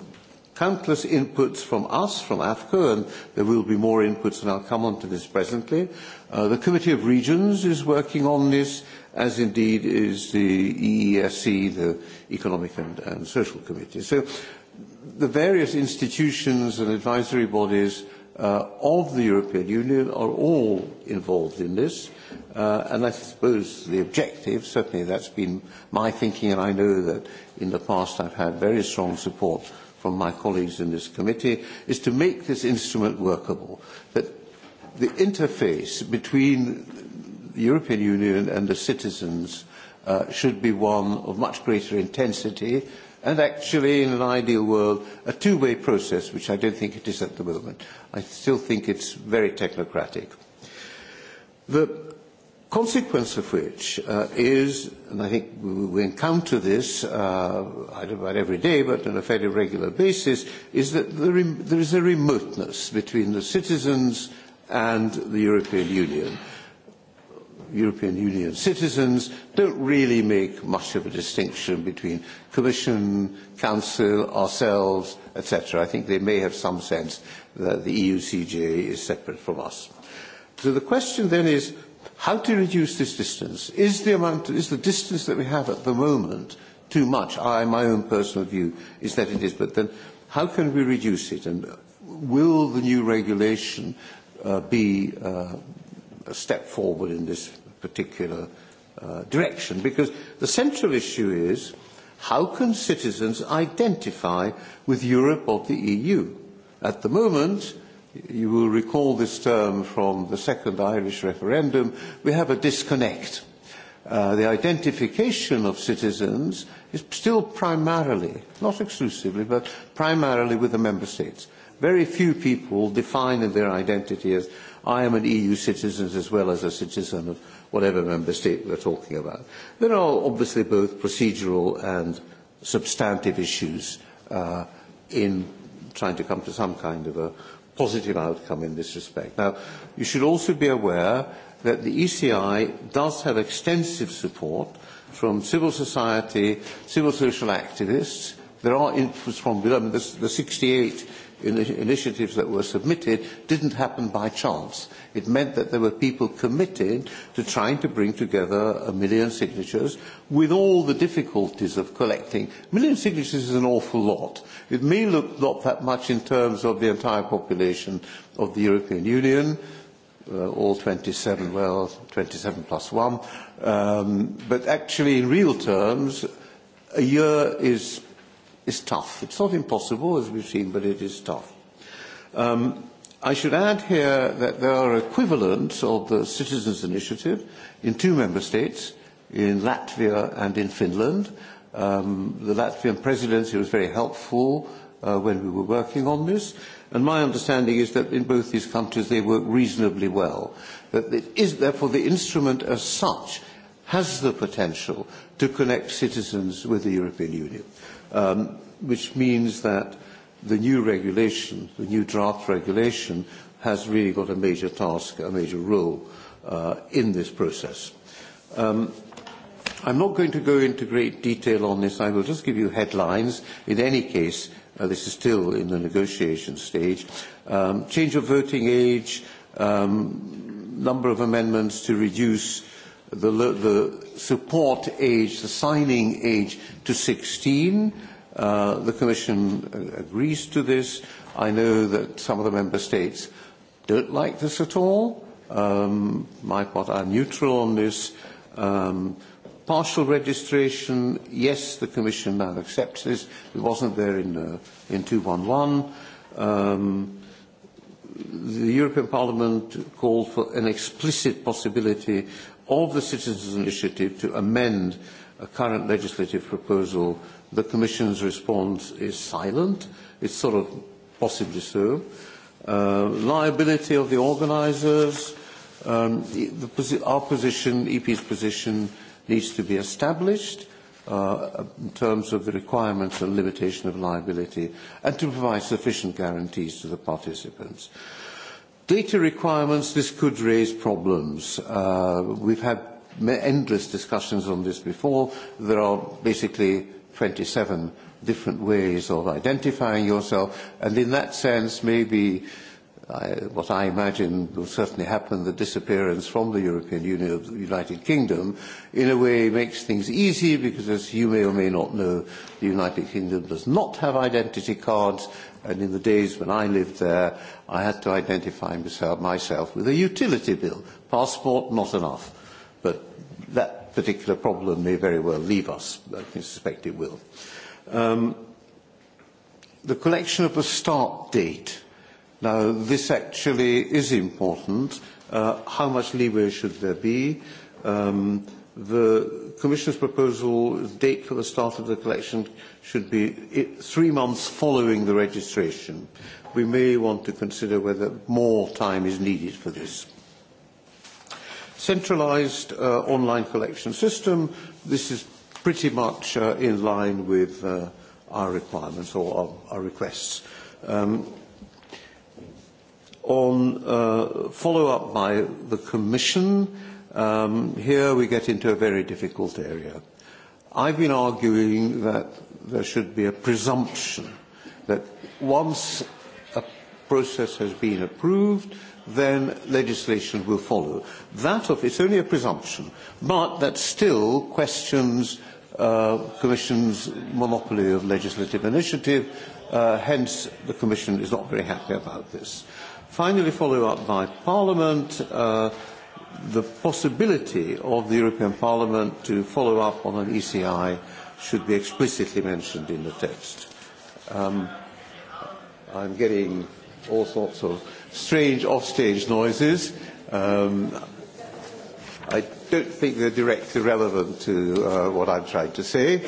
countless inputs from us, from AFCO, and there will be more inputs, and I'll come on to this presently. Uh, the Committee of Regions is working on this as indeed is the EESC, the Economic and, and Social Committee. So the various institutions and advisory bodies uh, of the European Union are all involved in this, uh, and I suppose the objective, certainly that's been my thinking, and I know that in the past I've had very strong support from my colleagues in this committee, is to make this instrument workable, that the interface between the European Union and the citizens uh, should be one of much greater intensity and actually, in an ideal world, a two-way process, which I don't think it is at the moment. I still think it's very technocratic. The consequence of which uh, is, and I think we encounter this, uh, I don't know about every day, but on a fairly regular basis, is that there, there is a remoteness between the citizens and the European Union. European Union citizens don't really make much of a distinction between Commission, Council, ourselves, etc. I think they may have some sense that the EU CJ is separate from us. So the question then is how to reduce this distance. Is the, amount, is the distance that we have at the moment too much? I, my own personal view is that it is, but then how can we reduce it? And will the new regulation uh, be uh, a step forward in this particular uh, direction. Because the central issue is how can citizens identify with Europe or the EU? At the moment, you will recall this term from the second Irish referendum, we have a disconnect. Uh, the identification of citizens is still primarily, not exclusively, but primarily with the member states. Very few people define their identity as I am an EU citizen as well as a citizen of whatever member state we're talking about. There are obviously both procedural and substantive issues uh, in trying to come to some kind of a positive outcome in this respect. Now, you should also be aware that the ECI does have extensive support from civil society, civil social activists. There are inputs from, I mean, the 68 initiatives that were submitted didn't happen by chance. It meant that there were people committed to trying to bring together a million signatures with all the difficulties of collecting. A million signatures is an awful lot. It may look not that much in terms of the entire population of the European Union, uh, all 27, well, 27 plus one. Um, but actually, in real terms, a year is is tough. It's not impossible, as we've seen, but it is tough. Um, I should add here that there are equivalents of the Citizens Initiative in two member states, in Latvia and in Finland. Um, the Latvian presidency was very helpful uh, when we were working on this, and my understanding is that in both these countries they work reasonably well. That it is, therefore, the instrument as such has the potential to connect citizens with the European Union um, which means that the new regulation, the new draft regulation, has really got a major task, a major role uh, in this process. Um, I'm not going to go into great detail on this. I will just give you headlines. In any case, uh, this is still in the negotiation stage. Um, change of voting age, um, number of amendments to reduce the, the support age, the signing age to 16. Uh, the Commission agrees to this. I know that some of the Member States don't like this at all. Um, my part are neutral on this. Um, partial registration, yes, the Commission now accepts this. It wasn't there in, uh, in 211. Um, the European Parliament called for an explicit possibility of the Citizens' Initiative to amend a current legislative proposal, the Commission's response is silent. It's sort of possibly so. Uh, liability of the organisers, um, the our position, EP's position, needs to be established uh, in terms of the requirements and limitation of liability and to provide sufficient guarantees to the participants. Uh, Data requirements, this could raise problems. Uh, we've had endless discussions on this before. There are basically 27 different ways of identifying yourself, and in that sense, maybe I, what I imagine will certainly happen, the disappearance from the European Union of the United Kingdom, in a way makes things easy because, as you may or may not know, the United Kingdom does not have identity cards, and in the days when I lived there, I had to identify myself with a utility bill. Passport, not enough. But that particular problem may very well leave us. I suspect it will. Um, the collection of a start date. Now, this actually is important. Uh, how much leeway should there be? Um, the Commission's proposal date for the start of the collection should be three months following the registration we may want to consider whether more time is needed for this. Centralised uh, online collection system, this is pretty much uh, in line with uh, our requirements or our, our requests. Um, on uh, follow-up by the Commission, um, here we get into a very difficult area. I've been arguing that there should be a presumption that once process has been approved, then legislation will follow. That of, it's only a presumption, but that still questions uh, Commission's monopoly of legislative initiative, uh, hence the Commission is not very happy about this. Finally, follow up by Parliament, uh, the possibility of the European Parliament to follow up on an ECI should be explicitly mentioned in the text. Um, I'm getting all sorts of strange offstage noises. Um, I don't think they're directly relevant to uh, what I'm trying to say,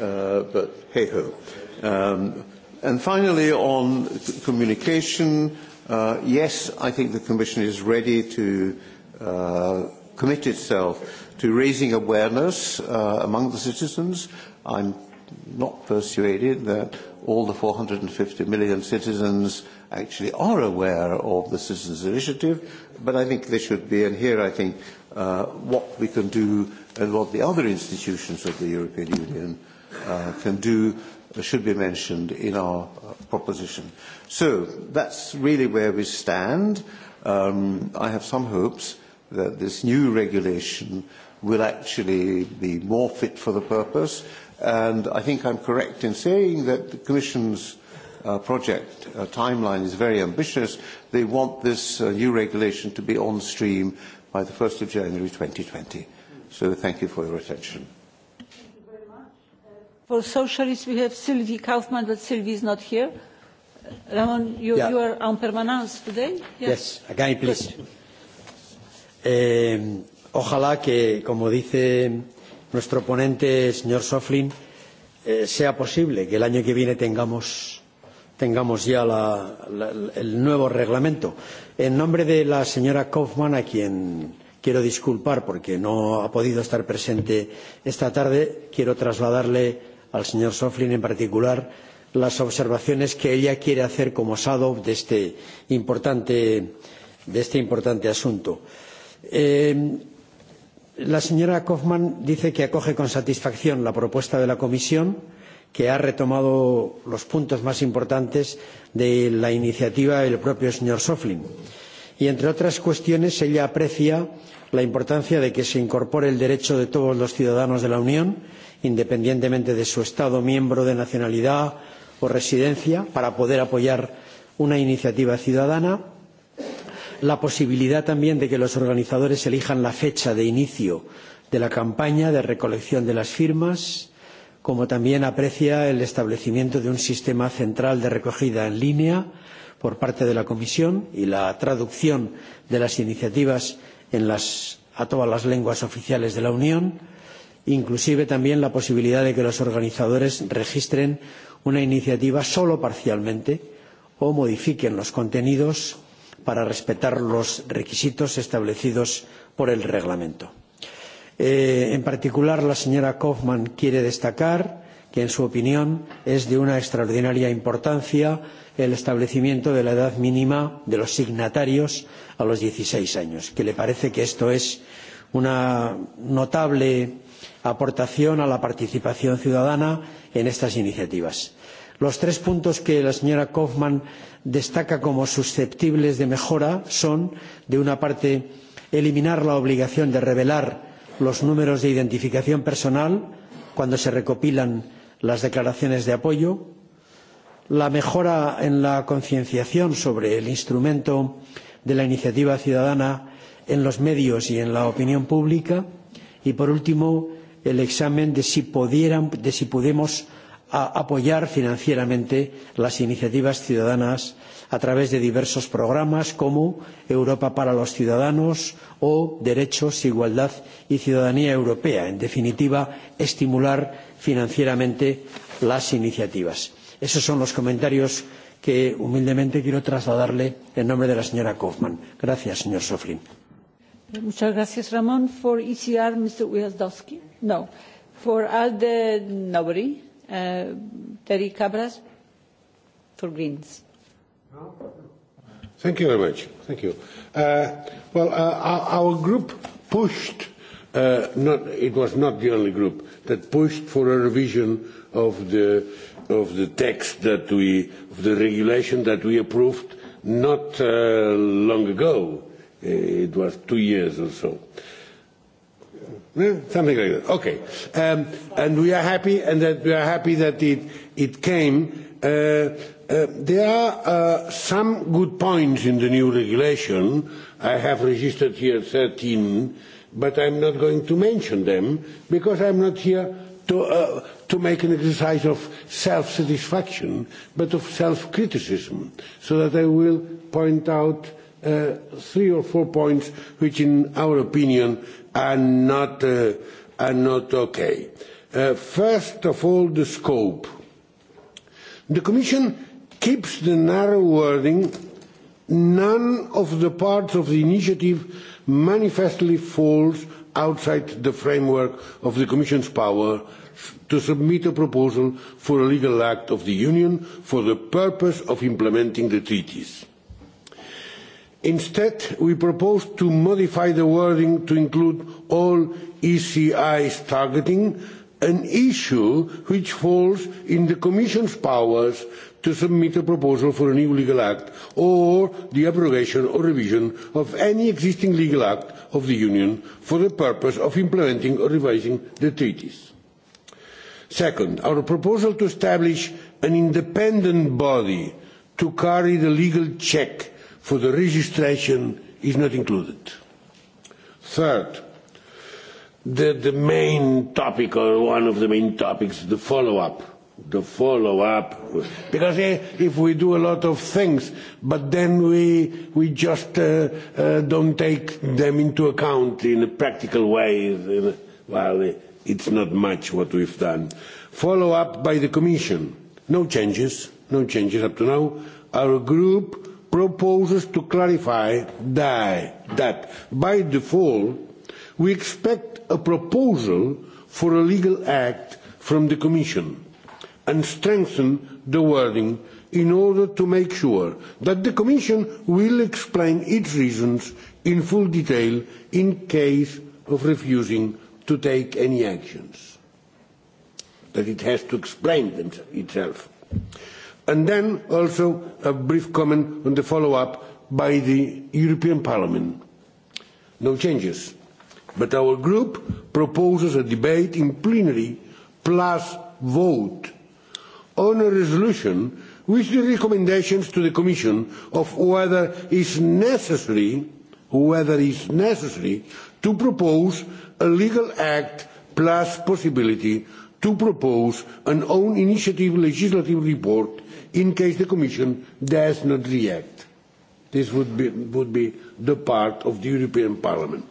uh, but hey ho. Um, and finally, on communication, uh, yes, I think the Commission is ready to uh, commit itself to raising awareness uh, among the citizens. I'm not persuaded that all the 450 million citizens actually are aware of the Citizens Initiative, but I think they should be, and here I think uh, what we can do and what the other institutions of the European Union uh, can do should be mentioned in our proposition. So that's really where we stand. Um, I have some hopes that this new regulation will actually be more fit for the purpose And I think I'm correct in saying that the Commission's uh, project uh, timeline is very ambitious. They want this uh, new regulation to be on stream by the 1st of January 2020. So thank you for your attention.
For socialists, we have Sylvie Kaufman, but Sylvie is not here. Ramon, you, yeah. you are on permanence
today? Yes, yes again, please. Eh, ojalá que, como dice nuestro ponente, señor Soflin, sea posible que el año que viene tengamos, ya el nuevo reglamento. En nombre de la señora Kaufmann, a quien quiero disculpar porque no ha podido estar presente esta tarde, quiero trasladarle al señor Soflin en particular las observaciones que ella quiere hacer como shadow de este importante, asunto La señora Kaufmann dice que acoge con satisfacción la propuesta de la Comisión, que ha retomado los puntos más importantes de la iniciativa del propio señor Soflin. Y, entre otras cuestiones, ella aprecia la importancia de que se incorpore el derecho de todos los ciudadanos de la Unión, independientemente de su Estado miembro de nacionalidad o residencia, para poder apoyar una iniciativa ciudadana la posibilidad también de que los organizadores elijan la fecha de inicio de la campaña de recolección de las firmas, como también aprecia el establecimiento de un sistema central de recogida en línea por parte de la Comisión y la traducción de las iniciativas a todas las lenguas oficiales de la Unión, inclusive también la posibilidad de que los organizadores registren una iniciativa solo parcialmente o modifiquen los contenidos para respetar los requisitos establecidos por el reglamento. en particular, la señora Kaufmann quiere destacar que, en su opinión, es de una extraordinaria importancia el establecimiento de la edad mínima de los signatarios a los dieciséis años, que le parece que esto es una notable aportación a la participación ciudadana en estas iniciativas los tres puntos que la señora kaufmann destaca como susceptibles de mejora son por una parte eliminar la obligación de revelar los números de identificación personal cuando se recopilan las declaraciones de apoyo la mejora en la concienciación sobre el instrumento de la iniciativa ciudadana en los medios y en la opinión pública y por último el examen de si pudimos a apoyar financieramente las iniciativas ciudadanas a través de diversos programas como Europa para los Ciudadanos o Derechos, Igualdad y Ciudadanía Europea. En definitiva, estimular financieramente las iniciativas. Esos son los comentarios que humildemente quiero trasladarle en nombre de la señora Kaufmann. Gracias, señor Soflin.
Muchas gracias, Ramón. For ECR, Mr. No. For ALDE, nobody. Terry Cabras for Greens.
Thank you very much. Thank you. Uh, well, uh, our, our group pushed, uh, not, it was not the only group, that pushed for a revision of the, of the text that we, of the regulation that we approved not uh, long ago. It was two years or so. Uh, Something like that. Okay. Um, and we are happy, and that we are happy that it it came. Uh, uh, there are uh, some good points in the new regulation. I have registered here 13, but I'm not going to mention them because I'm not here to uh, to make an exercise of self-satisfaction, but of self-criticism, so that I will point out uh, three or four points which, in our opinion, are not, uh, are not okay. Uh, first of all, the scope. The Commission keeps the narrow wording none of the parts of the initiative manifestly falls outside the framework of the Commission's power to submit a proposal for a legal act of the Union for the purpose of implementing the treaties Instead, we propose to modify the wording to include all ECIs targeting, an issue which falls in the Commission's powers to submit a proposal for a new legal act or the abrogation or revision of any existing legal act of the Union for the purpose of implementing or revising the treaties. Second, our proposal to establish an independent body to carry the legal check for the registration is not included. Third, the, the main topic or one of the main topics, the follow-up. The follow-up, because if we do a lot of things, but then we we just uh, uh, don't take them into account in a practical way, well, it's not much what we've done. Follow-up by the Commission, no changes, no changes up to now. Our group proposes to clarify that, that by default we expect a proposal for a legal act from the Commission and strengthen the wording in order to make sure that the Commission will explain its reasons in full detail in case of refusing to take any actions. That it has to explain itself. And then also a brief comment on the follow-up by the European Parliament. No changes. But our group proposes a debate in plenary plus vote on a resolution with the recommendations to the Commission of whether it is necessary whether it is necessary to propose a legal act plus possibility to propose an own initiative legislative report in case the Commission does not react. This would be, would be the part of the European Parliament.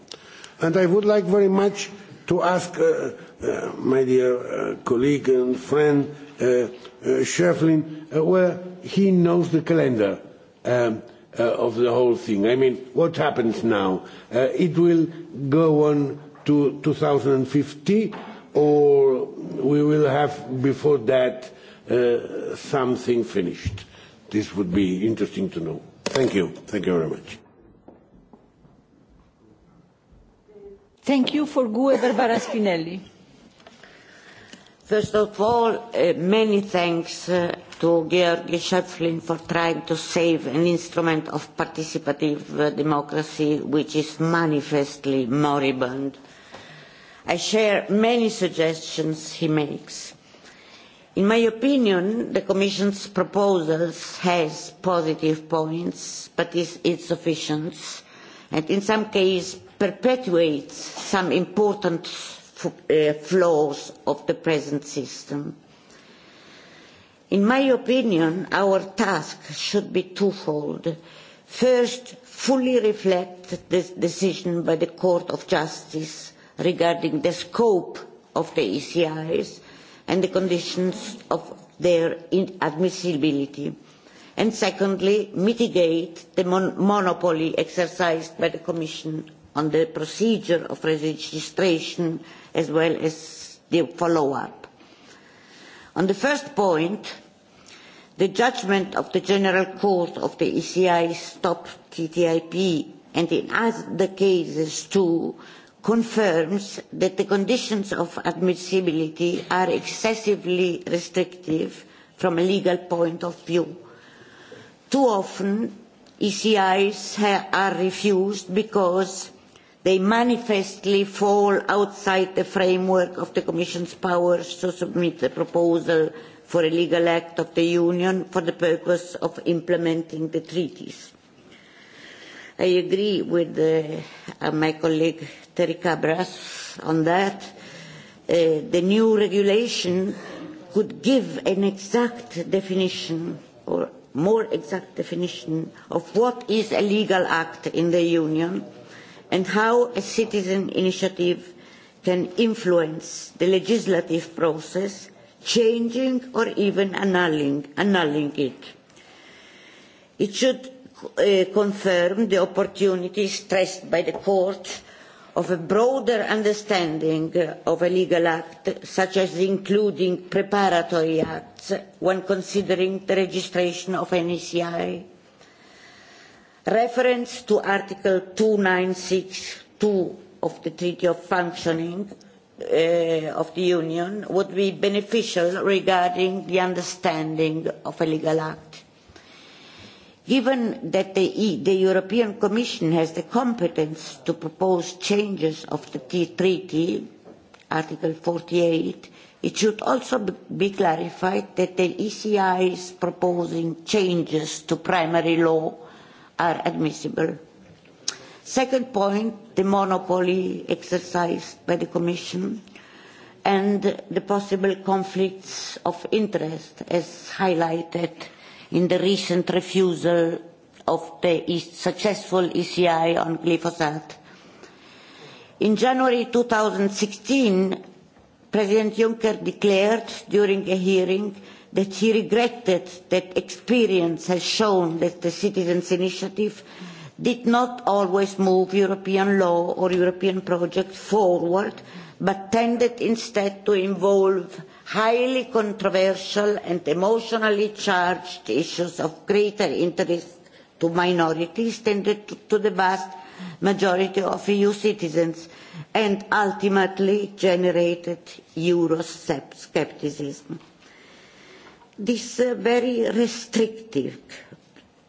And I would like very much to ask uh, uh, my dear uh, colleague and friend uh, uh, Shefflin uh, where he knows the calendar um, uh, of the whole thing. I mean, what happens now? Uh, it will go on to 2050 or we will have before that uh, something finished. This would be interesting to know. Thank you. Thank you very much.
Thank you for GUE Barbara Spinelli. First of all, uh, many
thanks uh, to Georgi Schöpflin for trying to save an instrument of participative uh, democracy which is manifestly moribund. I share many suggestions he makes. In my opinion, the Commission's proposal has positive points, but is insufficient, and in some cases perpetuates some important flaws of the present system. In my opinion, our task should be twofold. First, fully reflect the decision by the Court of Justice regarding the scope of the ECIs and the conditions of their admissibility. And secondly, mitigate the monopoly exercised by the Commission on the procedure of registration as well as the follow-up. On the first point, the judgment of the General Court of the ECI stopped TTIP and in other cases too, confirms that the conditions of admissibility are excessively restrictive from a legal point of view. Too often, ECIs are refused because they manifestly fall outside the framework of the Commission's powers to submit a proposal for a legal act of the Union for the purpose of implementing the treaties I agree with uh, my colleague Terry Cabras on that. Uh, the new regulation could give an exact definition or more exact definition of what is a legal act in the Union and how a citizen initiative can influence the legislative process, changing or even annulling, annulling it. It should confirm the opportunity stressed by the Court of a broader understanding of a legal act, such as including preparatory acts when considering the registration of an ECI. Reference to Article two hundred and six two of the Treaty of Functioning of the Union would be beneficial regarding the understanding of a legal act Given that the, the European Commission has the competence to propose changes of the treaty, Article 48, it should also be clarified that the ECI's proposing changes to primary law are admissible. Second point, the monopoly exercised by the Commission and the possible conflicts of interest as highlighted in the recent refusal of the successful ECI on glyphosate. In January 2016, President Juncker declared during a hearing that he regretted that experience has shown that the citizens' initiative did not always move European law or European projects forward, but tended instead to involve highly controversial and emotionally charged issues of greater interest to minorities than to, to the vast majority of EU citizens and ultimately generated Euroscepticism. This uh, very restrictive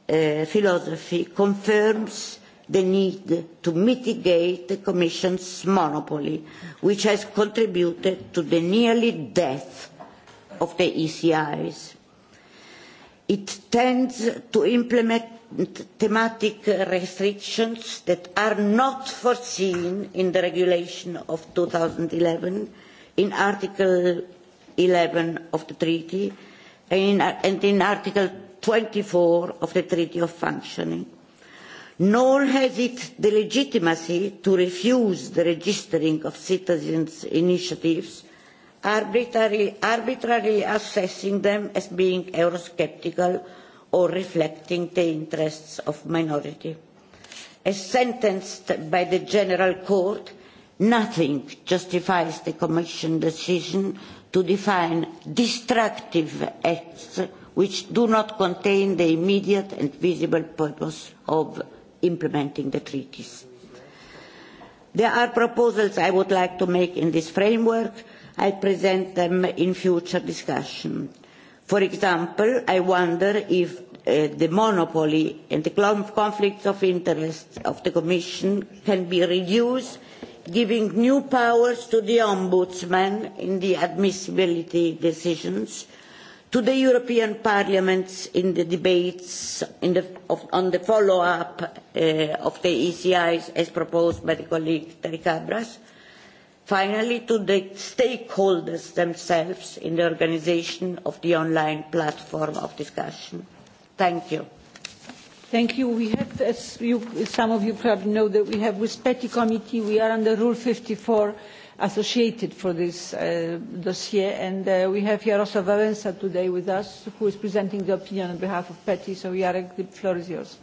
uh, philosophy confirms the need to mitigate the Commission's monopoly, which has contributed to the nearly death of the ECIs. It tends to implement thematic restrictions that are not foreseen in the regulation of eleven, in Article eleven of the treaty, and in, and in Article twenty four of the Treaty of Functioning nor has it the legitimacy to refuse the registering of citizens' initiatives, arbitrarily, arbitrarily assessing them as being eurosceptical or reflecting the interests of minority. As sentenced by the General Court, nothing justifies the Commission decision to define destructive acts which do not contain the immediate and visible purpose of implementing the treaties. There are proposals I would like to make in this framework. I present them in future discussion. For example, I wonder if the monopoly and the conflicts of interest of the Commission can be reduced, giving new powers to the Ombudsman in the admissibility decisions to the European Parliament in the debates in the, of, on the follow-up uh, of the ECIs as proposed by the colleague Terry Cabras. finally to the stakeholders themselves in the organisation of the online platform of discussion. Thank you.
Thank you. We have, as you, some of you probably know, that we have with Petty Committee, we are under Rule 54 associated for this uh, dossier. And uh, we have Jarosa Valenza today with us, who is presenting the opinion on behalf of PETI. So, Jarek, the floor is yours.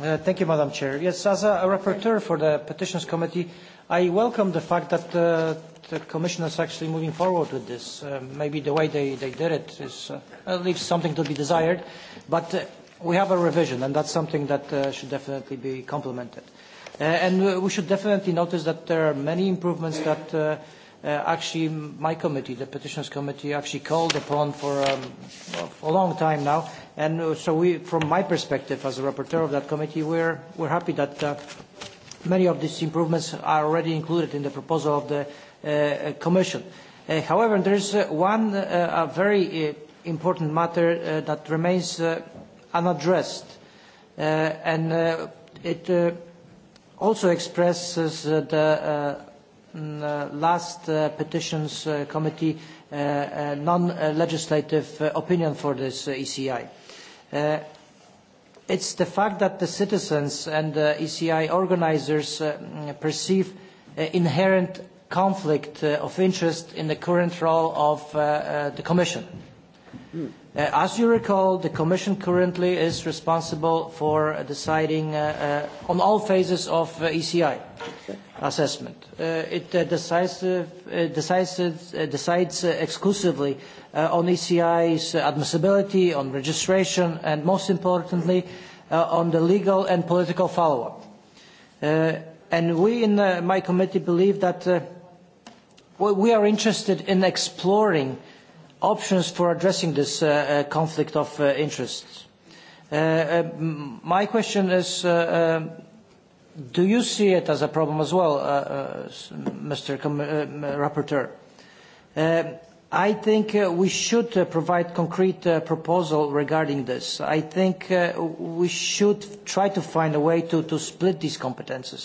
Uh, thank you, Madam Chair. Yes, as a, a rapporteur for the Petitions Committee, I welcome the fact that uh, the Commission is actually moving forward with this. Uh, maybe the way they, they did it is, uh, leaves something to be desired, but uh, we have a revision, and that's something that uh, should definitely be complemented. Uh, and we should definitely notice that there are many improvements that uh, actually my committee, the petitions committee, actually called upon for um, a long time now. And so we, from my perspective as a rapporteur of that committee, we're, we're happy that uh, many of these improvements are already included in the proposal of the uh, Commission. Uh, however, there is uh, one uh, very uh, important matter uh, that remains uh, unaddressed, uh, and uh, it uh, also expresses the last petitions committee non-legislative opinion for this ECI. It's the fact that the citizens and the ECI organizers perceive inherent conflict of interest in the current role of the Commission As you recall, the Commission currently is responsible for deciding on all phases of ECI assessment. It decides exclusively on ECI's admissibility, on registration, and most importantly, on the legal and political follow-up. And we in my committee believe that we are interested in exploring uh, options for addressing this conflict of interests. My question is, do you see it as a problem as well, uh Mr. Com Rapporteur? I think uh we should uh provide concrete uh proposal regarding this. I think uh we should try to find a way to to split these competences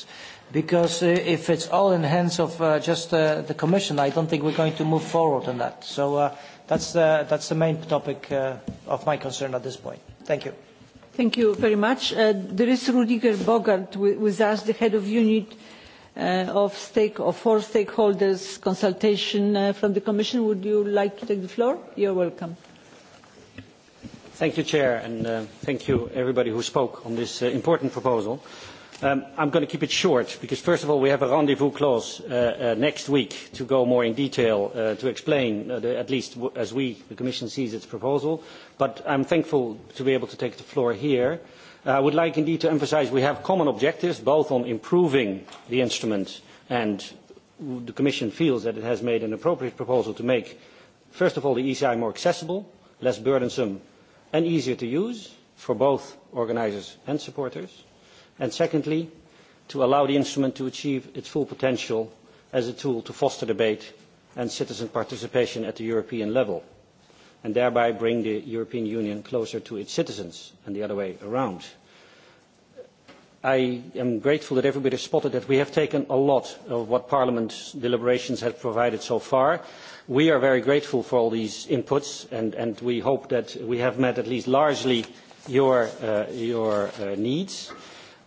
because uh if it's all in the hands of uh just uh the Commission, I don't think we're going to move forward on that. So uh That's, uh, that's the main topic uh, of my concern at this point. Thank you.
Thank you very much. Uh, there is Rudiger Bogart with, with us, the head of unit uh, of stake of four stakeholders consultation uh, from the Commission. Would you like to take the floor? You're welcome.
Thank you, Chair, and uh, thank you everybody who spoke on this uh, important proposal. Uh, I I'm going to keep it short because, first of all, we have a rendezvous clause uh, uh, next week to go more in detail uh, to explain, uh, the, at least w- as we, the Commission, sees its proposal. But I'm thankful to be able to take the floor here. Uh, I would like indeed to emphasize we have common objectives both on improving the instrument and the Commission feels that it has made an appropriate proposal to make, first of all, the ECI more accessible, less burdensome, and easier to use for both organisers and supporters and secondly, to allow the instrument to achieve its full potential as a tool to foster debate and citizen participation at the European level, and thereby bring the European Union closer to its citizens and the other way around. I am grateful that everybody has spotted that we have taken a lot of what Parliament's deliberations have provided so far. We are very grateful for all these inputs, and, we hope that we have met at least largely your, needs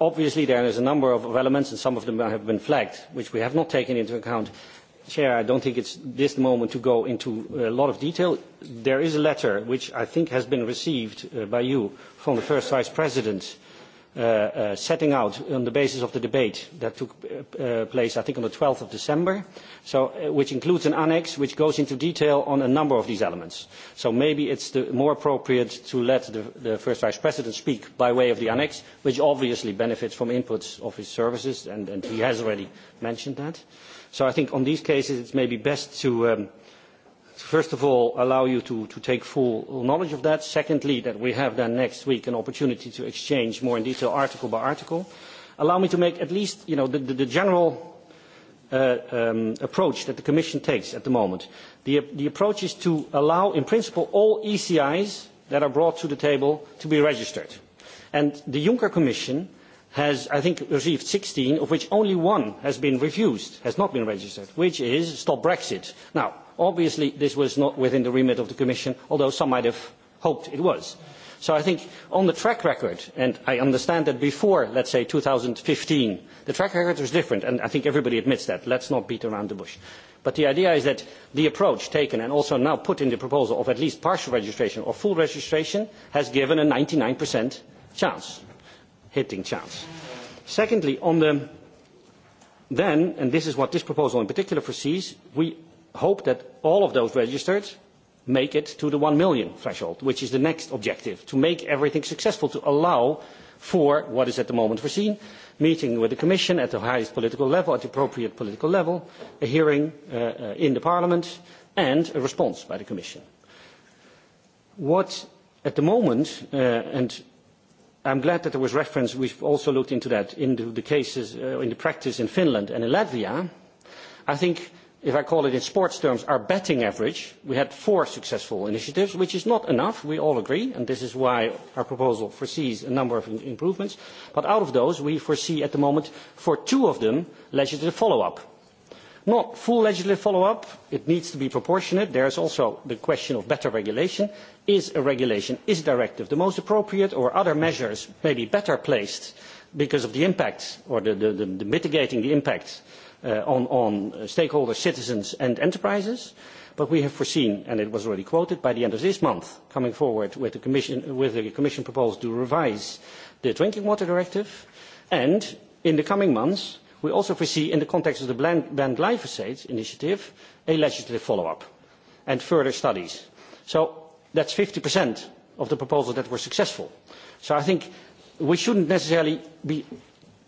Obviously, there is a number of elements, and some of them have been flagged, which we have not taken into account. Chair, I don't think it's this moment to go into a lot of detail. There is a letter which I think has been received by you from the first vice president uh, setting out on the basis of the debate that took place, I think, on the of December, which includes an annex which goes into detail on a number of these elements. So maybe it is more appropriate to let the, First Vice President speak by way of the annex, which obviously benefits from inputs of his services, and, he has already mentioned that. So I think on these cases it is maybe best to first of all, allow you to, take full knowledge of that. Secondly, that we have then next week an opportunity to exchange more in detail article by article. Allow me to make at least you know, the, the, the general approach that the Commission takes at the moment. The, the approach is to allow, in principle, all ECIs that are brought to the table to be registered. And the Juncker Commission has, I think, received sixteen, of which only one has been refused, has not been registered, which is Stop Brexit. Now, Obviously, this was not within the remit of the Commission, although some might have hoped it was. So I think on the track record, and I understand that before, let's say, fifteen, the track record was different, and I think everybody admits that. Let's not beat around the bush. But the idea is that the approach taken and also now put in the proposal of at least partial registration or full registration has given a ninety 99% chance, hitting chance. Secondly, on the, then, and this is what this proposal in particular foresees, we hope that all of those registered make it to the one million threshold, which is the next objective, to make everything successful, to allow for what is at the moment foreseen, meeting with the Commission at the highest political level, at the appropriate political level, a hearing in Parliament, and a response by the Commission. What at the moment, and I am glad that there was reference, we have also looked into that, in the cases, in the practice in Finland and in Latvia, I think if I call it in sports terms, our betting average, we had four successful initiatives, which is not enough, we all agree, and this is why our proposal foresees a number of improvements. But out of those, we foresee at the moment for two of them legislative follow-up. Not full legislative follow-up, it needs to be proportionate. There is also the question of better regulation. Is a regulation, is a directive the most appropriate, or other measures maybe better placed because of the impact or the, the, the, the mitigating the impact on, stakeholders, citizens and enterprises. But we have foreseen, and it was already quoted, by the end of this month, coming forward with a commission, with the commission proposal to revise the drinking water directive. And in the coming months, we also foresee, in the context of the Ban Glyphosate initiative, a legislative follow-up and further studies. So that's 50% of the proposals that were successful. So I think we shouldn't necessarily be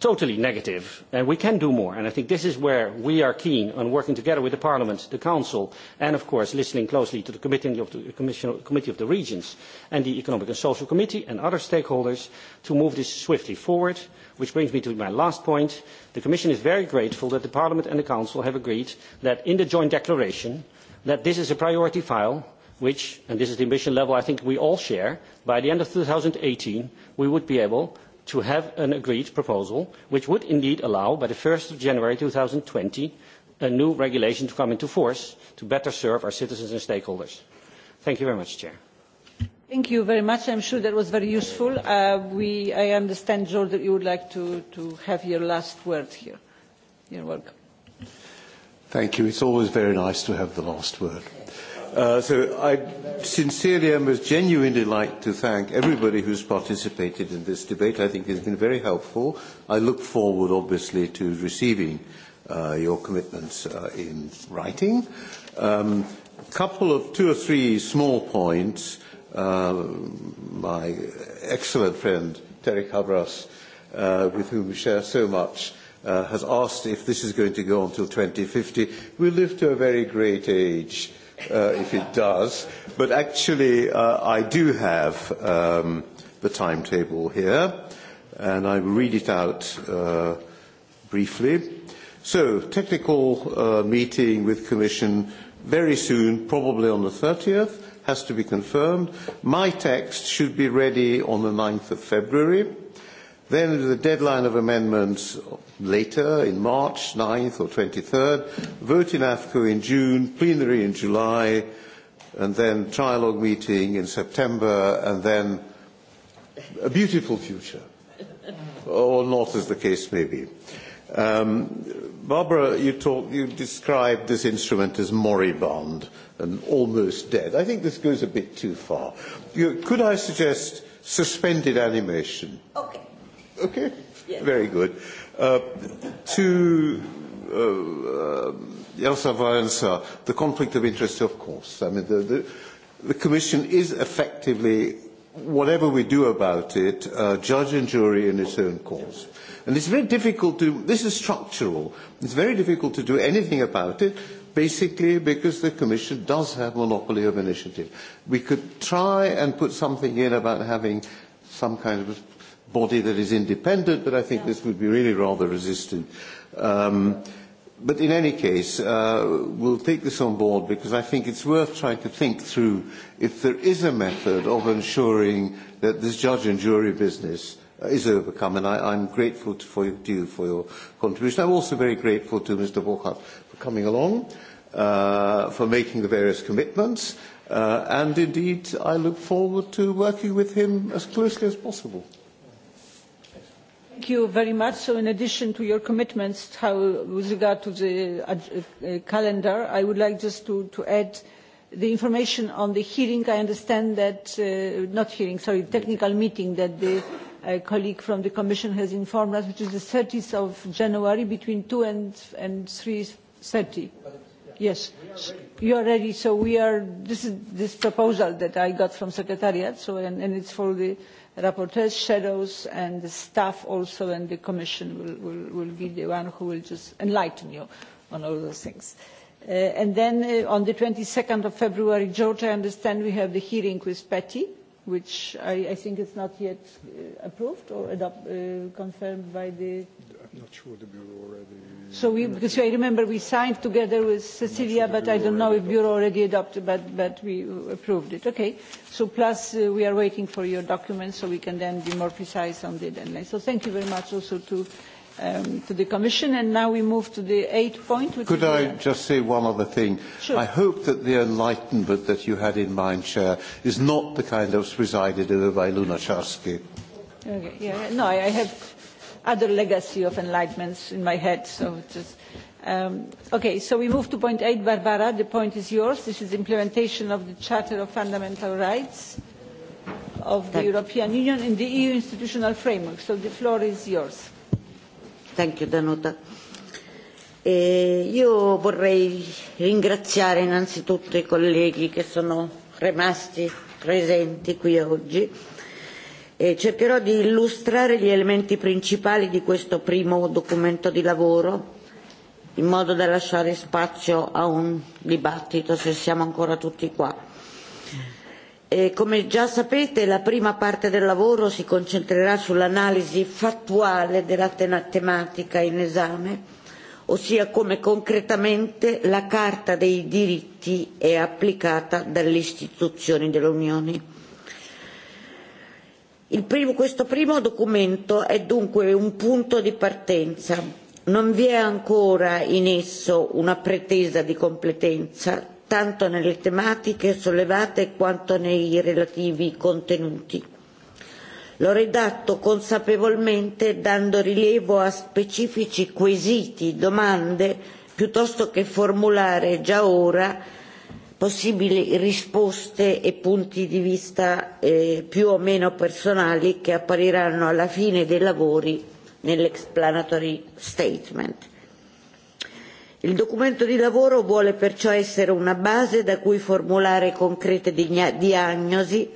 totally negative and we can do more and I think this is where we are keen on working together with the Parliament, the Council and of course listening closely to the Committee of the, Commission, Committee of the Regions and the Economic and Social Committee and other stakeholders to move this swiftly forward which brings me to my last point. The Commission is very grateful that the Parliament and the Council have agreed that in the joint declaration that this is a priority file which, and this is the ambition level I think we all share, by the end of eighteen we would be able to have an agreed proposal, which would indeed allow, by the 1st of January twenty, a new regulation to come into force to better serve our citizens and stakeholders. Thank you very much, Chair.
Thank you very much. I'm sure that was very useful. Uh, we, I understand, Joel, that you would like to, to have your last word here.
You're welcome. Thank you. It's always very nice to have the last word so I sincerely and most genuinely like to thank everybody who's participated in this debate. I think it's been very helpful. I look forward, obviously, to receiving uh, your commitments uh, in writing. Um, couple of two or three small points. Uh, my excellent friend, Terry Cabras, uh, with whom we share so much, uh, has asked if this is going to go on until 2050. We live to a very great age uh, if it does. But actually, uh, I do have um, the timetable here, and I will read it out uh, briefly. So, technical uh, meeting with Commission very soon, probably on the 30th, has to be confirmed. My text should be ready on the 9th of February Then the deadline of amendments later in March 9th or 23rd, vote in AFCO in June, plenary in July, and then trilogue meeting in September, and then a beautiful future, or not as the case may be. Um, Barbara, you, talk, you described this instrument as moribund and almost dead. I think this goes a bit too far. You, could I suggest suspended animation? Okay.
Okay. Very
good. Uh, to uh, Elsa Valenza, the conflict of interest, of course. I mean, the, the, the Commission is effectively, whatever we do about it, uh, judge and jury in its own cause. And it's very difficult to, this is structural, it's very difficult to do anything about it, basically because the Commission does have monopoly of initiative. We could try and put something in about having some kind of body that is independent, but I think this would be really rather resistant. Um, but in any case, uh, we'll take this on board because I think it's worth trying to think through if there is a method of ensuring that this judge and jury business is overcome, and I, I'm grateful to, for, to you for your contribution. I'm also very grateful to Mr. Borchardt for coming along, uh, for making the various commitments, uh, and indeed I look forward to working with him as closely as possible.
Thank you very much. So in addition to your commitments with regard to the calendar, I would like just to, to add the information on the hearing. I understand that, uh, not hearing, sorry, technical meeting that the uh, colleague from the Commission has informed us, which is the 30th of January between 2 and, and 3.30. Yes, you are ready. So we are, this is this proposal that I got from Secretariat, so, and, and it's for the rapporteurs, shadows, and the staff also, and the Commission will, will, will be the one who will just enlighten you on all those things. Uh, and then uh, on the 22nd of February, Georgia, I understand we have the hearing with Petty which I, I think is not yet uh, approved or adopt, uh, confirmed by the.
I'm not sure the bureau already.
So we, because I remember we signed together with Cecilia, sure but I don't know if bureau already adopted, but but we approved it. Okay. So plus uh, we are waiting for your documents so we can then be more precise on the deadline. So thank you very much also to um, to the Commission. And now we move to the eighth point. Which Could is I
just say one other thing? Sure. I hope that the enlightenment that you had in mind, Chair, is not the kind that was presided over by Lunacharsky.
Okay, yeah, no, I have other legacy of enlightenments in my head, so just... Um, okay, so we move to point eight. Barbara, the point is yours. This is implementation of the Charter of Fundamental Rights of the European Union in the EU institutional framework. So the floor is yours.
Thank you, Danuta. E io vorrei ringraziare innanzitutto i colleghi che sono rimasti presenti qui oggi e cercherò di illustrare gli elementi principali di questo primo documento di lavoro in modo da lasciare spazio a un dibattito se siamo ancora tutti qua come già sapete la prima parte del lavoro si concentrerà sull'analisi fattuale della tematica in esame, ossia come concretamente la Carta dei diritti è applicata dalle istituzioni dell'Unione. questo primo documento è dunque un punto di partenza. Non vi è ancora in esso una pretesa di completenza, tanto nelle tematiche sollevate quanto nei relativi contenuti. L'ho redatto consapevolmente dando rilievo a specifici quesiti, domande, piuttosto che formulare già ora possibili risposte e punti di vista eh, più o meno personali che appariranno alla fine dei lavori nell'explanatory statement. Il documento di lavoro vuole perciò essere una base da cui formulare concrete diagnosi,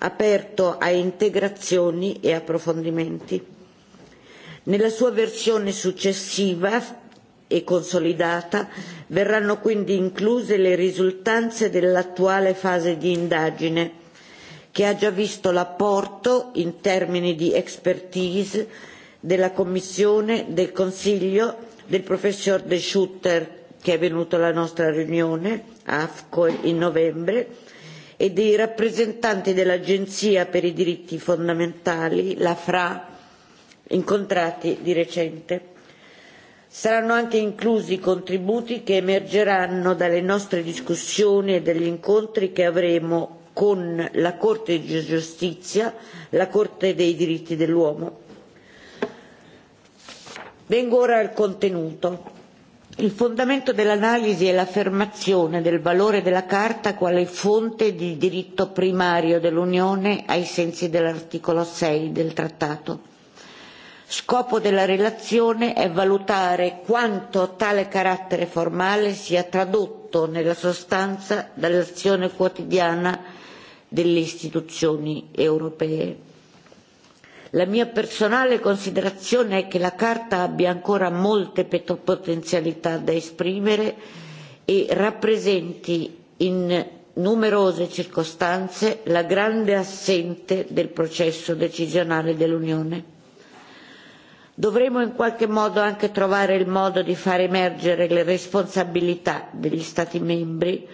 aperto a integrazioni e approfondimenti. Nella sua versione successiva e consolidata verranno quindi incluse le risultanze dell'attuale fase di indagine, che ha già visto l'apporto in termini di expertise della Commissione, del Consiglio del professor De Schutter che è venuto alla nostra riunione AFCO in novembre e dei rappresentanti dell'Agenzia per i diritti fondamentali, la FRA, incontrati di recente. Saranno anche inclusi i contributi che emergeranno dalle nostre discussioni e dagli incontri che avremo con la Corte di giustizia, la Corte dei diritti dell'uomo Vengo ora al contenuto. Il fondamento dell'analisi è l'affermazione del valore della Carta quale fonte di diritto primario dell'Unione ai sensi dell'articolo 6 del Trattato. Scopo della relazione è valutare quanto tale carattere formale sia tradotto nella sostanza dall'azione quotidiana delle istituzioni europee La mia personale considerazione è che la Carta abbia ancora molte potenzialità da esprimere e rappresenti in numerose circostanze la grande assente del processo decisionale dell'Unione. Dovremo in qualche modo anche trovare il modo di far emergere le responsabilità degli Stati membri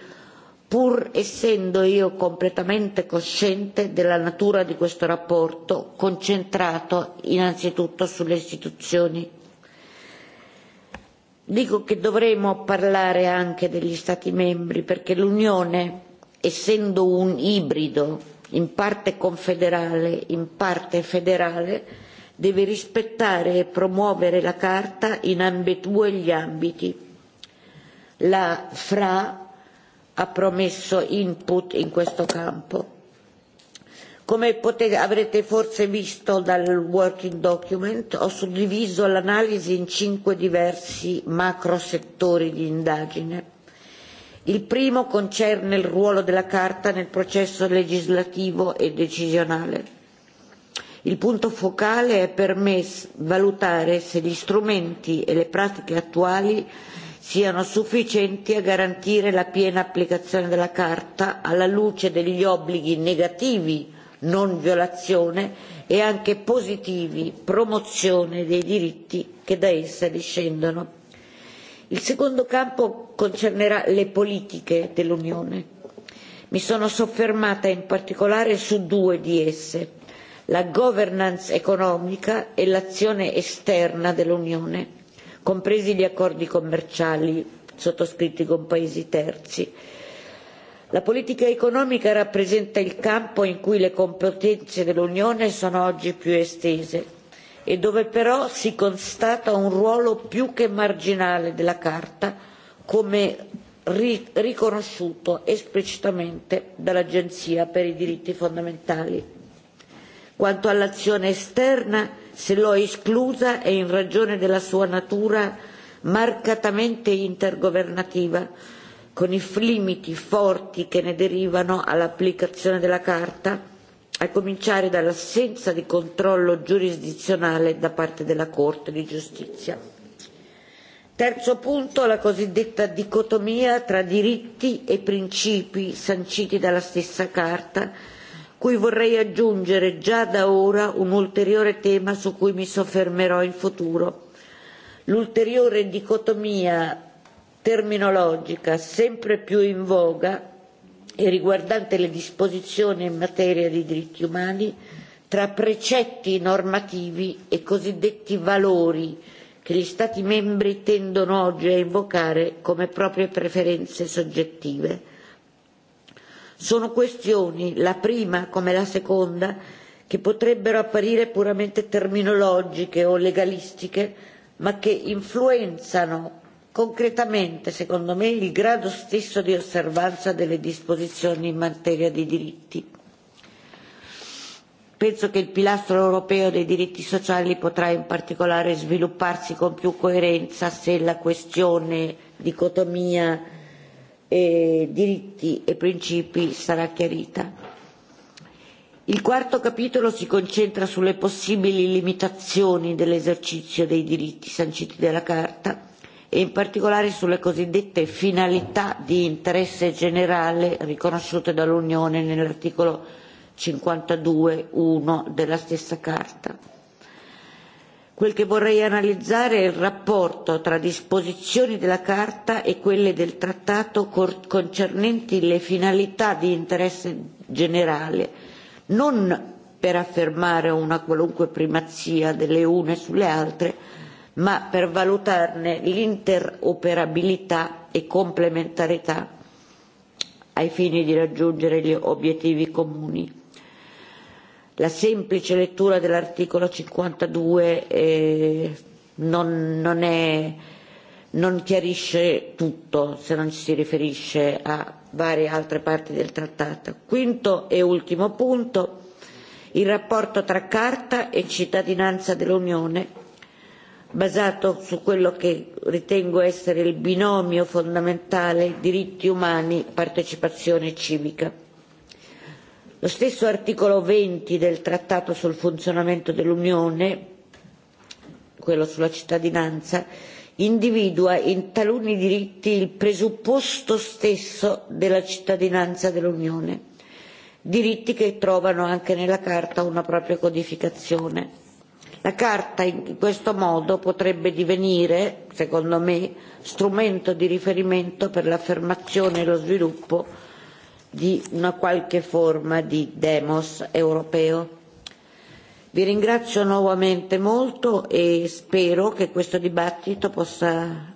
pur essendo io completamente cosciente della natura di questo rapporto, concentrato innanzitutto sulle istituzioni. Dico che dovremo parlare anche degli Stati membri perché l'Unione, essendo un ibrido, in parte confederale, in parte federale, deve rispettare e promuovere la Carta in ambedue gli ambiti, la fra ha promesso input in questo campo. Come potete, avrete forse visto dal working document, ho suddiviso l'analisi in cinque diversi macro settori di indagine. Il primo concerne il ruolo della Carta nel processo legislativo e decisionale. Il punto focale è per me valutare se gli strumenti e le pratiche attuali siano sufficienti a garantire la piena applicazione della Carta alla luce degli obblighi negativi non violazione e anche positivi promozione dei diritti che da essa discendono. Il secondo campo concernerà le politiche dell'Unione. Mi sono soffermata in particolare su due di esse, la governance economica e l'azione esterna dell'Unione compresi gli accordi commerciali sottoscritti con paesi terzi. La politica economica rappresenta il campo in cui le competenze dell'Unione sono oggi più estese e dove però si constata un ruolo più che marginale della Carta come riconosciuto esplicitamente dall'Agenzia per i diritti fondamentali. Quanto all'azione esterna, se l'ho esclusa è in ragione della sua natura marcatamente intergovernativa, con i limiti forti che ne derivano all'applicazione della Carta, a cominciare dall'assenza di controllo giurisdizionale da parte della Corte di giustizia. Terzo punto, la cosiddetta dicotomia tra diritti e principi sanciti dalla stessa Carta, cui vorrei aggiungere già da ora un ulteriore tema su cui mi soffermerò in futuro, l'ulteriore dicotomia terminologica sempre più in voga e riguardante le disposizioni in materia di diritti umani tra precetti normativi e cosiddetti valori che gli Stati membri tendono oggi a invocare come proprie preferenze soggettive Sono questioni, la prima come la seconda, che potrebbero apparire puramente terminologiche o legalistiche, ma che influenzano concretamente, secondo me, il grado stesso di osservanza delle disposizioni in materia di diritti. Penso che il pilastro europeo dei diritti sociali potrà in particolare svilupparsi con più coerenza se la questione dicotomia e diritti e principi sarà chiarita. Il quarto capitolo si concentra sulle possibili limitazioni dell'esercizio dei diritti sanciti dalla Carta e in particolare sulle cosiddette finalità di interesse generale riconosciute dall'Unione nell'articolo 52.1 della stessa Carta Quel che vorrei analizzare è il rapporto tra disposizioni della Carta e quelle del Trattato concernenti le finalità di interesse generale, non per affermare una qualunque primazia delle une sulle altre, ma per valutarne l'interoperabilità e complementarietà ai fini di raggiungere gli obiettivi comuni la semplice lettura dell'articolo 52 eh, non, non, è, non chiarisce tutto se non ci si riferisce a varie altre parti del trattato. Quinto e ultimo punto, il rapporto tra Carta e cittadinanza dell'Unione basato su quello che ritengo essere il binomio fondamentale diritti umani partecipazione civica Lo stesso articolo 20 del Trattato sul funzionamento dell'Unione, quello sulla cittadinanza, individua in taluni diritti il presupposto stesso della cittadinanza dell'Unione, diritti che trovano anche nella Carta una propria codificazione. La Carta in questo modo potrebbe divenire, secondo me, strumento di riferimento per l'affermazione e lo sviluppo di una qualche forma di demos europeo. Vi ringrazio nuovamente molto e spero che questo dibattito possa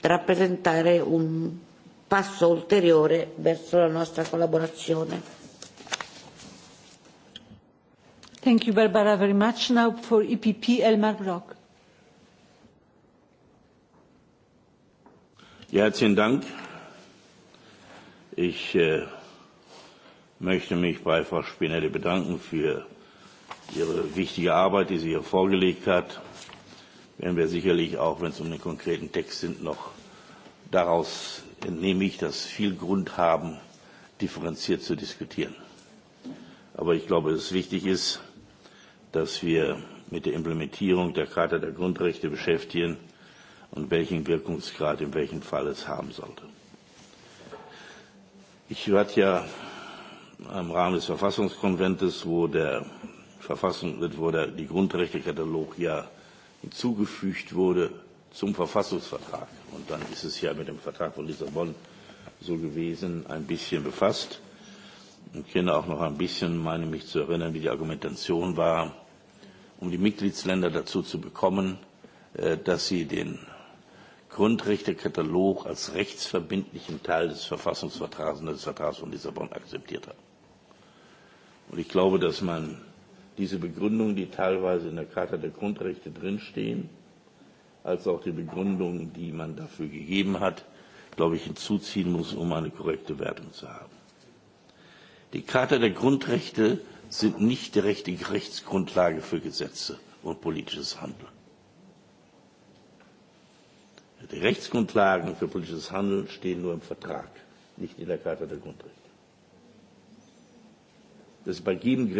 rappresentare un passo ulteriore verso la nostra collaborazione.
Thank you, Barbara, very much. Now for EPP, Elmar Brock.
Ja, herzlichen Dank. Ich äh, möchte mich bei Frau Spinelli bedanken für ihre wichtige Arbeit, die sie hier vorgelegt hat. Werden wir sicherlich auch, wenn es um den konkreten Text sind, noch daraus entnehme ich, dass viel Grund haben, differenziert zu diskutieren. Aber ich glaube, dass es wichtig ist, dass wir mit der Implementierung der Charta der Grundrechte beschäftigen und welchen Wirkungsgrad in welchem Fall es haben sollte. Ich hatte ja im Rahmen des Verfassungskonventes, wo der Verfassung, wo der die Grundrechtekatalog ja hinzugefügt wurde zum Verfassungsvertrag. Und dann ist es ja mit dem Vertrag von Lissabon so gewesen, ein bisschen befasst. Ich kenne auch noch ein bisschen, meine mich zu erinnern, wie die Argumentation war, um die Mitgliedsländer dazu zu bekommen, dass sie den Grundrechtekatalog als rechtsverbindlichen Teil des Verfassungsvertrags und des Vertrags von Lissabon akzeptiert haben. Und ich glaube, dass man diese Begründungen, die teilweise in der Charta der Grundrechte drinstehen, als auch die Begründungen, die man dafür gegeben hat, glaube ich, hinzuziehen muss, um eine korrekte Wertung zu haben. Die Charta der Grundrechte sind nicht die richtige Rechtsgrundlage für Gesetze und politisches Handeln. Die Rechtsgrundlagen für politisches Handeln stehen nur im Vertrag, nicht in der Charta der Grundrechte dass bei jedem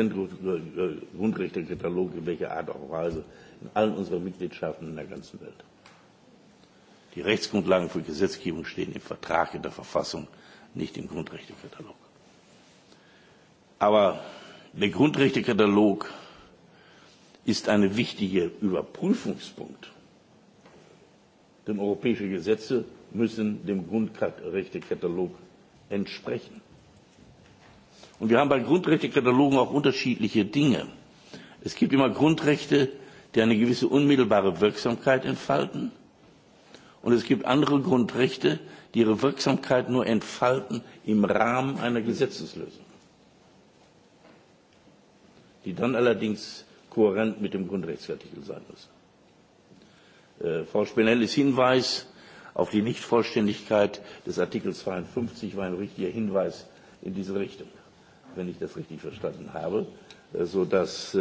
Grundrechtekatalog, in welcher Art auch Weise, in allen unseren Mitgliedstaaten in der ganzen Welt. Die Rechtsgrundlagen für Gesetzgebung stehen im Vertrag, in der Verfassung, nicht im Grundrechtekatalog. Aber der Grundrechtekatalog ist ein wichtiger Überprüfungspunkt. Denn europäische Gesetze müssen dem Grundrechtekatalog entsprechen. Und wir haben bei Grundrechtekatalogen auch unterschiedliche Dinge. Es gibt immer Grundrechte, die eine gewisse unmittelbare Wirksamkeit entfalten. Und es gibt andere Grundrechte, die ihre Wirksamkeit nur entfalten im Rahmen einer Gesetzeslösung, die dann allerdings kohärent mit dem Grundrechtsartikel sein muss. Frau Spinellis Hinweis auf die Nichtvollständigkeit des Artikels 52 war ein richtiger Hinweis in diese Richtung wenn ich das richtig verstanden habe, sodass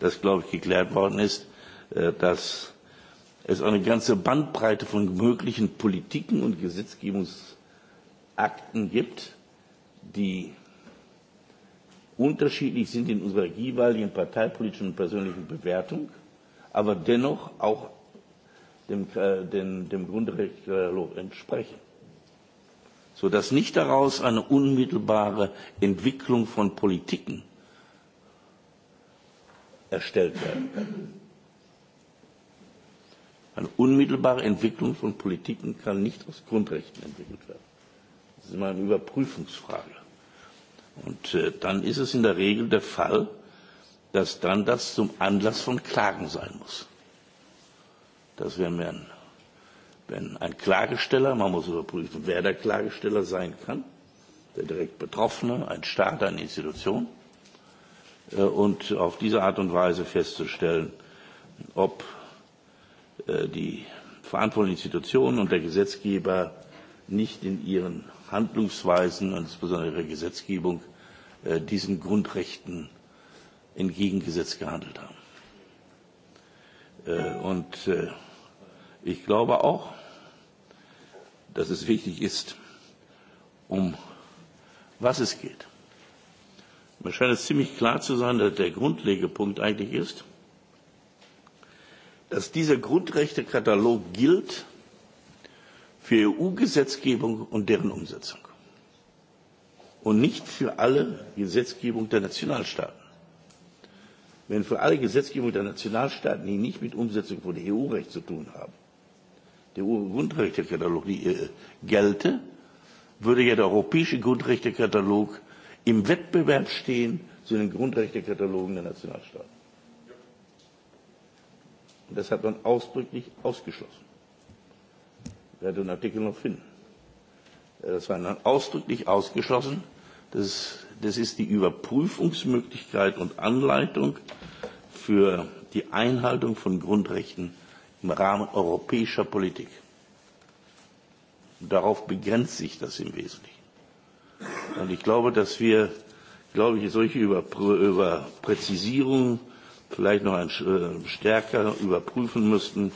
das, glaube ich, geklärt worden ist, dass es eine ganze Bandbreite von möglichen Politiken und Gesetzgebungsakten gibt, die unterschiedlich sind in unserer jeweiligen parteipolitischen und persönlichen Bewertung, aber dennoch auch dem, dem, dem Grundrechtsdialog entsprechen sodass nicht daraus eine unmittelbare Entwicklung von Politiken erstellt
werden kann.
Eine unmittelbare Entwicklung von Politiken kann nicht aus Grundrechten entwickelt werden. Das ist immer eine Überprüfungsfrage. Und äh, dann ist es in der Regel der Fall, dass dann das zum Anlass von Klagen sein muss. Das wäre mir ein wenn ein Klagesteller, man muss überprüfen, wer der Klagesteller sein kann, der direkt Betroffene, ein Staat, eine Institution, und auf diese Art und Weise festzustellen, ob die verantwortlichen Institutionen und der Gesetzgeber nicht in ihren Handlungsweisen und insbesondere ihrer Gesetzgebung diesen Grundrechten entgegengesetzt gehandelt haben. Und Ich glaube auch, dass es wichtig ist, um was es geht. Mir scheint es ziemlich klar zu sein, dass der Grundlegepunkt eigentlich ist, dass dieser Grundrechtekatalog gilt für EU-Gesetzgebung und deren Umsetzung und nicht für alle Gesetzgebung der Nationalstaaten. Wenn für alle Gesetzgebung der Nationalstaaten, die nicht mit Umsetzung von EU-Recht zu tun haben, der Grundrechtekatalog gelte, würde ja der europäische Grundrechtekatalog im Wettbewerb stehen zu den Grundrechtekatalogen der Nationalstaaten. Und das hat man ausdrücklich ausgeschlossen. Ich werde den Artikel noch finden. Das war dann ausdrücklich ausgeschlossen. Das, das ist die Überprüfungsmöglichkeit und Anleitung für die Einhaltung von Grundrechten im Rahmen europäischer Politik. Darauf begrenzt sich das im Wesentlichen. Und ich glaube, dass wir, glaube ich, solche Überpräzisierungen vielleicht noch ein, stärker überprüfen müssten,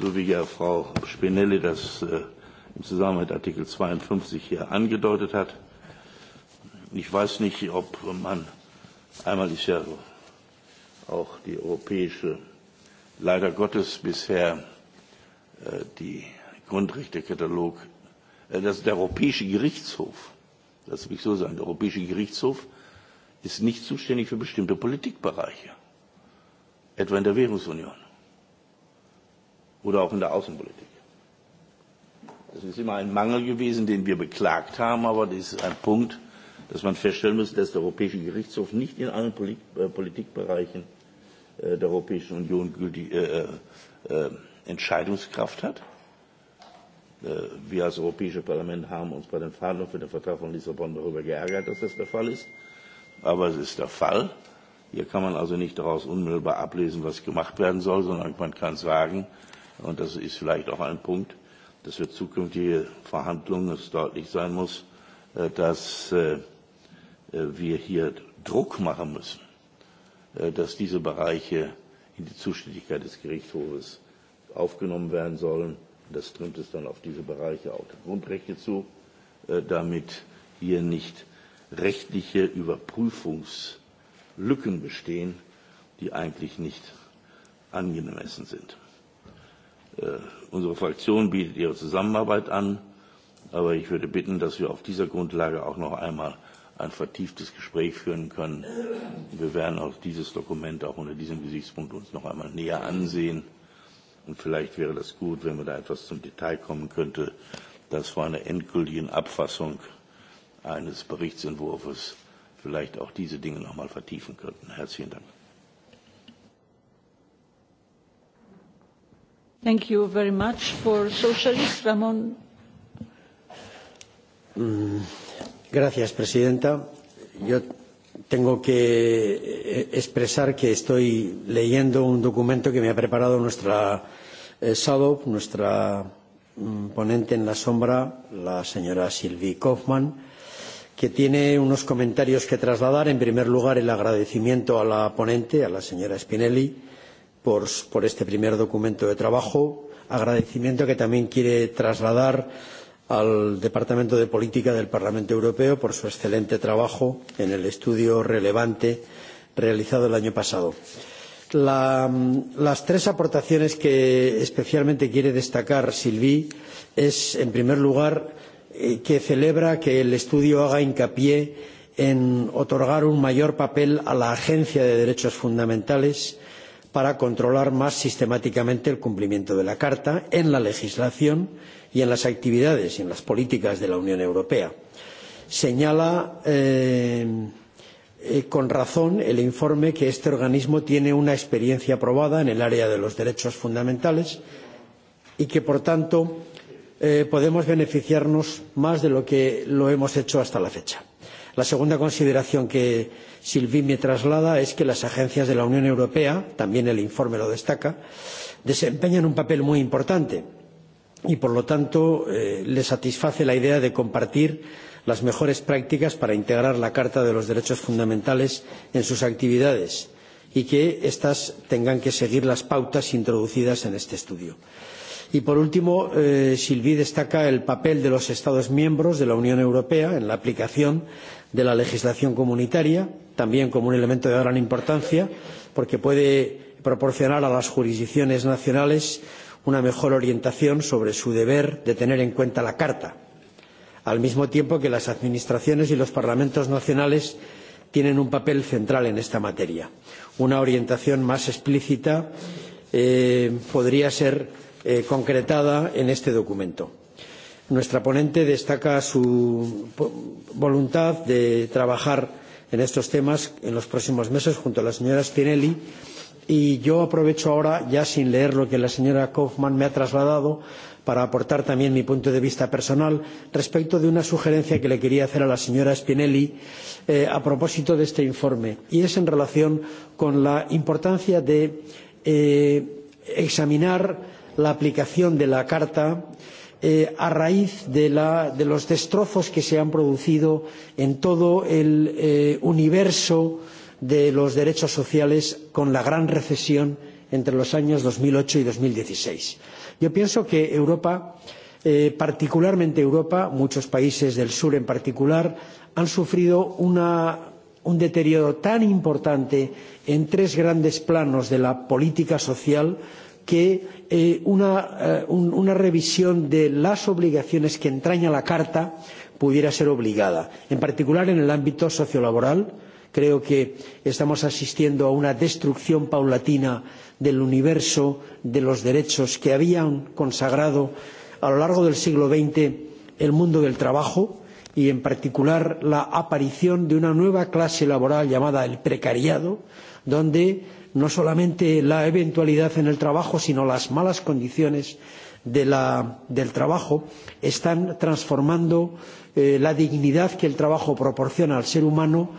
so wie ja Frau Spinelli das im Zusammenhang mit Artikel 52 hier angedeutet hat. Ich weiß nicht, ob man einmal ist ja auch die europäische leider Gottes bisher die Grundrechtekatalog, das der Europäische Gerichtshof, das will ich so sagen, der Europäische Gerichtshof ist nicht zuständig für bestimmte Politikbereiche, etwa in der Währungsunion oder auch in der Außenpolitik. Das ist immer ein Mangel gewesen, den wir beklagt haben, aber das ist ein Punkt, dass man feststellen muss, dass der Europäische Gerichtshof nicht in allen Politikbereichen der Europäischen Union gültig, äh, äh, Entscheidungskraft hat. Äh, wir als Europäische Parlament haben uns bei den Verhandlungen für den Vertrag von Lissabon darüber geärgert, dass das der Fall ist. Aber es ist der Fall. Hier kann man also nicht daraus unmittelbar ablesen, was gemacht werden soll, sondern man kann sagen, und das ist vielleicht auch ein Punkt, dass für zukünftige Verhandlungen es deutlich sein muss, dass wir hier Druck machen müssen dass diese Bereiche in die Zuständigkeit des Gerichtshofes aufgenommen werden sollen. Das trimmt es dann auf diese Bereiche auch der Grundrechte zu, damit hier nicht rechtliche Überprüfungslücken bestehen, die eigentlich nicht angemessen sind. Unsere Fraktion bietet ihre Zusammenarbeit an, aber ich würde bitten, dass wir auf dieser Grundlage auch noch einmal ein vertieftes Gespräch führen können. Wir werden auch dieses Dokument auch unter diesem Gesichtspunkt uns noch einmal näher ansehen. Und vielleicht wäre das gut, wenn wir da etwas zum Detail kommen könnte, dass vor einer endgültigen Abfassung eines Berichtsentwurfs vielleicht auch diese Dinge noch einmal vertiefen könnten. Herzlichen Dank.
Thank you very much for Socialist Ramon.
Mm.
Gracias, presidenta. Yo tengo que expresar que estoy leyendo un documento que me ha preparado nuestra Sadov, nuestra ponente en la sombra, la señora Sylvie Kaufmann, que tiene unos comentarios que trasladar. En primer lugar, el agradecimiento a la ponente, a la señora Spinelli, por, este primer documento de trabajo. Agradecimiento que también quiere trasladar al Departamento de Política del Parlamento Europeo por su excelente trabajo en el estudio relevante realizado el año pasado. las tres aportaciones que especialmente quiere destacar Sylvie es, en primer lugar, que celebra que el estudio haga hincapié en otorgar un mayor papel a la Agencia de Derechos Fundamentales para controlar más sistemáticamente el cumplimiento de la Carta en la legislación y en las actividades y en las políticas de la Unión Europea. Señala con razón el informe que este organismo tiene una experiencia probada en el área de los derechos fundamentales y que, por tanto, podemos beneficiarnos más de lo que lo hemos hecho hasta la fecha. La segunda consideración que Sylvie me traslada es que las agencias de la Unión Europea, también el informe lo destaca, desempeñan un papel muy importante y por lo tanto le satisface la idea de compartir las mejores prácticas para integrar la carta de los derechos fundamentales en sus actividades y que éstas tengan que seguir las pautas introducidas en este estudio. y por último sylvie destaca el papel de los estados miembros de la unión europea en la aplicación de la legislación comunitaria también como un elemento de gran importancia porque puede proporcionar a las jurisdicciones nacionales una mejor orientación sobre su deber de tener en cuenta la Carta, al mismo tiempo que las Administraciones y los Parlamentos nacionales tienen un papel central en esta materia. Una orientación más explícita podría ser concretada en este documento. Nuestra ponente destaca su voluntad de trabajar en estos temas en los próximos meses junto a la señora Spinelli Y yo aprovecho ahora, ya sin leer lo que la señora Kaufmann me ha trasladado, para aportar también mi punto de vista personal respecto de una sugerencia que le quería hacer a la señora Spinelli a propósito de este informe, y es en relación con la importancia de examinar la aplicación de la Carta a raíz de, los destrozos que se han producido en todo el universo de los derechos sociales con la gran recesión entre los años dos mil ocho y dos mil dieciseis. Yo pienso que Europa, particularmente Europa, muchos países del sur en particular, han sufrido un deterioro tan importante en tres grandes planos de la política social que una, revisión de las obligaciones que entraña la Carta pudiera ser obligada, en particular en el ámbito sociolaboral, Creo que estamos asistiendo a una destrucción paulatina del universo de los derechos que habían consagrado a lo largo del siglo XX el mundo del trabajo y, en particular, la aparición de una nueva clase laboral llamada el precariado, donde no solamente la eventualidad en el trabajo, sino las malas condiciones del trabajo están transformando la dignidad que el trabajo proporciona al ser humano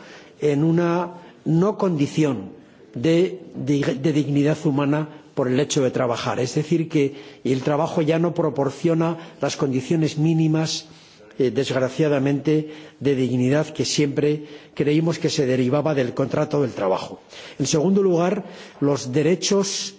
en una no condición de, de, de dignidad humana por el hecho de trabajar. Es decir, que el trabajo ya no proporciona las condiciones mínimas desgraciadamente, de dignidad que siempre creímos que se derivaba del contrato del trabajo. En segundo lugar, los derechos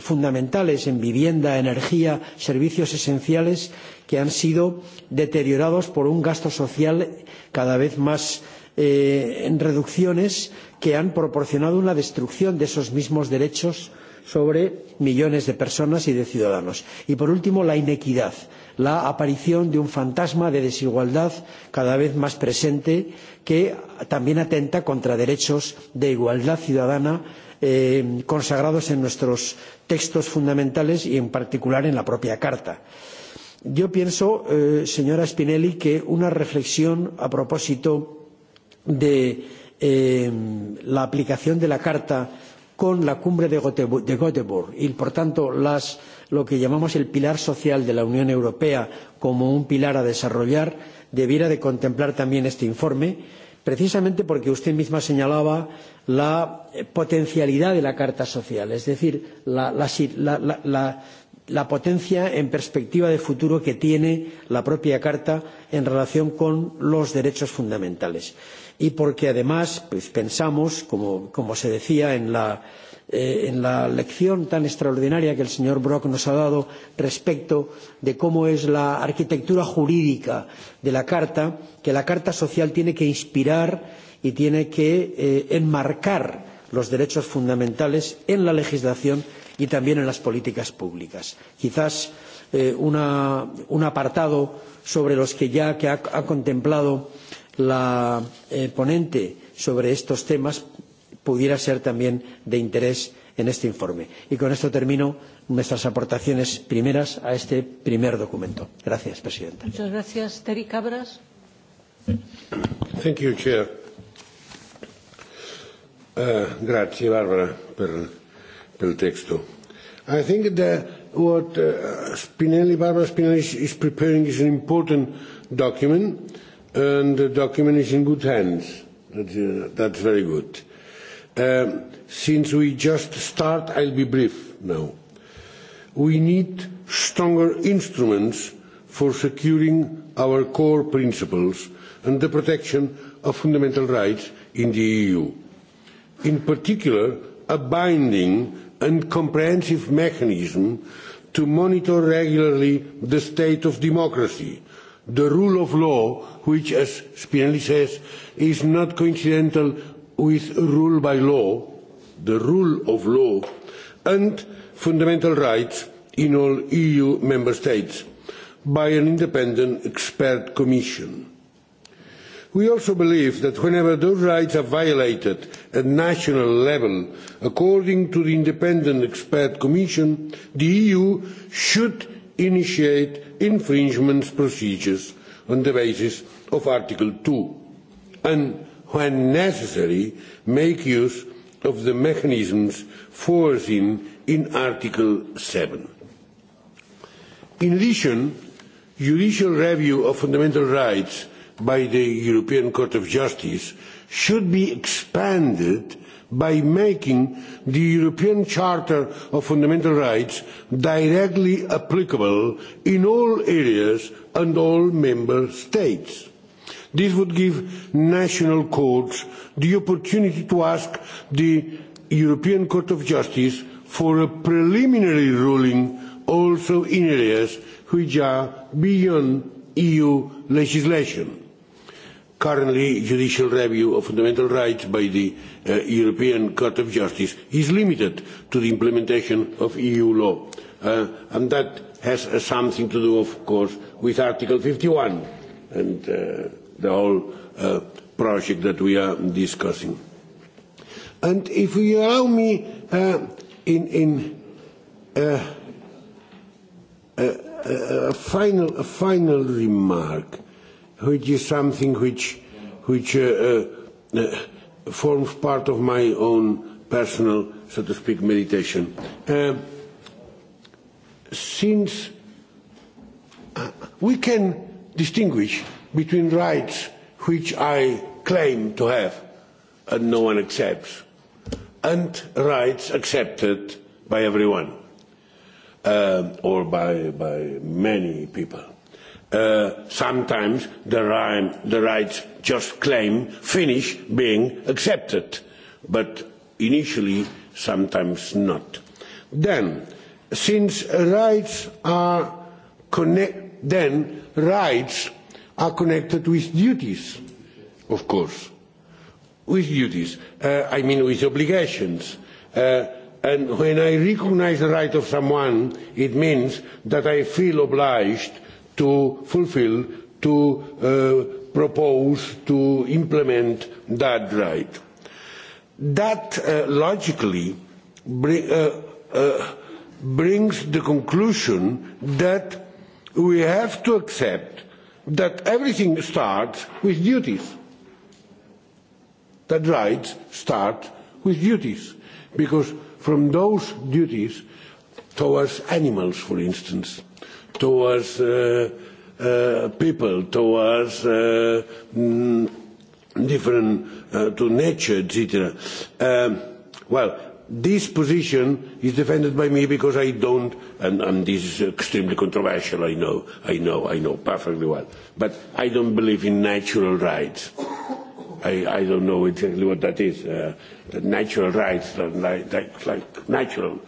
fundamentales en vivienda, energía, servicios esenciales que han sido deteriorados por un gasto social cada vez más en reducciones que han proporcionado una destrucción de esos mismos derechos sobre millones de personas y de ciudadanos. Y por último, la inequidad, la aparición de un fantasma de desigualdad cada vez más presente que también atenta contra derechos de igualdad ciudadana consagrados en nuestros textos fundamentales y en particular en la propia Carta. Yo pienso, señora Spinelli, que una reflexión a propósito de la aplicación de la Carta con la cumbre de Göteborg y, por tanto, lo que llamamos el pilar social de la Unión Europea como un pilar a desarrollar debiera contemplar también este informe, precisamente porque usted misma señalaba la potencialidad de la Carta Social, es decir, la potencia en perspectiva de futuro que tiene la propia Carta en relación con los derechos fundamentales y porque además pensamos, como, se decía en la, lección tan extraordinaria que el señor Brok nos ha dado respecto de cómo es la arquitectura jurídica de la Carta, que la Carta Social tiene que inspirar y tiene que enmarcar los derechos fundamentales en la legislación y también en las políticas públicas. Quizás un apartado sobre los que ya ha contemplado la eh, ponente sobre estos temas pudiera ser también de interés en este informe. Y con esto termino nuestras aportaciones primeras a este primer documento. Gracias, Presidenta.
Muchas gracias. Terry Cabras.
Thank you, Chair. Uh,
grazie, Barbara, per, per il testo. I think that what uh, Spinelli, Barbara Spinelli is preparing is an important document and the document is in good hands. That's, uh, that's very good. Um, since we just start, I'll be brief now. We need stronger instruments for securing our core principles and the protection of fundamental rights in the EU. In particular, a binding and comprehensive mechanism to monitor regularly the state of democracy the rule of law, which, as Spinelli says, is not coincidental with rule by law, the rule of law, and fundamental rights in all EU member states by an independent expert commission. We also believe that whenever those rights are violated at national level, according to the independent expert commission, the EU should initiate infringement procedures on the basis of Article 2 and, when necessary, make use of the mechanisms foreseen in Article 7. In addition, judicial review of fundamental rights by the European Court of Justice should be expanded by making the European Charter of Fundamental Rights directly applicable in all areas and all member states. This would give national courts the opportunity to ask the European Court of Justice for a preliminary ruling also in areas which are beyond EU legislation Currently, judicial review of fundamental rights by the uh, European Court of Justice is limited to the implementation of EU law, uh, and that has uh, something to do, of course, with Article 51 and uh, the whole uh, project that we are discussing. And if you allow me, uh, in, in uh, uh, a, final, a final remark, which is something which, which uh, uh, forms part of my own personal, so to speak, meditation. Uh, since we can distinguish between rights which I claim to have and no one accepts, and rights accepted by everyone uh, or by, by many people uh, sometimes the, rhyme, the rights just claim finish being accepted, but initially sometimes not. Then, since rights are connect, then rights are connected with duties, of course, with duties. Uh, I mean with obligations. Uh, and when I recognize the right of someone, it means that I feel obliged to fulfill, to uh, propose, to implement that right. That uh, logically bring, uh, uh, brings the conclusion that we have to accept that everything starts with duties. That rights start with duties. Because from those duties towards animals, for instance, towards uh, uh, people, towards uh, different uh, to nature, etc. Um, well, this position is defended by me because I don't, and, and this is extremely controversial. I know, I know, I know perfectly well. But I don't believe in natural rights. I, I don't know exactly what that is. Uh, the natural rights, like, like, like natural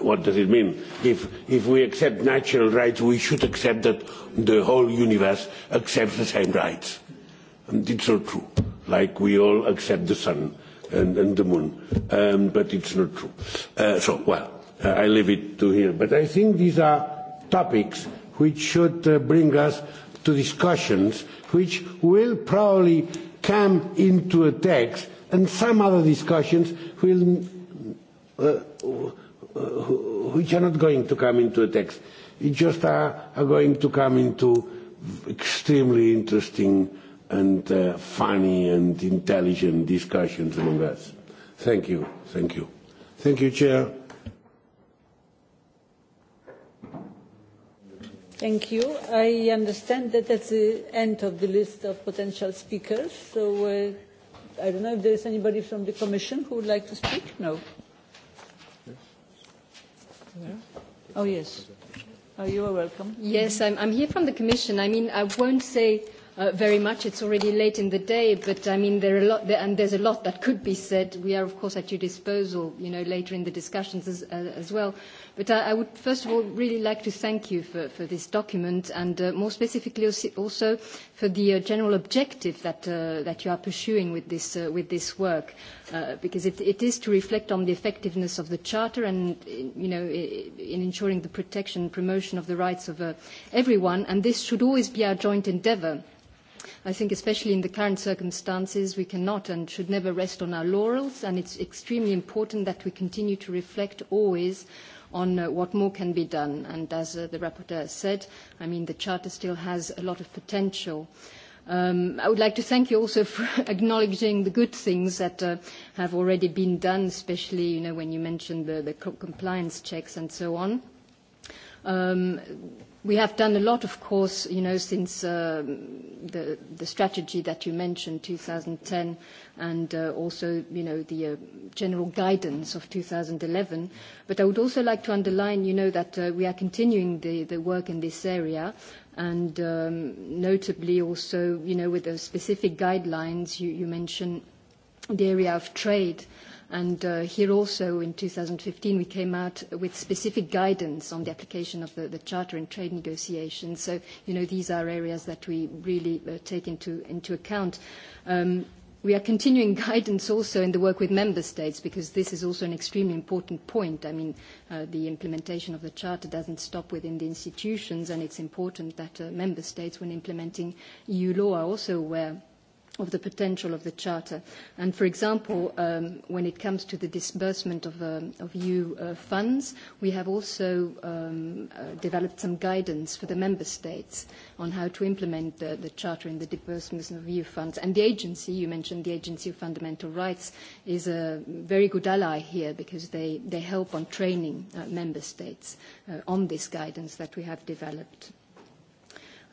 what does it mean? If, if we accept natural rights, we should accept that the whole universe accepts the same rights. And it's not true. Like we all accept the sun and, and the moon. Um, but it's not true. Uh, so, well, uh, I leave it to here. But I think these are topics which should uh, bring us to discussions which will probably come into a text and some other discussions will uh, which are not going to come into a text. It just are, are going to come into extremely interesting and uh, funny and intelligent discussions among us. Thank you. Thank you. Thank you, Chair.
Thank you. I understand that that's the end of the list of potential speakers. So uh, I don't know if there is anybody from the Commission who would like to speak. No. Oh, yes.
Oh, you are welcome. Yes, I'm, I'm here from the Commission. I mean, I won't say uh, very much. It's already late in the day, but I mean, there are a lot, there, and there's a lot that could be said. We are, of course, at your disposal, you know, later in the discussions as, uh, as well. But I, I would first of all really like to thank you for, for this document and uh, more specifically also for the uh, general objective that, uh, that you are pursuing with this, uh, with this work uh, because it, it is to reflect on the effectiveness of the Charter and you know, in ensuring the protection and promotion of the rights of uh, everyone and this should always be our joint endeavour. I think especially in the current circumstances, we cannot and should never rest on our laurels, and it's extremely important that we continue to reflect always on what more can be done. And as the rapporteur said, I mean, the Charter still has a lot of potential. I would like to thank you also for acknowledging the good things that have already been done, especially, you know, when you mentioned the compliance checks and so on We have done a lot, of course, you know, since the strategy that you mentioned, 2010, and also, you know, the general guidance of 2011. But I would also like to underline, you know, that we are continuing the work in this area, and notably also, you know, with the specific guidelines, you mentioned the area of trade, And uh, here also in 2015 we came out with specific guidance on the application of the, the Charter and trade negotiations. So, you know, these are areas that we really uh, take into, account. Um, We are continuing guidance also in the work with member states because this is also an extremely important point. I mean, the implementation of the Charter doesn't stop within the institutions and it's important that member states, when implementing EU law, are also aware of the potential of the Charter. And for example, um, when it comes to the disbursement of, um, of EU uh, funds, we have also um, uh, developed some guidance for the Member States on how to implement the, the Charter in the disbursement of EU funds. And the agency, you mentioned the Agency of Fundamental Rights, is a very good ally here because they, they help on training uh, Member States uh, on this guidance that we have developed.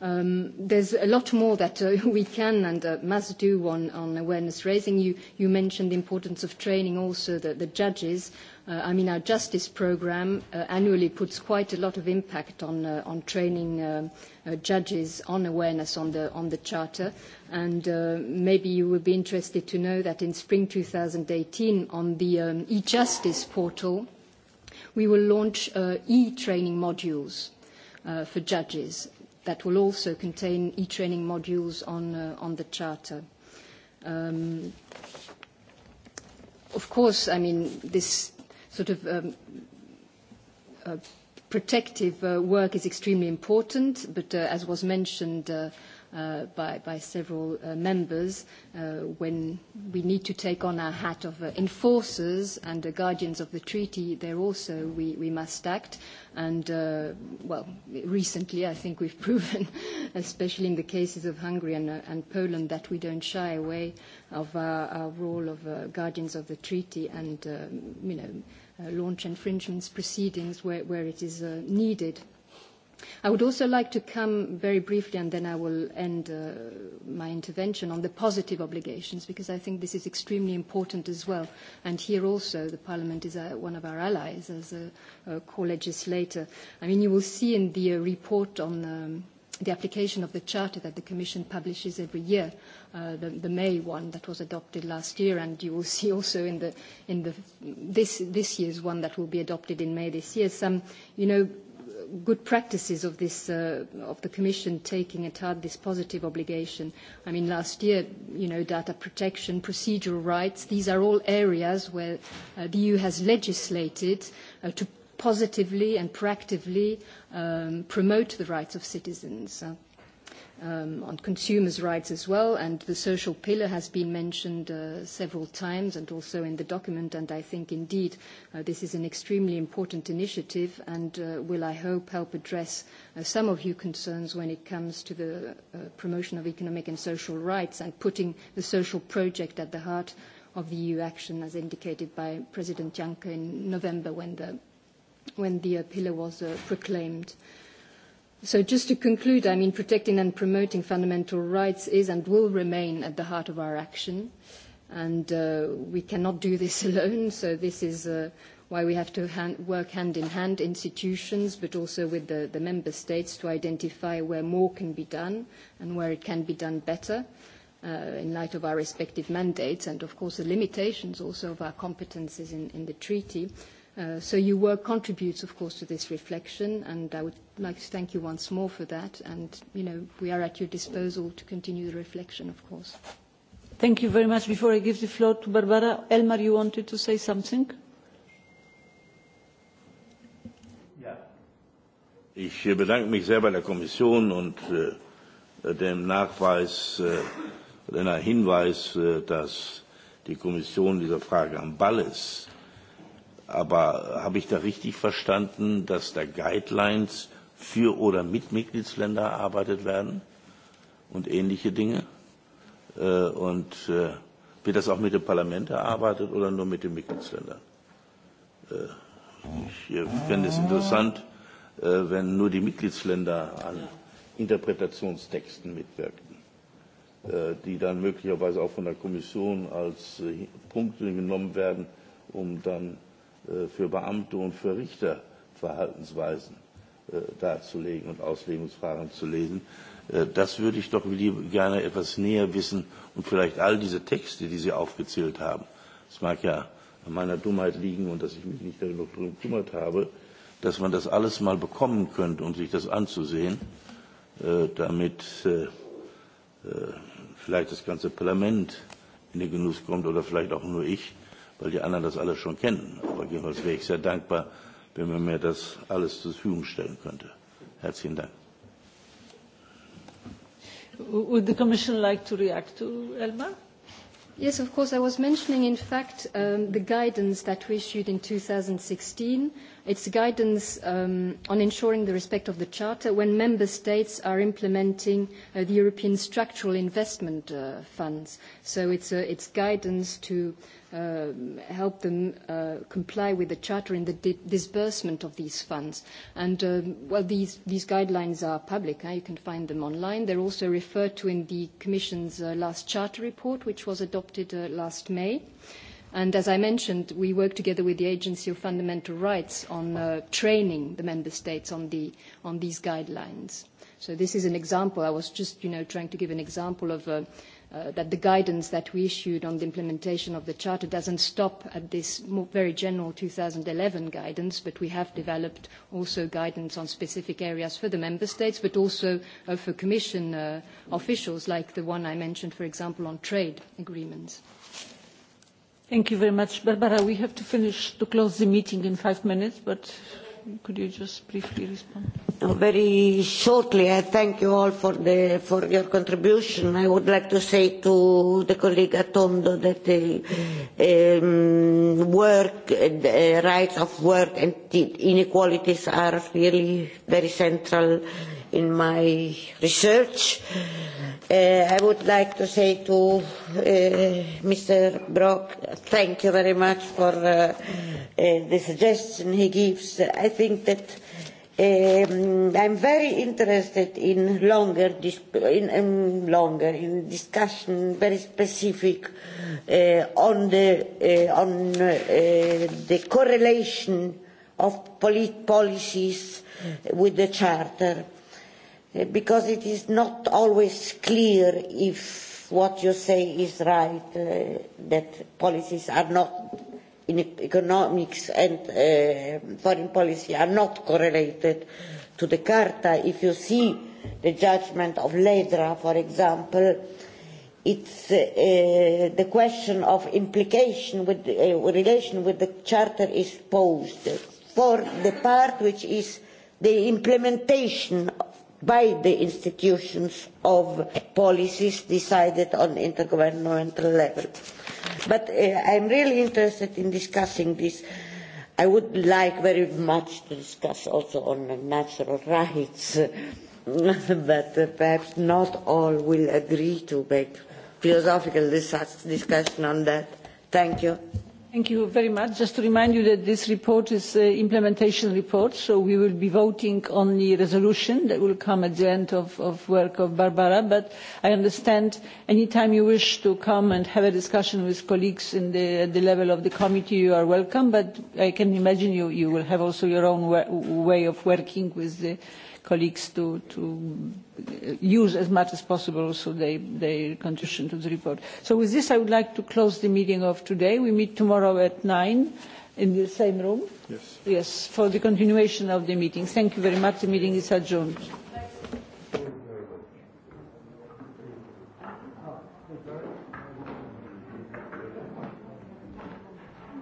Um, there's a lot more that uh, we can and uh, must do on, on awareness raising. You, you mentioned the importance of training also the, the judges. Uh, I mean, our justice program uh, annually puts quite a lot of impact on, uh, on training um, uh, judges on awareness on the, on the Charter. And uh, maybe you will be interested to know that in spring 2018 on the um, e-justice portal, we will launch uh, e-training modules uh for judges that will also contain e-training modules on, uh, on the Charter. Um, of course, I mean, this sort of um, uh, protective uh, work is extremely important, but uh, as was mentioned, uh, uh, by, by several uh, members uh, when we need to take on our hat of uh, enforcers and uh, guardians of the treaty, there also we, we must act. And, uh, well, recently I think we've proven, especially in the cases of Hungary and, uh, and Poland, that we don't shy away of our, our role of uh, guardians of the treaty and, uh, you know, uh, launch infringements proceedings where, where it is uh, needed. I would also like to come very briefly, and then I will end uh, my intervention on the positive obligations, because I think this is extremely important as well. And here also, the Parliament is uh, one of our allies as a, a co-legislator. I mean, you will see in the uh, report on um, the application of the Charter that the Commission publishes every year, uh, the, the May one that was adopted last year, and you will see also in the in the this this year's one that will be adopted in May this year, some you know good practices of this uh, of the Commission taking at heart this positive obligation. I mean, last year, you know, data protection, procedural rights. These are all areas where uh, the EU has legislated uh, to positively and proactively um, promote the rights of citizens. Uh, um, on consumers' rights as well, and the social pillar has been mentioned uh, several times and also in the document, and I think indeed uh, this is an extremely important initiative and uh, will, I hope, help address uh, some of your concerns when it comes to the uh, promotion of economic and social rights and putting the social project at the heart of the EU action, as indicated by President Juncker in November when the, when the uh, pillar was uh, proclaimed. So just to conclude, I mean, protecting and promoting fundamental rights is and will remain at the heart of our action. And uh, we cannot do this alone. So this is uh, why we have to hand, work hand in hand, institutions, but also with the, the member states to identify where more can be done and where it can be done better uh, in light of our respective mandates and, of course, the limitations also of our competences in, in the treaty so your work contributes, of course, to this reflection, and I would like to thank you once more for that. And, you know, we are at your disposal to continue the reflection, of course. Thank you very much. Before I give the floor to Barbara, Elmar, you wanted to say something?
Ich bedanke mich sehr bei der Kommission und äh, dem Nachweis, äh, dem Hinweis, äh, dass die Kommission dieser Frage am Ball ist Aber habe ich da richtig verstanden, dass da Guidelines für oder mit Mitgliedsländern erarbeitet werden und ähnliche Dinge? Und wird das auch mit dem Parlament erarbeitet oder nur mit den Mitgliedsländern? Ich fände es interessant, wenn nur die Mitgliedsländer an Interpretationstexten mitwirkten, die dann möglicherweise auch von der Kommission als Punkte genommen werden, um dann für Beamte und für Richter Verhaltensweisen darzulegen und Auslegungsfragen zu lesen. Das würde ich doch gerne etwas näher wissen und vielleicht all diese Texte, die Sie aufgezählt haben. Es mag ja an meiner Dummheit liegen und dass ich mich nicht darum gekümmert habe, dass man das alles mal bekommen könnte, um sich das anzusehen, damit vielleicht das ganze Parlament in den Genuss kommt oder vielleicht auch nur ich weil die anderen das alles schon kennen. Aber jedenfalls wäre ich sehr dankbar, wenn man mir das alles zur Verfügung stellen könnte. Herzlichen Dank.
Would the Commission like to react to Elmar?
Yes, of course. I was mentioning, in fact, um, the guidance that we issued in 2016. It's guidance um, on ensuring the respect of the Charter when member states are implementing uh, the European structural investment uh, funds. So it's, uh, it's guidance to help them comply with the Charter in the disbursement of these funds. And, well, these, these guidelines are public. You can find them online. They're also referred to in the Commission's last Charter report, which was adopted last May. And as I mentioned, we work together with the Agency of Fundamental Rights on training the member states on, the, on these guidelines. So this is an example. I was just, you know, trying to give an example of that the guidance that we issued on the implementation of the Charter doesn't stop at this very general eleven guidance, but we have developed also guidance on specific areas for the Member States, but also for Commission officials, like the one I mentioned, for example, on trade agreements. Thank you very much. Barbara, we have to finish
to close the meeting in five minutes, but could you just briefly respond?
Very shortly, I thank you all for, the, for your contribution. I would like to say to the colleague Atondo that the um, work, the rights of work and inequalities are really very central in my research. Uh, I would like to say to uh, Mr. Brock, thank you very much for uh, uh, the suggestion he gives. I think that um, I'm very interested in longer, in, in longer in discussion, very specific uh, on the uh, on uh, the correlation of polit- policies with the Charter because it is not always clear if what you say is right, uh, that policies are not, in economics and uh, foreign policy are not correlated to the Carta. If you see the judgment of Ledra, for example, it's uh, uh, the question of implication with uh, relation with the Charter is posed for the part which is the implementation by the institutions of policies decided on intergovernmental level. But uh, I'm really interested in discussing this. I would like very much to discuss also on natural rights, but uh, perhaps not all will agree to make philosophical discussion on that. Thank you.
Thank you very much. Just to remind you that this report is an implementation report, so we will be voting on the resolution that will come at the end of, the work of Barbara. But I understand any time you wish to come and have a discussion with colleagues in the, at the level of the committee, you are welcome. But I can imagine you, you will have also your own way of working with the colleagues to, to use as much as possible also their, their contribution to the report. So with this, I would like to close the meeting of today. We meet tomorrow at 9 in the same room. Yes. Yes, for the continuation of the meeting. Thank you very much. The meeting is adjourned.